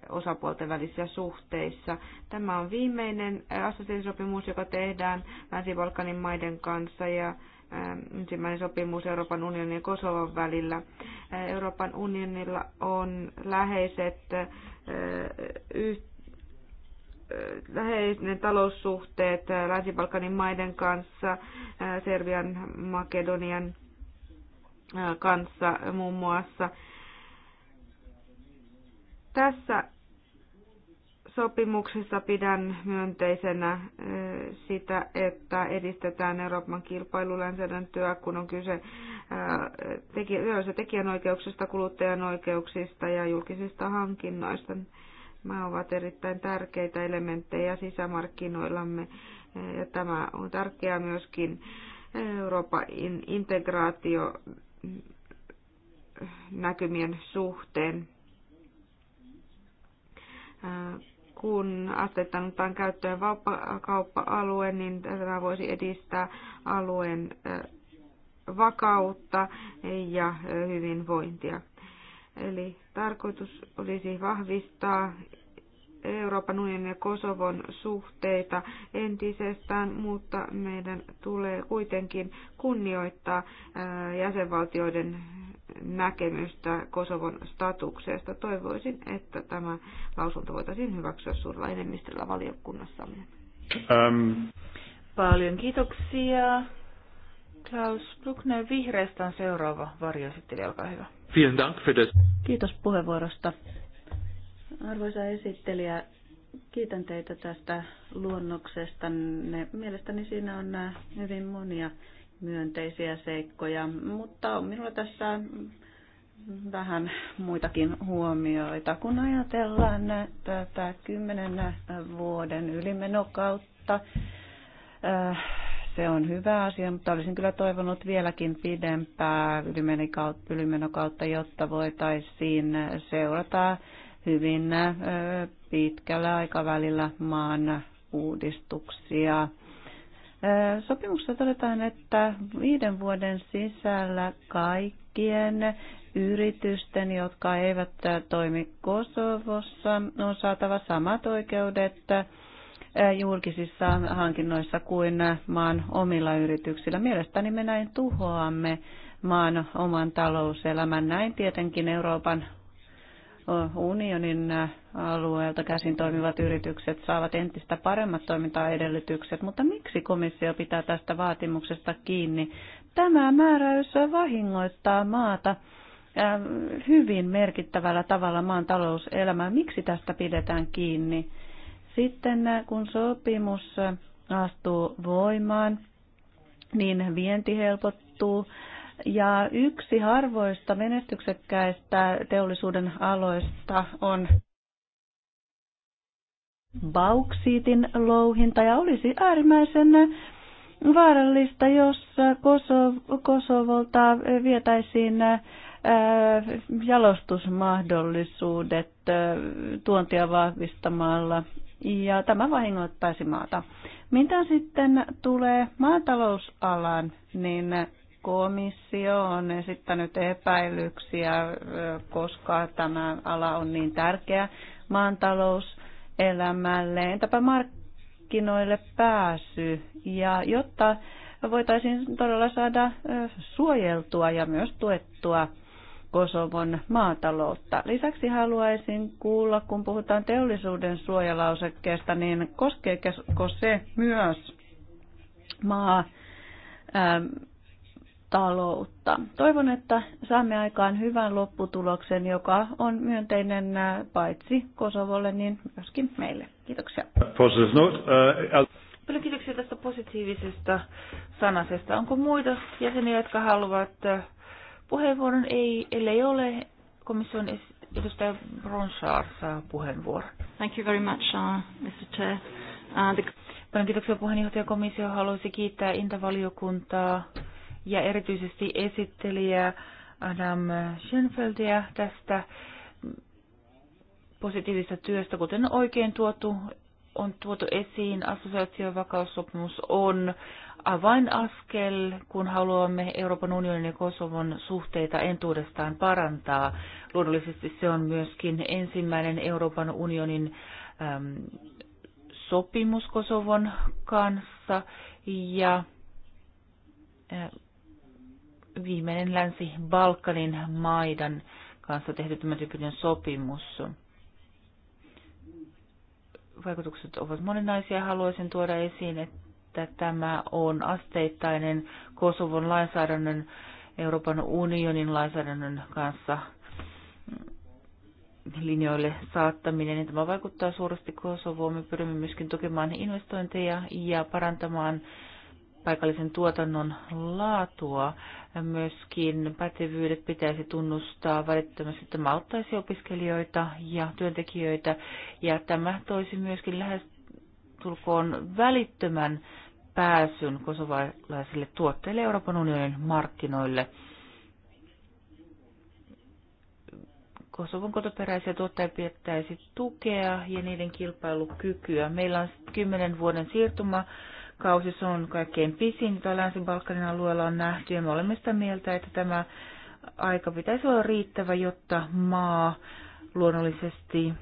osapuolten välisissä suhteissa. Tämä on viimeinen eh, assosiaatiosopimus, joka tehdään Länsi-Balkanin maiden kanssa ja Äh, ensimmäinen sopimus Euroopan unionin ja Kosovan välillä. Äh, Euroopan unionilla on läheiset äh, läheiset taloussuhteet Länsi-Balkanin maiden kanssa, Serbian, Makedonian kanssa muun muassa. Tässä sopimuksessa pidän myönteisenä sitä, että edistetään Euroopan kilpailulainsäädäntöä, kun on kyse tekijöistä, tekijänoikeuksista, kuluttajan oikeuksista ja julkisista hankinnoista. Nämä ovat erittäin tärkeitä elementtejä sisämarkkinoillamme ja tämä on tärkeää myöskin Euroopan integraatio näkymien suhteen kun asteittain otetaan käyttöön kauppa-alue, niin tämä voisi edistää alueen vakautta ja hyvinvointia. Eli tarkoitus olisi vahvistaa Euroopan unionin ja Kosovon suhteita entisestään, mutta meidän tulee kuitenkin kunnioittaa jäsenvaltioiden näkemystä Kosovon statuksesta. Toivoisin, että tämä lausunto voitaisiin hyväksyä suurella enemmistöllä valiokunnassamme. Um. Paljon kiitoksia. Klaus Bruckner Vihreästä on seuraava varjoesittelijä, olkaa hyvä. Vielen Dank für das. Kiitos puheenvuorosta. Arvoisa esittelijä, kiitän teitä tästä luonnoksesta. Mielestäni siinä on äh, hyvin monia myönteisiä seikkoja, mutta on minulla tässä vähän muitakin huomioita. Kun ajatellaan tätä kymmenen vuoden ylimenokautta, äh, se on hyvä asia, mutta olisin kyllä toivonut vieläkin pidempää ylimenokautta, jotta voitaisiin seurata hyvin äh, pitkällä aikavälillä maan uudistuksia Sopimuksessa todetaan, että viiden vuoden sisällä kaikkien yritysten, jotka eivät toimi Kosovossa, on saatava samat oikeudet eh, julkisissa hankinnoissa kuin maan omilla yrityksillä. Mielestäni me näin tuhoamme maan oman talouselämän. Näin tietenkin Euroopan unionin äh, alueelta käsin toimivat yritykset saavat entistä paremmat toimintaedellytykset, mutta miksi komissio pitää tästä vaatimuksesta kiinni? Tämä määräys vahingoittaa maata äh, hyvin merkittävällä tavalla maan talouselämää. Miksi tästä pidetään kiinni? Sitten äh, kun sopimus astuu voimaan, niin vienti helpottuu ja yksi harvoista menestyksekkäistä teollisuuden aloista on bauksiitin louhinta ja olisi äärimmäisen vaarallista, jos Kosovolta vietäisiin äh, jalostusmahdollisuudet äh, tuontia vahvistamalla ja tämä vahingoittaisi maata. Mitä sitten tulee maatalousalaan, niin komissio on esittänyt epäilyksiä, koska tämä ala on niin tärkeä maantalouselämälle. Entäpä markkinoille pääsy? Ja jotta voitaisiin todella saada suojeltua ja myös tuettua Kosovon maataloutta. Lisäksi haluaisin kuulla, kun puhutaan teollisuuden suojalausekkeesta, niin koskeeko se myös maa taloutta. Toivon, että saamme aikaan hyvän lopputuloksen, joka on myönteinen äh, paitsi Kosovolle, niin myöskin meille. Kiitoksia. Uh, Paljon kiitoksia tästä positiivisesta sanasesta. Onko muita jäseniä, jotka haluavat äh, puheenvuoron? Ei, ellei ole. Komission edustaja Bronsar saa puheenvuoron. Thank you very much, uh, Mr. Chair. Uh, the... Paljon kiitoksia komissio haluaisi kiittää Intavaliokuntaa valiokuntaa ja erityisesti esittelijä Adam Schönfeldia tästä positiivista työstä, kuten oikein tuotu, on tuotu esiin. Assosiaation vakaussopimus on avainaskel, kun haluamme Euroopan unionin ja Kosovon suhteita entuudestaan parantaa. Luonnollisesti se on myöskin ensimmäinen Euroopan unionin äm, sopimus Kosovon kanssa ja viimeinen Länsi-Balkanin maiden kanssa tehty tämä tyyppinen sopimus. Vaikutukset ovat moninaisia. Haluaisin tuoda esiin, että tämä on asteittainen Kosovon lainsäädännön Euroopan unionin lainsäädännön kanssa linjoille saattaminen. tämä vaikuttaa suuresti Kosovoon. Me pyrimme myöskin tukemaan investointeja ja parantamaan paikallisen tuotannon laatua. Myöskin pätevyydet pitäisi tunnustaa välittömästi. Tämä auttaisi opiskelijoita ja työntekijöitä ja tämä toisi myöskin lähestulkoon välittömän pääsyn kosovalaisille tuotteille Euroopan unionin markkinoille. Kosovon kotoperäisiä tuotteita pitäisi tukea ja niiden kilpailukykyä. Meillä on kymmenen vuoden siirtymä kausi. Se on kaikkein pisin, mitä Länsi-Balkanin alueella on nähty, ja me olemme sitä mieltä, että tämä aika pitäisi olla riittävä, jotta maa luonnollisesti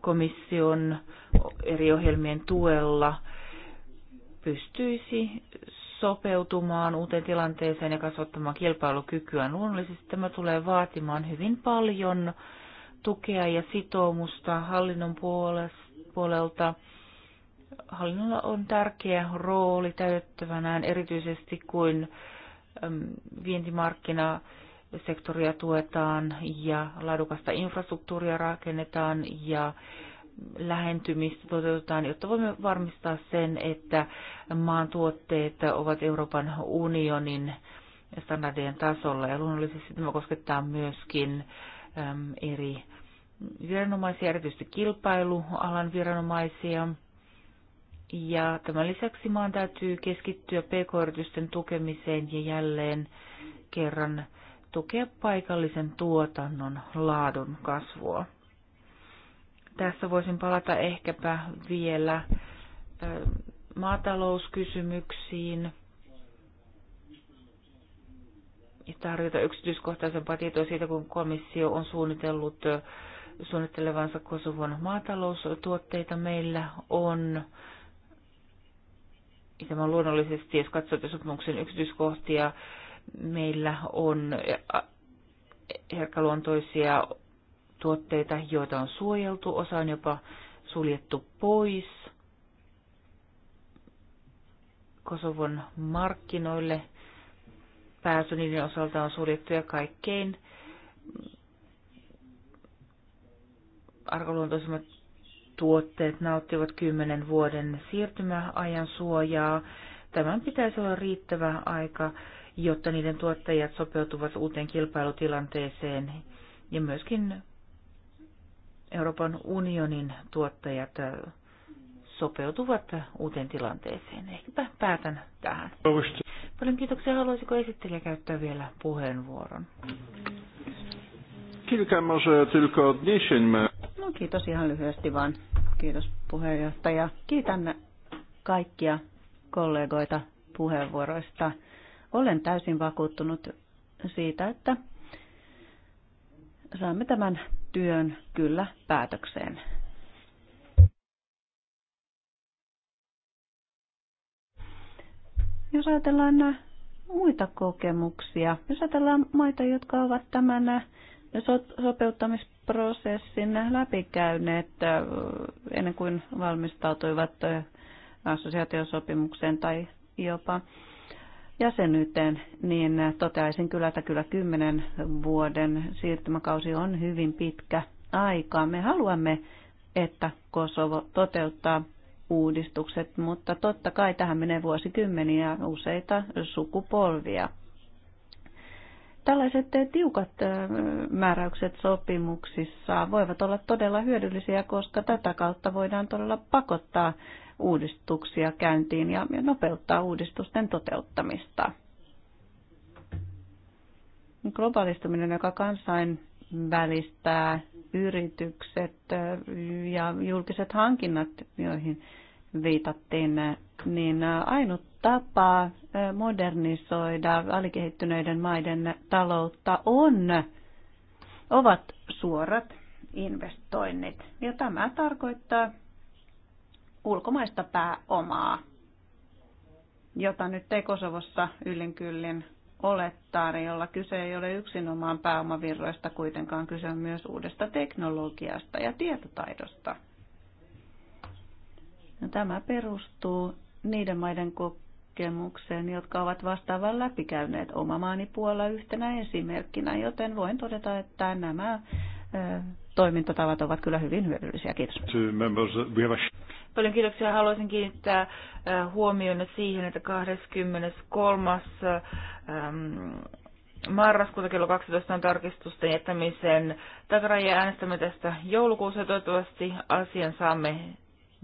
komission eri ohjelmien tuella pystyisi sopeutumaan uuteen tilanteeseen ja kasvattamaan kilpailukykyä. Luonnollisesti tämä tulee vaatimaan hyvin paljon tukea ja sitoumusta hallinnon puolelta, hallinnolla on tärkeä rooli täytettävänään erityisesti kuin vientimarkkina sektoria tuetaan ja laadukasta infrastruktuuria rakennetaan ja lähentymistä toteutetaan, jotta voimme varmistaa sen, että maan tuotteet ovat Euroopan unionin standardien tasolla. Ja luonnollisesti tämä koskettaa myöskin eri viranomaisia, erityisesti kilpailualan viranomaisia. Ja tämän lisäksi maan täytyy keskittyä pk-yritysten tukemiseen ja jälleen kerran tukea paikallisen tuotannon laadun kasvua. Tässä voisin palata ehkäpä vielä maatalouskysymyksiin ja tarjota yksityiskohtaisempaa tietoa siitä, kun komissio on suunnitellut suunnittelevansa Kosovon maataloustuotteita. Meillä on tämä on luonnollisesti, jos katsotte sopimuksen yksityiskohtia, meillä on herkkäluontoisia tuotteita, joita on suojeltu, osa on jopa suljettu pois Kosovon markkinoille. Pääsy niiden osalta on suljettu ja kaikkein arkaluontoisimmat tuotteet nauttivat kymmenen vuoden siirtymäajan suojaa. Tämän pitäisi olla riittävä aika, jotta niiden tuottajat sopeutuvat uuteen kilpailutilanteeseen ja myöskin Euroopan unionin tuottajat äh, sopeutuvat uuteen tilanteeseen. Ehkäpä päätän tähän. Paljon kiitoksia. Haluaisiko esittelijä käyttää vielä puheenvuoron? Kilka może tylko odniesień. No kiitos ihan lyhyesti vaan. Kiitos puheenjohtaja. Kiitän kaikkia kollegoita puheenvuoroista. Olen täysin vakuuttunut siitä, että saamme tämän työn kyllä päätökseen. Jos ajatellaan muita kokemuksia, jos ajatellaan maita, jotka ovat tämän sopeuttamisprosessin läpikäyneet ennen kuin valmistautuivat assosiaatiosopimukseen tai jopa jäsenyyteen, niin toteaisin kyllä, että kyllä kymmenen vuoden siirtymäkausi on hyvin pitkä aika. Me haluamme, että Kosovo toteuttaa uudistukset, mutta totta kai tähän menee vuosikymmeniä useita sukupolvia. Tällaiset eh, tiukat eh, määräykset sopimuksissa voivat olla todella hyödyllisiä, koska tätä kautta voidaan todella pakottaa uudistuksia käyntiin ja nopeuttaa uudistusten toteuttamista. Globaalistuminen, joka kansainvälistää yritykset eh, ja julkiset hankinnat, joihin viitattiin, niin ainut tapa modernisoida alikehittyneiden maiden taloutta on, ovat suorat investoinnit. Ja tämä tarkoittaa ulkomaista pääomaa, jota nyt ei Kosovossa yllin kyllin ole tarjolla. Kyse ei ole yksinomaan pääomavirroista, kuitenkaan kyse on myös uudesta teknologiasta ja tietotaidosta. No, tämä perustuu niiden maiden kokemukseen, jotka ovat vastaavan läpikäyneet oma maani Puola yhtenä esimerkkinä, joten voin todeta, että nämä toimintatavat ovat kyllä hyvin hyödyllisiä. Kiitos. Paljon kiitoksia. Haluaisin kiinnittää huomioon siihen, että 23. marraskuuta kello 12 on tarkistusten jättämisen takaraja äänestämme tästä joulukuussa. Toivottavasti asian saamme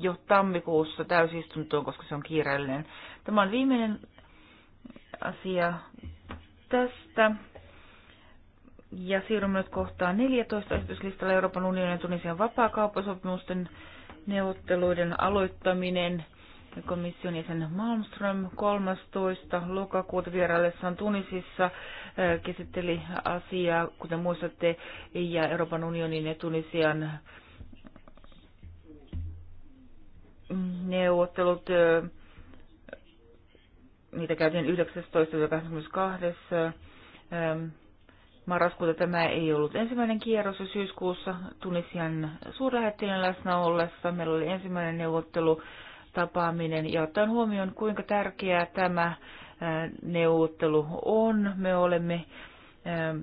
jo tammikuussa täysistuntoon, koska se on kiireellinen. Tämä on viimeinen asia tästä. Ja siirrymme nyt kohtaan 14 esityslistalla Euroopan unionin ja Tunisian vapaakauppasopimusten neuvotteluiden aloittaminen. Komission jäsen Malmström 13. lokakuuta vieraillessaan Tunisissa äh, käsitteli asiaa, kuten muistatte, ja Euroopan unionin ja Tunisian neuvottelut, niitä käytiin 19.–22. marraskuuta tämä ei ollut ensimmäinen kierros ja syyskuussa Tunisian suurlähettilän läsnä ollessa meillä oli ensimmäinen neuvottelu tapaaminen ja ottaen huomioon, kuinka tärkeää tämä neuvottelu on. Me olemme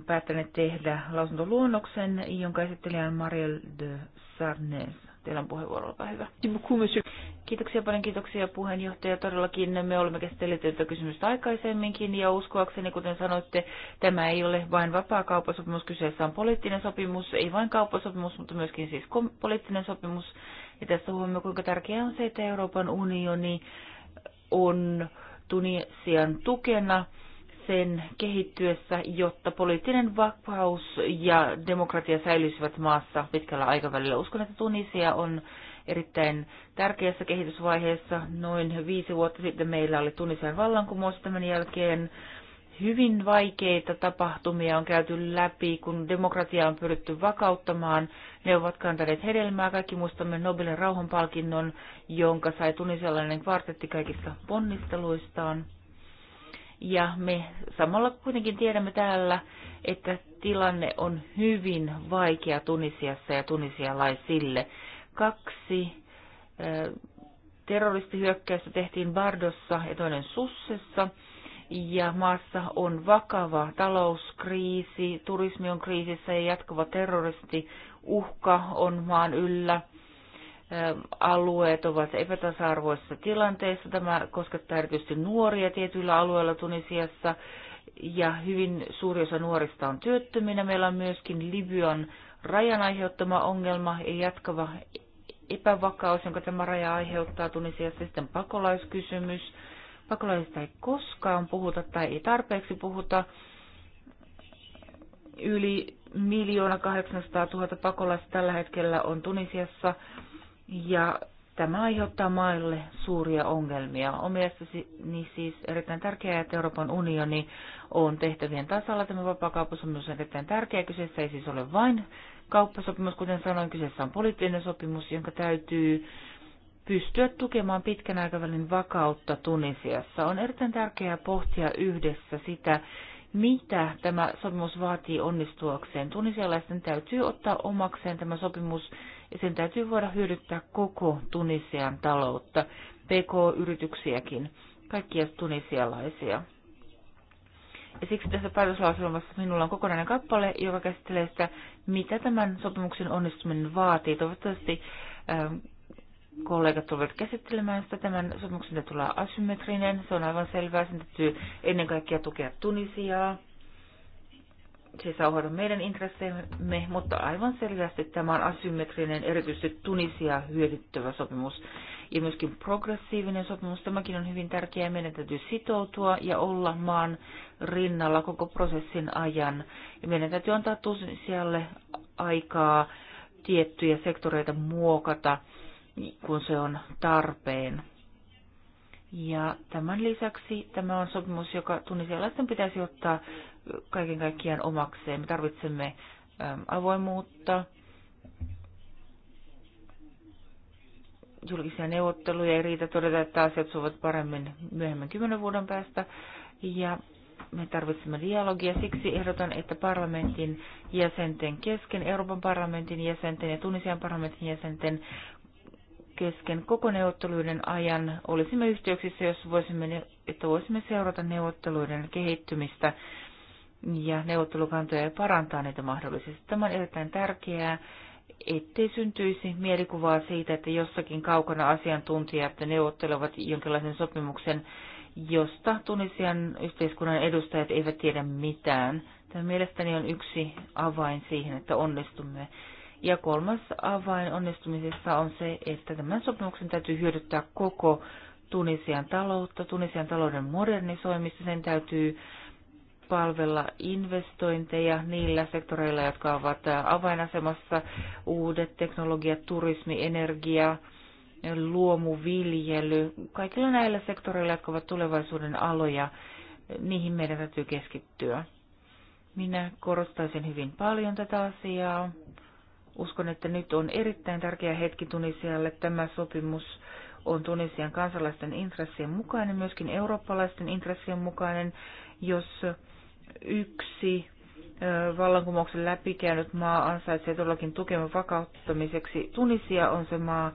päättäneet tehdä lausuntoluonnoksen, jonka esittelijä on de Sarnes. Teillä on puheenvuoro, olkaa hyvä. Kiitoksia paljon, kiitoksia puheenjohtaja. Todellakin me olemme käsitelleet tätä kysymystä aikaisemminkin ja uskoakseni, kuten sanoitte, tämä ei ole vain vapaa kauppasopimus, kyseessä on poliittinen sopimus, ei vain kauppasopimus, mutta myöskin siis poliittinen sopimus. Ja tässä huomioon, kuinka tärkeää on se, että Euroopan unioni on Tunisian tukena sen kehittyessä, jotta poliittinen vapaus ja demokratia säilyisivät maassa pitkällä aikavälillä. Uskon, että Tunisia on erittäin tärkeässä kehitysvaiheessa. Noin viisi vuotta sitten meillä oli Tunisian vallankumous tämän jälkeen. Hyvin vaikeita tapahtumia on käyty läpi, kun demokratia on pyritty vakauttamaan. Ne ovat kantaneet hedelmää. Kaikki muistamme Nobelin rauhanpalkinnon, jonka sai tunisialainen kvartetti kaikista ponnisteluistaan. Ja me samalla kuitenkin tiedämme täällä, että tilanne on hyvin vaikea Tunisiassa ja tunisialaisille. Kaksi terroristihyökkäystä tehtiin Bardossa ja toinen Sussessa. Ja maassa on vakava talouskriisi, turismi on kriisissä ja jatkuva terroristi uhka on maan yllä alueet ovat epätasa-arvoisessa tilanteessa. Tämä koskettaa erityisesti nuoria tietyillä alueilla Tunisiassa ja hyvin suuri osa nuorista on työttöminä. Meillä on myöskin Libyan rajan aiheuttama ongelma ja jatkava epävakaus, jonka tämä raja aiheuttaa Tunisiassa. Sitten pakolaiskysymys. Pakolaisista ei koskaan puhuta tai ei tarpeeksi puhuta. Yli miljoona 800 000 pakolaista tällä hetkellä on Tunisiassa. Ja tämä aiheuttaa maille suuria ongelmia. On mielestäni niin siis erittäin tärkeää, että Euroopan unioni on tehtävien tasalla. Tämä vapaakauppasopimus on erittäin tärkeä. Kyseessä ei siis ole vain kauppasopimus, kuten sanoin, kyseessä on poliittinen sopimus, jonka täytyy pystyä tukemaan pitkän aikavälin vakautta Tunisiassa. On erittäin tärkeää pohtia yhdessä sitä, mitä tämä sopimus vaatii onnistuakseen. Tunisialaisten täytyy ottaa omakseen tämä sopimus ja sen täytyy voida hyödyttää koko Tunisian taloutta, PK-yrityksiäkin, kaikkia tunisialaisia. Ja siksi tässä päätöslauselmassa minulla on kokonainen kappale, joka käsittelee sitä, mitä tämän sopimuksen onnistuminen vaatii. Toivottavasti ähm, kollegat tulevat käsittelemään sitä. Tämän sopimuksen tulee olla asymmetrinen, se on aivan selvää. Sen täytyy ennen kaikkea tukea Tunisiaa siis sauhoida meidän intresseemme, mutta aivan selvästi tämä on asymmetrinen, erityisesti Tunisia hyödyttävä sopimus ja myöskin progressiivinen sopimus. Tämäkin on hyvin tärkeää. Meidän täytyy sitoutua ja olla maan rinnalla koko prosessin ajan. Ja meidän täytyy antaa Tunisialle aikaa tiettyjä sektoreita muokata, kun se on tarpeen. Ja tämän lisäksi tämä on sopimus, joka tunnisialaisten pitäisi ottaa kaiken kaikkiaan omakseen. Me tarvitsemme avoimuutta, julkisia neuvotteluja. Ei riitä todeta, että asiat suvat paremmin myöhemmin kymmenen vuoden päästä. Ja me tarvitsemme dialogia. Siksi ehdotan, että parlamentin jäsenten kesken, Euroopan parlamentin jäsenten ja Tunisian parlamentin jäsenten kesken koko neuvotteluiden ajan olisimme yhteyksissä, jos voisimme, että voisimme seurata neuvotteluiden kehittymistä ja neuvottelukantoja ja parantaa niitä mahdollisesti. Tämä on erittäin tärkeää, ettei syntyisi mielikuvaa siitä, että jossakin kaukana asiantuntijat neuvottelevat jonkinlaisen sopimuksen, josta Tunisian yhteiskunnan edustajat eivät tiedä mitään. Tämä mielestäni on yksi avain siihen, että onnistumme. Ja kolmas avain onnistumisessa on se, että tämän sopimuksen täytyy hyödyttää koko Tunisian taloutta, Tunisian talouden modernisoimista, sen täytyy palvella investointeja niillä sektoreilla, jotka ovat avainasemassa, uudet teknologiat, turismi, energia, luomuviljely, kaikilla näillä sektoreilla, jotka ovat tulevaisuuden aloja, niihin meidän täytyy keskittyä. Minä korostaisin hyvin paljon tätä asiaa. Uskon, että nyt on erittäin tärkeä hetki Tunisialle. Tämä sopimus on Tunisian kansalaisten intressien mukainen, myöskin eurooppalaisten intressien mukainen, jos yksi vallankumouksen läpikäynyt maa ansaitsee todellakin tukema vakauttamiseksi. Tunisia on se maa,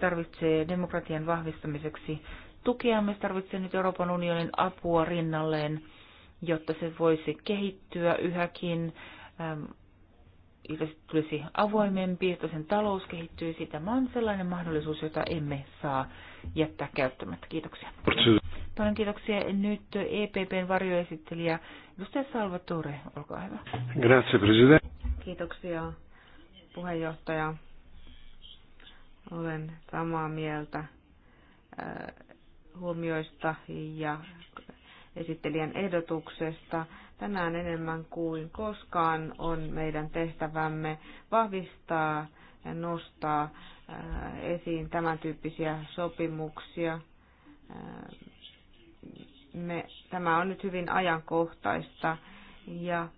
tarvitsee demokratian vahvistamiseksi tukea. Me tarvitsee nyt Euroopan unionin apua rinnalleen, jotta se voisi kehittyä yhäkin. Jotta se tulisi avoimempi, jotta sen talous kehittyy. Sitä on sellainen mahdollisuus, jota emme saa jättää käyttämättä. Kiitoksia. Paljon kiitoksia nyt EPPn varjoesittelijä edustaja Salvatore, olkaa hyvä. Grazie, president. Kiitoksia puheenjohtaja. Olen samaa mieltä äh, huomioista ja esittelijän ehdotuksesta. Tänään enemmän kuin koskaan on meidän tehtävämme vahvistaa ja nostaa äh, esiin tämän tyyppisiä sopimuksia äh, me, tämä on nyt hyvin ajankohtaista ja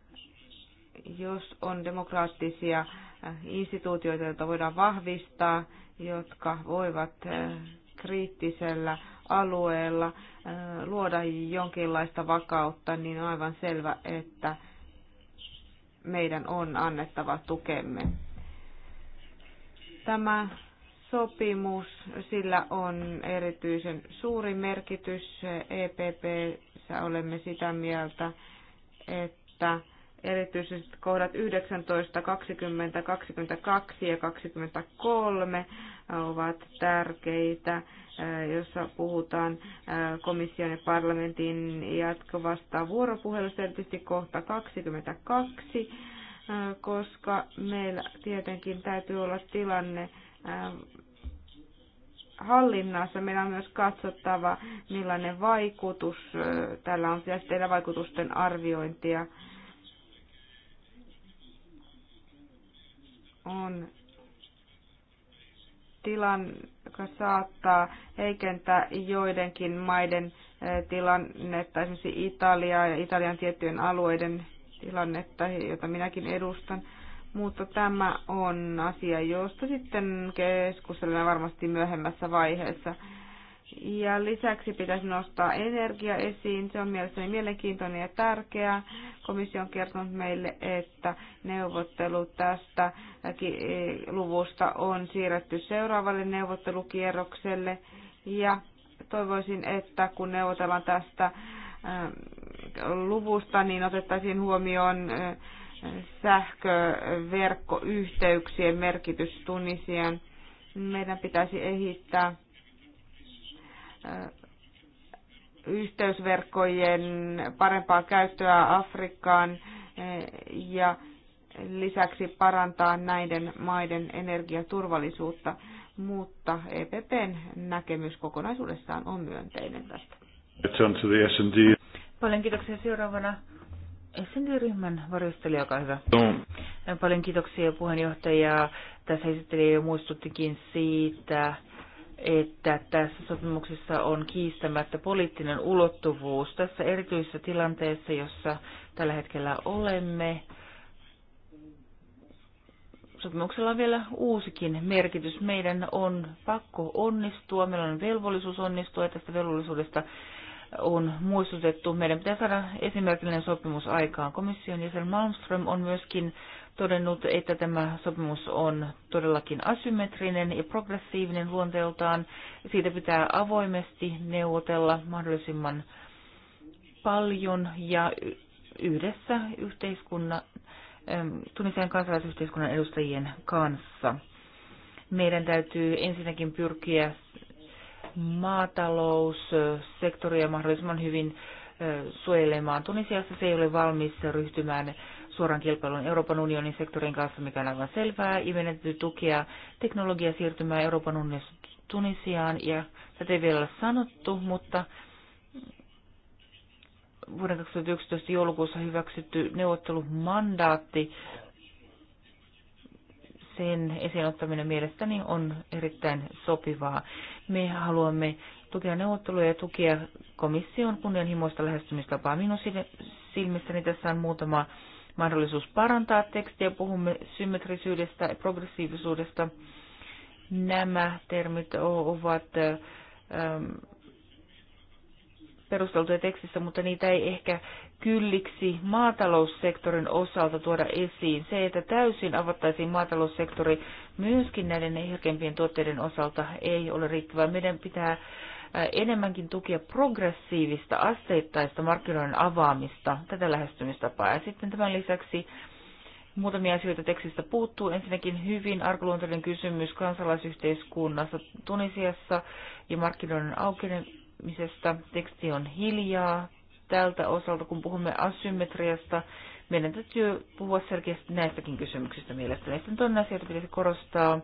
jos on demokraattisia äh, instituutioita, joita voidaan vahvistaa, jotka voivat äh, kriittisellä alueella äh, luoda jonkinlaista vakautta, niin on aivan selvä, että meidän on annettava tukemme. Tämä sopimus, sillä on erityisen suuri merkitys. epp olemme sitä mieltä, että erityisesti kohdat 19, 20, 22 ja 23 ovat tärkeitä, eh, jossa puhutaan eh, komission ja parlamentin jatkuvasta vuoropuhelusta, erityisesti kohta 22, eh, koska meillä tietenkin täytyy olla tilanne, Ähm, hallinnassa. meidän on myös katsottava, millainen vaikutus tällä on. Pitäisi tehdä vaikutusten arviointia. On tilan, joka saattaa heikentää joidenkin maiden tilannetta, esimerkiksi Italia ja Italian tiettyjen alueiden tilannetta, jota minäkin edustan. Mutta tämä on asia, josta sitten keskustelemme varmasti myöhemmässä vaiheessa. Ja lisäksi pitäisi nostaa energia esiin. Se on mielestäni mielenkiintoinen ja tärkeä. Komissio on kertonut meille, että neuvottelut tästä luvusta on siirretty seuraavalle neuvottelukierrokselle. Ja toivoisin, että kun neuvotellaan tästä ähm, luvusta, niin otettaisiin huomioon äh, sähköverkkoyhteyksien merkitys Tunisian. Meidän pitäisi ehittää yhteysverkkojen parempaa käyttöä Afrikkaan ja lisäksi parantaa näiden maiden energiaturvallisuutta, mutta EPPn näkemys kokonaisuudessaan on myönteinen tästä. Paljon kiitoksia seuraavana SND-ryhmän varjostelija, olkaa hyvä. No. Paljon kiitoksia puheenjohtaja. Tässä esitteli jo muistuttikin siitä, että tässä sopimuksessa on kiistämättä poliittinen ulottuvuus. Tässä erityisessä tilanteessa, jossa tällä hetkellä olemme, sopimuksella on vielä uusikin merkitys. Meidän on pakko onnistua, meillä on velvollisuus onnistua ja tästä velvollisuudesta on muistutettu. Meidän pitää saada esimerkillinen sopimus aikaan. Komission jäsen Malmström on myöskin todennut, että tämä sopimus on todellakin asymmetrinen ja progressiivinen luonteeltaan. Siitä pitää avoimesti neuvotella mahdollisimman paljon ja yhdessä yhteiskunnan, Tunisian kansalaisyhteiskunnan edustajien kanssa. Meidän täytyy ensinnäkin pyrkiä maataloussektoria mahdollisimman hyvin suojelemaan. Tunisiassa se ei ole valmis ryhtymään suoran kilpailun Euroopan unionin sektorin kanssa, mikä on aivan selvää, imenetty tukea teknologia siirtymään Euroopan unionissa Tunisiaan, ja tätä ei vielä ole sanottu, mutta vuoden 2011 joulukuussa hyväksytty neuvottelumandaatti sen esiin ottaminen mielestäni on erittäin sopivaa. Me haluamme tukea neuvotteluja ja tukea komission kunnianhimoista lähestymistapaa. Minun silmissäni tässä on muutama mahdollisuus parantaa tekstiä. Puhumme symmetrisyydestä ja progressiivisuudesta. Nämä termit ovat ähm, perusteltuja tekstissä, mutta niitä ei ehkä kylliksi maataloussektorin osalta tuoda esiin. Se, että täysin avattaisiin maataloussektori myöskin näiden herkempien tuotteiden osalta ei ole riittävää. Meidän pitää enemmänkin tukea progressiivista, asteittaista markkinoiden avaamista, tätä lähestymistapaa. Ja sitten tämän lisäksi Muutamia asioita tekstistä puuttuu. Ensinnäkin hyvin arkaluontoinen kysymys kansalaisyhteiskunnassa Tunisiassa ja markkinoiden aukenemisesta. Teksti on hiljaa, tältä osalta, kun puhumme asymmetriasta, meidän täytyy puhua selkeästi näistäkin kysymyksistä mielestäni. Sitten toinen asia, jota pitäisi korostaa,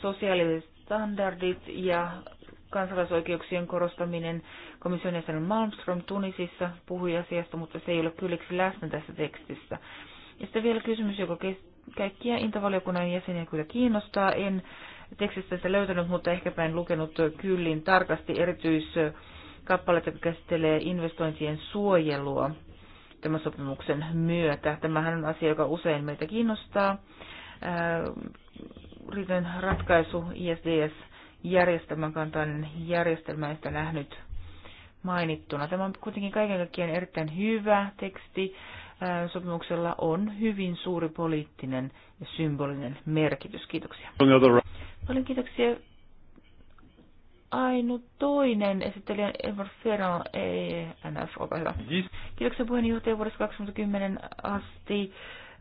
sosiaaliset standardit ja kansalaisoikeuksien korostaminen. Komission jäsen Malmström Tunisissa puhui asiasta, mutta se ei ole kylliksi läsnä tässä tekstissä. Ja sitten vielä kysymys, joka kaikkia intavaliokunnan jäseniä kyllä kiinnostaa. En tekstistä sitä löytänyt, mutta ehkäpä en lukenut kyllin tarkasti erityis- kappaletta, joka käsittelee investointien suojelua tämän sopimuksen myötä. Tämähän on asia, joka usein meitä kiinnostaa. Riten ratkaisu ISDS-järjestelmän kantainen järjestelmä, en sitä nähnyt mainittuna. Tämä on kuitenkin kaiken kaikkiaan erittäin hyvä teksti. Sopimuksella on hyvin suuri poliittinen ja symbolinen merkitys. Kiitoksia. Paljon kiitoksia ainut toinen esittelijä Edward Ferran, ENF, olkaa hyvä. Kiitoksia puheenjohtaja vuodesta 2010 asti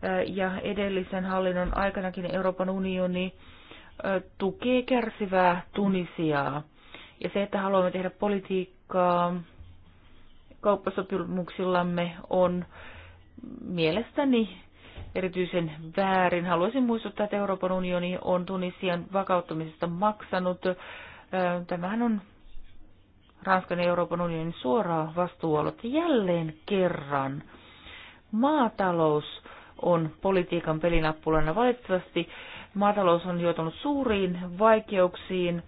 eh, ja edellisen hallinnon aikanakin Euroopan unioni eh, tukee kärsivää Tunisiaa. Ja se, että haluamme tehdä politiikkaa kauppasopimuksillamme on mielestäni erityisen väärin. Haluaisin muistuttaa, että Euroopan unioni on Tunisian vakauttamisesta maksanut Tämähän on Ranskan ja Euroopan unionin suoraa vastuualuetta jälleen kerran. Maatalous on politiikan pelinappulana. Valitettavasti maatalous on joutunut suuriin vaikeuksiin.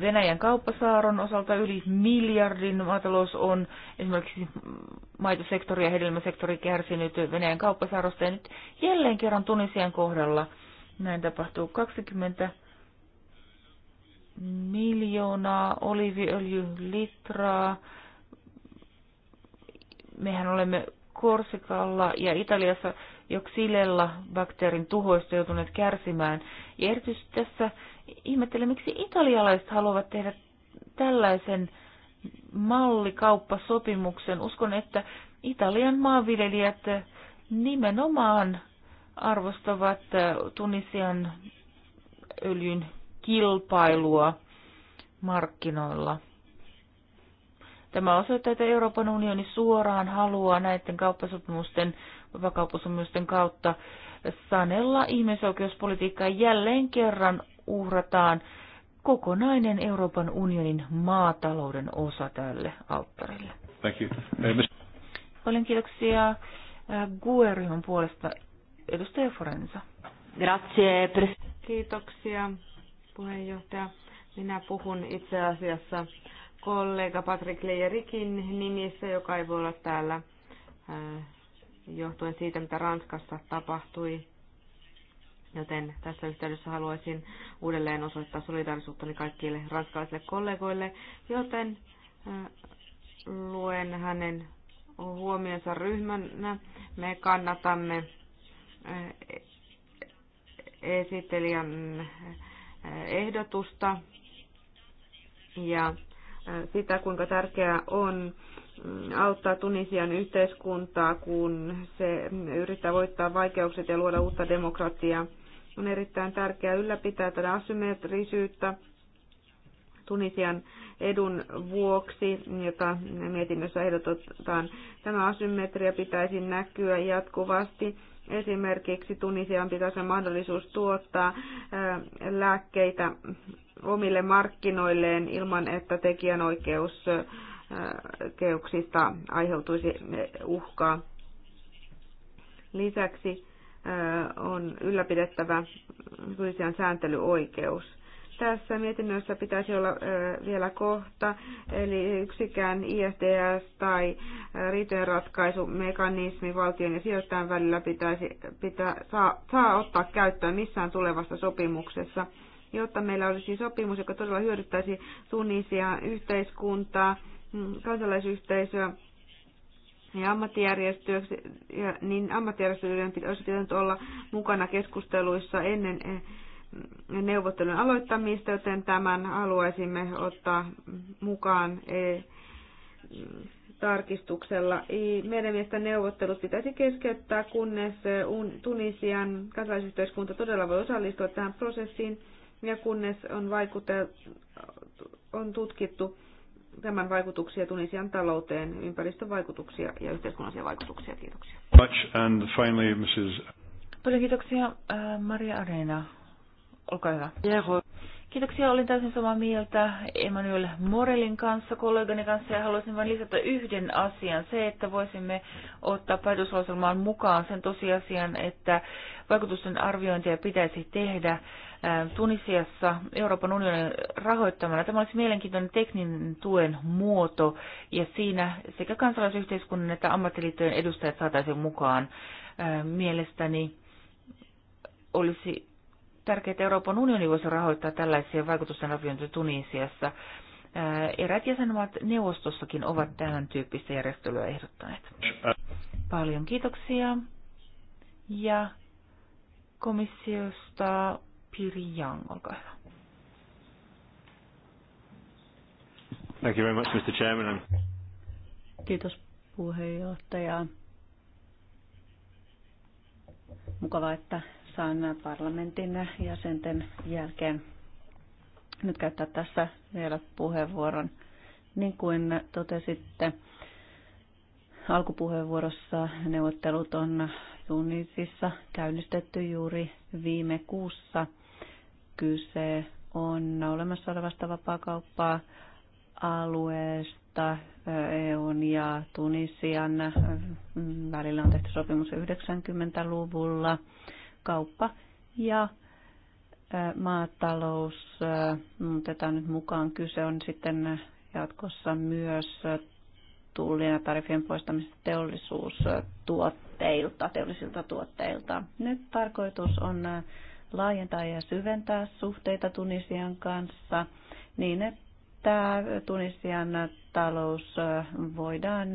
Venäjän kauppasaaron osalta yli miljardin maatalous on esimerkiksi maitosektori ja hedelmäsektori kärsinyt Venäjän kauppasaarosta ja nyt jälleen kerran Tunisian kohdalla näin tapahtuu 20 miljoonaa oliiviöljylitraa. Mehän olemme Korsikalla ja Italiassa Joksilella bakteerin tuhoista joutuneet kärsimään. Ja erityisesti tässä ihmettelen, miksi italialaiset haluavat tehdä tällaisen mallikauppasopimuksen. Uskon, että Italian maanviljelijät nimenomaan arvostavat Tunisian öljyn kilpailua markkinoilla. Tämä osoittaa, että Euroopan unioni suoraan haluaa näiden kauppasopimusten, vapakauppasopimusten kautta sanella ihmisoikeuspolitiikkaa jälleen kerran uhrataan kokonainen Euroopan unionin maatalouden osa tälle alttarille. Thank you. Eh, Paljon kiitoksia eh, GUE-ryhmän puolesta edustaja Forensa. Grazie. Kiitoksia puheenjohtaja. Minä puhun itse asiassa kollega Patrick Leijerikin nimissä, joka ei voi olla täällä äh, johtuen siitä, mitä Ranskassa tapahtui. Joten tässä yhteydessä haluaisin uudelleen osoittaa solidaarisuuttani kaikille ranskalaisille kollegoille, joten äh, luen hänen huomionsa ryhmänä. Me kannatamme äh, esittelijän ehdotusta ja äh, sitä, kuinka tärkeää on mm, auttaa Tunisian yhteiskuntaa, kun se yrittää voittaa vaikeukset ja luoda uutta demokratiaa. On erittäin tärkeää ylläpitää tätä asymmetrisyyttä Tunisian edun vuoksi, jota mietinnössä ehdotetaan. Tämä asymmetria pitäisi näkyä jatkuvasti Esimerkiksi Tunisian pitäisi mahdollisuus tuottaa lääkkeitä omille markkinoilleen ilman, että tekijänoikeuskeuksista aiheutuisi uhkaa. Lisäksi on ylläpidettävä Tunisian sääntelyoikeus. Tässä mietinnössä pitäisi olla vielä kohta, eli yksikään ISDS tai riitojenratkaisumekanismi valtion ja sijoittajan välillä pitäisi, pitää, saa, saa ottaa käyttöön missään tulevassa sopimuksessa, jotta meillä olisi sopimus, joka todella hyödyttäisi tunnisia yhteiskuntaa, mm, kansalaisyhteisöä, ja ammattijärjestöjen, niin ammattijärjestöjen olisi pitänyt olla mukana keskusteluissa ennen neuvottelun aloittamista, joten tämän haluaisimme ottaa mukaan e, tarkistuksella. E, meidän mielestä neuvottelut pitäisi keskeyttää, kunnes e, Tunisian kansalaisyhteiskunta todella voi osallistua tähän prosessiin ja kunnes on, on tutkittu tämän vaikutuksia Tunisian talouteen, ympäristövaikutuksia ja yhteiskunnallisia vaikutuksia. Kiitoksia. Paljon kiitoksia. Maria Arena, Olkaa hyvä. Kiitoksia, olin täysin samaa mieltä Emmanuel Morelin kanssa, kollegani kanssa, ja haluaisin vain lisätä yhden asian, se, että voisimme ottaa päätöslauselmaan mukaan sen tosiasian, että vaikutusten arviointia pitäisi tehdä ähm, Tunisiassa Euroopan unionin rahoittamana. Tämä olisi mielenkiintoinen tekninen tuen muoto, ja siinä sekä kansalaisyhteiskunnan että ammattiliittojen edustajat saataisiin mukaan. Ähm, mielestäni olisi tärkeää, että Euroopan unioni voisi rahoittaa tällaisia vaikutusten Tunisiassa. Erät jäsenmaat neuvostossakin ovat tämän tyyppistä järjestelyä ehdottaneet. Paljon kiitoksia. Ja komissiosta Piri Jang, olkaa hyvä. Thank you very much, Mr. Chairman. Kiitos puheenjohtaja. Mukavaa että saan parlamentin jäsenten jälkeen nyt käyttää tässä vielä puheenvuoron. Niin kuin totesitte, alkupuheenvuorossa neuvottelut on Tunisissa käynnistetty juuri viime kuussa. Kyse on olemassa olevasta vapaakauppaa alueesta EUn ja Tunisian välillä on tehty sopimus 90-luvulla kauppa ja maatalous otetaan nyt mukaan. Kyse on sitten jatkossa myös tullien ja tarifien poistamisesta teollisuustuotteilta, teollisilta tuotteilta. Nyt tarkoitus on laajentaa ja syventää suhteita Tunisian kanssa niin, että Tunisian talous voidaan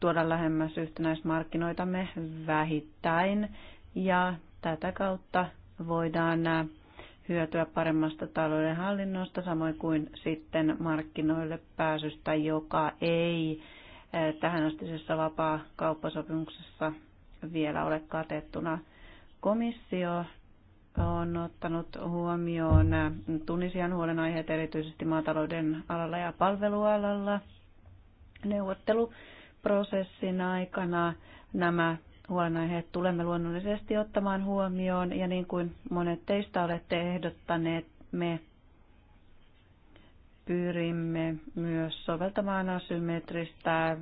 tuoda lähemmäs yhtenäismarkkinoitamme vähittäin ja tätä kautta voidaan hyötyä paremmasta talouden hallinnosta, samoin kuin sitten markkinoille pääsystä, joka ei astisessa vapaa kauppasopimuksessa vielä ole katettuna. Komissio on ottanut huomioon Tunisian huolenaiheet erityisesti maatalouden alalla ja palvelualalla. Neuvottelu prosessin aikana nämä huolenaiheet tulemme luonnollisesti ottamaan huomioon ja niin kuin monet teistä olette ehdottaneet, me pyrimme myös soveltamaan asymmetristä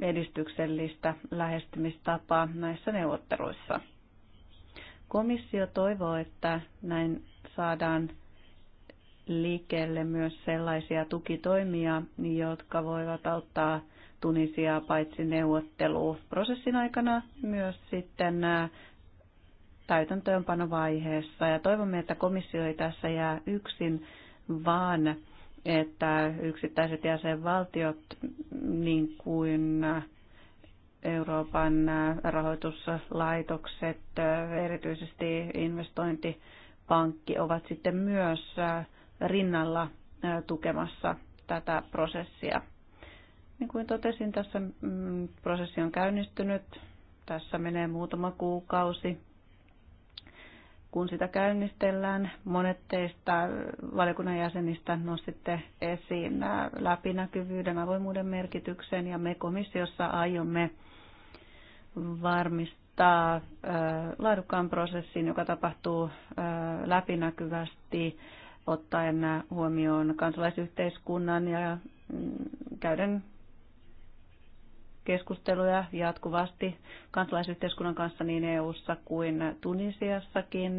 edistyksellistä lähestymistapaa näissä neuvotteluissa. Komissio toivoo, että näin saadaan liikkeelle myös sellaisia tukitoimia, jotka voivat auttaa Tunisiaa paitsi neuvotteluprosessin aikana myös sitten äh, täytäntöönpanovaiheessa. Ja toivomme, että komissio ei tässä jää yksin, vaan että yksittäiset jäsenvaltiot, niin kuin äh, Euroopan äh, rahoituslaitokset, erityisesti investointipankki, ovat sitten myös rinnalla tukemassa tätä prosessia. Niin kuin totesin, tässä mm, prosessi on käynnistynyt. Tässä menee muutama kuukausi. Kun sitä käynnistellään, monet teistä valiokunnan jäsenistä nostitte esiin äh, läpinäkyvyyden, avoimuuden merkityksen ja me komissiossa aiomme varmistaa äh, laadukkaan prosessin, joka tapahtuu äh, läpinäkyvästi ottaen huomioon kansalaisyhteiskunnan ja mm, käyden keskusteluja jatkuvasti kansalaisyhteiskunnan kanssa niin EU:ssa kuin Tunisiassakin.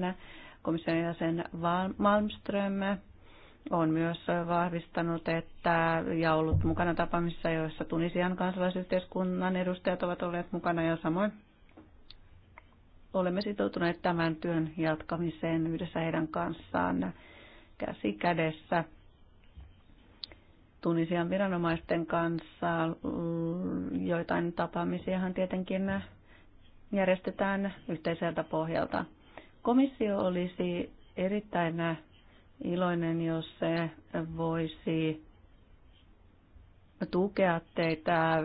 Komission jäsen Malmström on myös vahvistanut, että ja ollut mukana tapaamisissa, joissa Tunisian kansalaisyhteiskunnan edustajat ovat olleet mukana ja samoin olemme sitoutuneet tämän työn jatkamiseen yhdessä heidän kanssaan käsi kädessä. Tunisian viranomaisten kanssa. Joitain tapaamisiahan tietenkin järjestetään yhteiseltä pohjalta. Komissio olisi erittäin iloinen, jos se voisi tukea teitä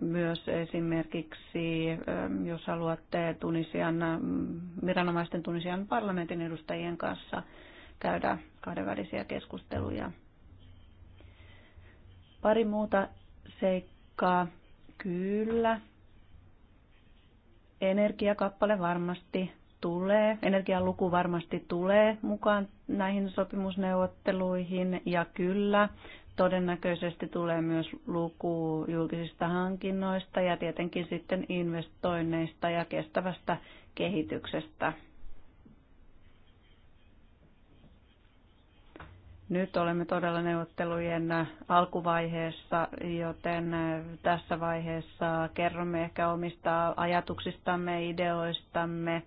myös esimerkiksi, jos haluatte Tunisian, viranomaisten Tunisian parlamentin edustajien kanssa käydä kahdenvälisiä keskusteluja. Pari muuta seikkaa. Kyllä. Energiakappale varmasti tulee, energialuku luku varmasti tulee mukaan näihin sopimusneuvotteluihin ja kyllä todennäköisesti tulee myös luku julkisista hankinnoista ja tietenkin sitten investoinneista ja kestävästä kehityksestä. Nyt olemme todella neuvottelujen alkuvaiheessa, joten tässä vaiheessa kerromme ehkä omista ajatuksistamme, ideoistamme.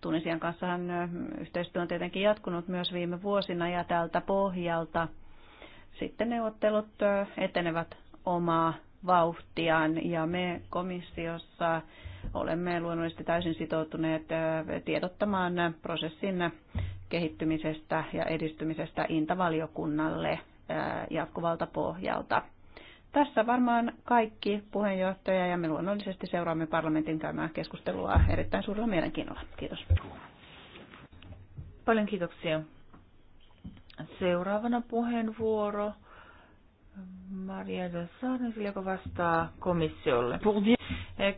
Tunisian kanssahan yhteistyö on tietenkin jatkunut myös viime vuosina ja tältä pohjalta sitten neuvottelut etenevät omaa vauhtiaan ja me komissiossa olemme luonnollisesti täysin sitoutuneet tiedottamaan prosessin kehittymisestä ja edistymisestä Intavaliokunnalle jatkuvalta pohjalta. Tässä varmaan kaikki puheenjohtaja ja me luonnollisesti seuraamme parlamentin käymää keskustelua erittäin suurella mielenkiinnolla. Kiitos. Paljon kiitoksia. Seuraavana puheenvuoro Maria de Sarnesille, joka vastaa komissiolle.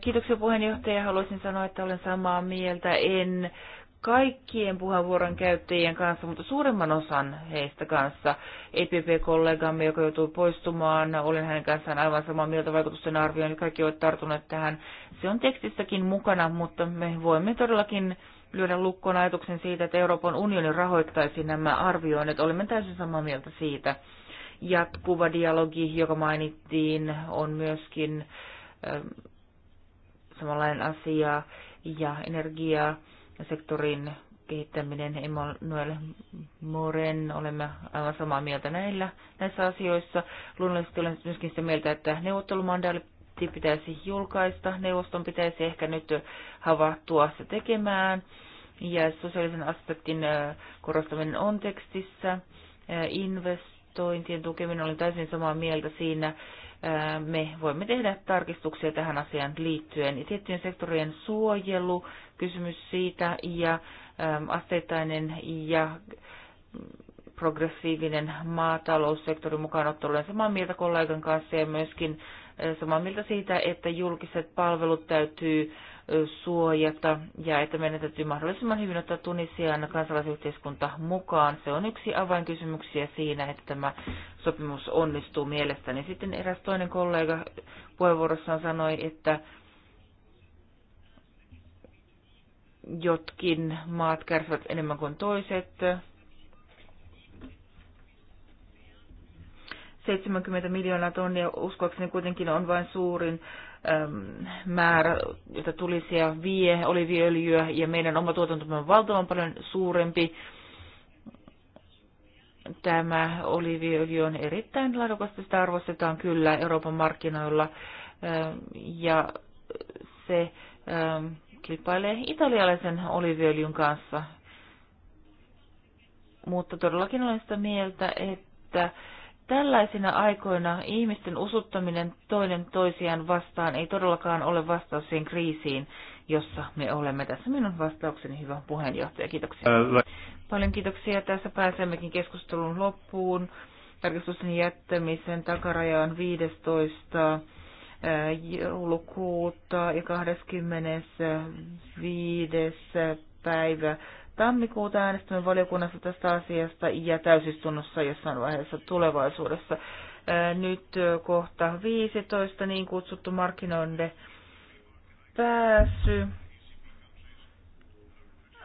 Kiitoksia puheenjohtaja. Haluaisin sanoa, että olen samaa mieltä. En kaikkien puheenvuoron käyttäjien kanssa, mutta suurimman osan heistä kanssa. EPP-kollegamme, joka joutuu poistumaan, olen hänen kanssaan aivan samaa mieltä vaikutusten arvioon, kaikki ovat tarttuneet tähän. Se on tekstissäkin mukana, mutta me voimme todellakin lyödä lukkoon ajatuksen siitä, että Euroopan unioni rahoittaisi nämä arvioinnit. Olemme täysin samaa mieltä siitä. Jatkuva dialogi, joka mainittiin, on myöskin samanlainen asia ja energia sektorin kehittäminen. Emmanuel Moren, olemme aivan samaa mieltä näillä, näissä asioissa. Luonnollisesti olen myöskin sitä mieltä, että neuvottelumandaatti pitäisi julkaista. Neuvoston pitäisi ehkä nyt havahtua se tekemään. Ja sosiaalisen aspektin äh, korostaminen on tekstissä. Äh, investointien tukeminen, olen täysin samaa mieltä siinä me voimme tehdä tarkistuksia tähän asiaan liittyen. Tiettyjen sektorien suojelu, kysymys siitä ja asteittainen ja mm, progressiivinen maataloussektori mukaan ottelujen Olen samaa mieltä kollegan kanssa ja myöskin samaa mieltä siitä, että julkiset palvelut täytyy suojata ja että meidän täytyy mahdollisimman hyvin ottaa Tunisian kansalaisyhteiskunta mukaan. Se on yksi avainkysymyksiä siinä, että tämä sopimus onnistuu mielestäni. Sitten eräs toinen kollega puheenvuorossaan sanoi, että jotkin maat kärsivät enemmän kuin toiset. 70 miljoonaa tonnia uskoakseni kuitenkin on vain suurin määrä, jota tulisi ja vie oliviöljyä, ja meidän oma tuotantomme on valtavan paljon suurempi. Tämä oliviöljy on erittäin laadukasta, sitä arvostetaan kyllä Euroopan markkinoilla, ja se kilpailee italialaisen oliviöljyn kanssa. Mutta todellakin olen sitä mieltä, että Tällaisina aikoina ihmisten usuttaminen toinen toisiaan vastaan ei todellakaan ole vastaus siihen kriisiin, jossa me olemme. Tässä minun vastaukseni, hyvä puheenjohtaja. Kiitoksia. Äh, Paljon kiitoksia. Tässä pääsemmekin keskustelun loppuun. Tarkistusten jättämisen takaraja on 15 äh, joulukuuta ja 25. päivä tammikuuta äänestämme valiokunnassa tästä asiasta ja täysistunnossa jossain vaiheessa tulevaisuudessa. Nyt kohta 15, niin kutsuttu markkinoille pääsy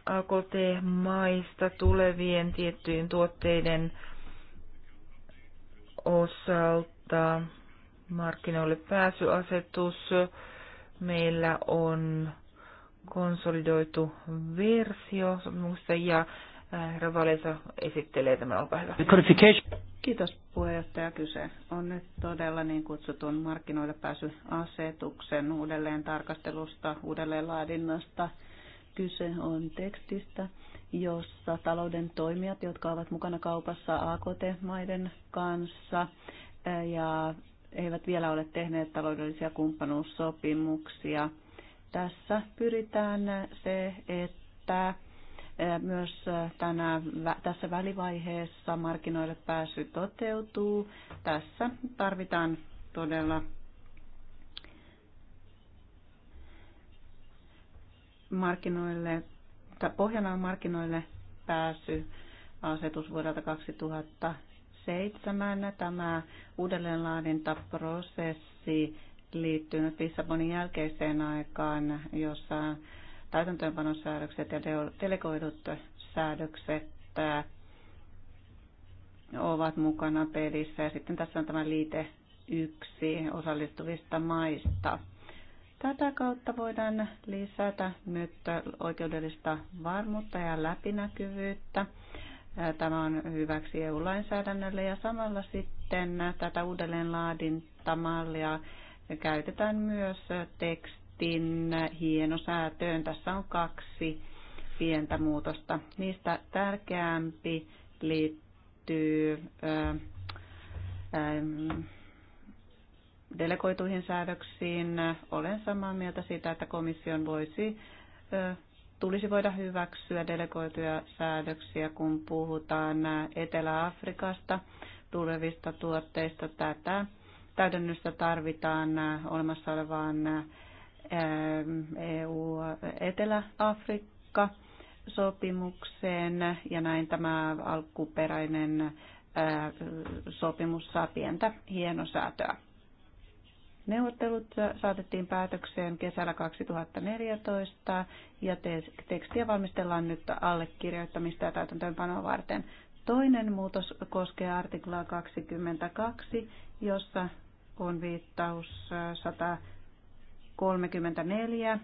AKT-maista tulevien tiettyjen tuotteiden osalta markkinoille pääsyasetus. Meillä on konsolidoitu versio sopimuksesta ja äh, herra Valensa esittelee tämän, olkaa hyvä. Kiitos puheenjohtaja. Kyse on nyt todella niin kutsutun markkinoille pääsyasetuksen uudelleen tarkastelusta, uudelleen laadinnasta. Kyse on tekstistä, jossa talouden toimijat, jotka ovat mukana kaupassa AKT-maiden kanssa äh, ja eivät vielä ole tehneet taloudellisia kumppanuussopimuksia, tässä pyritään se, että myös tänä, tässä välivaiheessa markkinoille pääsy toteutuu. Tässä tarvitaan todella markkinoille, tai pohjana on markkinoille pääsy asetus vuodelta 2007. Tämä uudelleenlaadintaprosessi liittynyt Lissabonin jälkeiseen aikaan, jossa täytäntöönpanosäädökset ja delegoidut säädökset äh, ovat mukana pelissä. Ja sitten tässä on tämä liite yksi osallistuvista maista. Tätä kautta voidaan lisätä nyt oikeudellista varmuutta ja läpinäkyvyyttä. Äh, tämä on hyväksi EU-lainsäädännölle ja samalla sitten tätä uudelleenlaadintamallia käytetään myös tekstin hienosäätöön. Tässä on kaksi pientä muutosta. Niistä tärkeämpi liittyy delegoituihin säädöksiin. Olen samaa mieltä siitä, että komission voisi, tulisi voida hyväksyä delegoituja säädöksiä, kun puhutaan Etelä-Afrikasta tulevista tuotteista. Tätä täydennystä tarvitaan olemassa olevaan ähm, EU-Etelä-Afrikka sopimukseen ja näin tämä alkuperäinen äh, sopimus saa pientä hienosäätöä. Neuvottelut saatettiin päätökseen kesällä 2014 ja tekstiä valmistellaan nyt allekirjoittamista ja täytäntöönpanoa varten. Toinen muutos koskee artiklaa 22, jossa on viittaus 134 äh,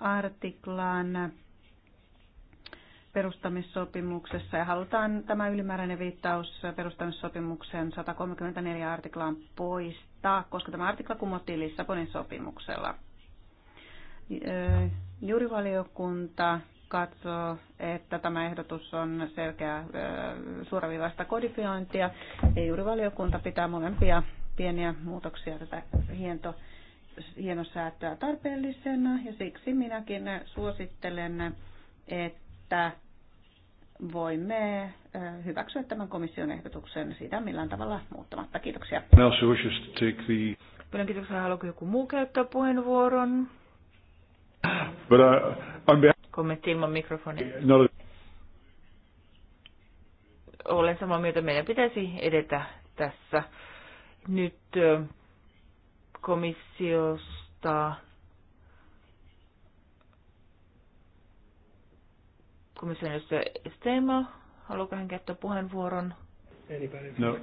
artiklaan perustamissopimuksessa ja halutaan tämä ylimääräinen viittaus perustamissopimuksen 134 artiklaan poistaa, koska tämä artikla kumottiin Lissabonin sopimuksella. Juurivaliokunta katsoo, että tämä ehdotus on selkeä suoraviivaista kodifiointia ja juurivaliokunta pitää molempia pieniä muutoksia tätä hiento, hienosäätöä tarpeellisena ja siksi minäkin suosittelen, että voimme hyväksyä tämän komission ehdotuksen siitä millään tavalla muuttamatta. Kiitoksia. Pyydän kiitoksia. Haluaako joku muu käyttää puheenvuoron? Uh, Kommentti ilman mikrofonia. Olen samaa mieltä, meidän pitäisi edetä tässä nyt komissiosta komission edustaja Stema. Haluaako hän käyttää puheenvuoron? No.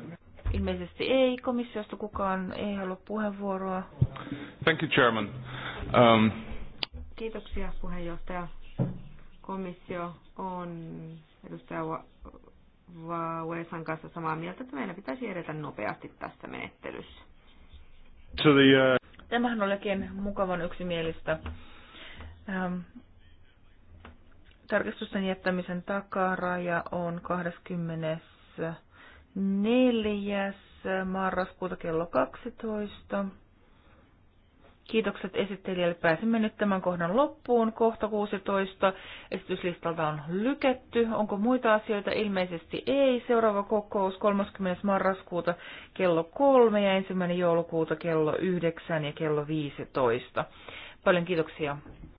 Ilmeisesti ei. Komissiosta kukaan ei halua puheenvuoroa. Thank you, Chairman. Um... Kiitoksia, puheenjohtaja. Komissio on edustaja Uesan kanssa samaa mieltä, että meidän pitäisi edetä nopeasti tässä menettelyssä. So the, uh... Tämähän olikin mukavan yksimielistä. Ähm, tarkistusten jättämisen takaraja on 24. marraskuuta kello 12. Kiitokset esittelijälle. Pääsimme nyt tämän kohdan loppuun. Kohta 16. Esityslistalta on lykätty. Onko muita asioita? Ilmeisesti ei. Seuraava kokous 30. marraskuuta kello 3 ja 1. joulukuuta kello 9 ja kello 15. Paljon kiitoksia.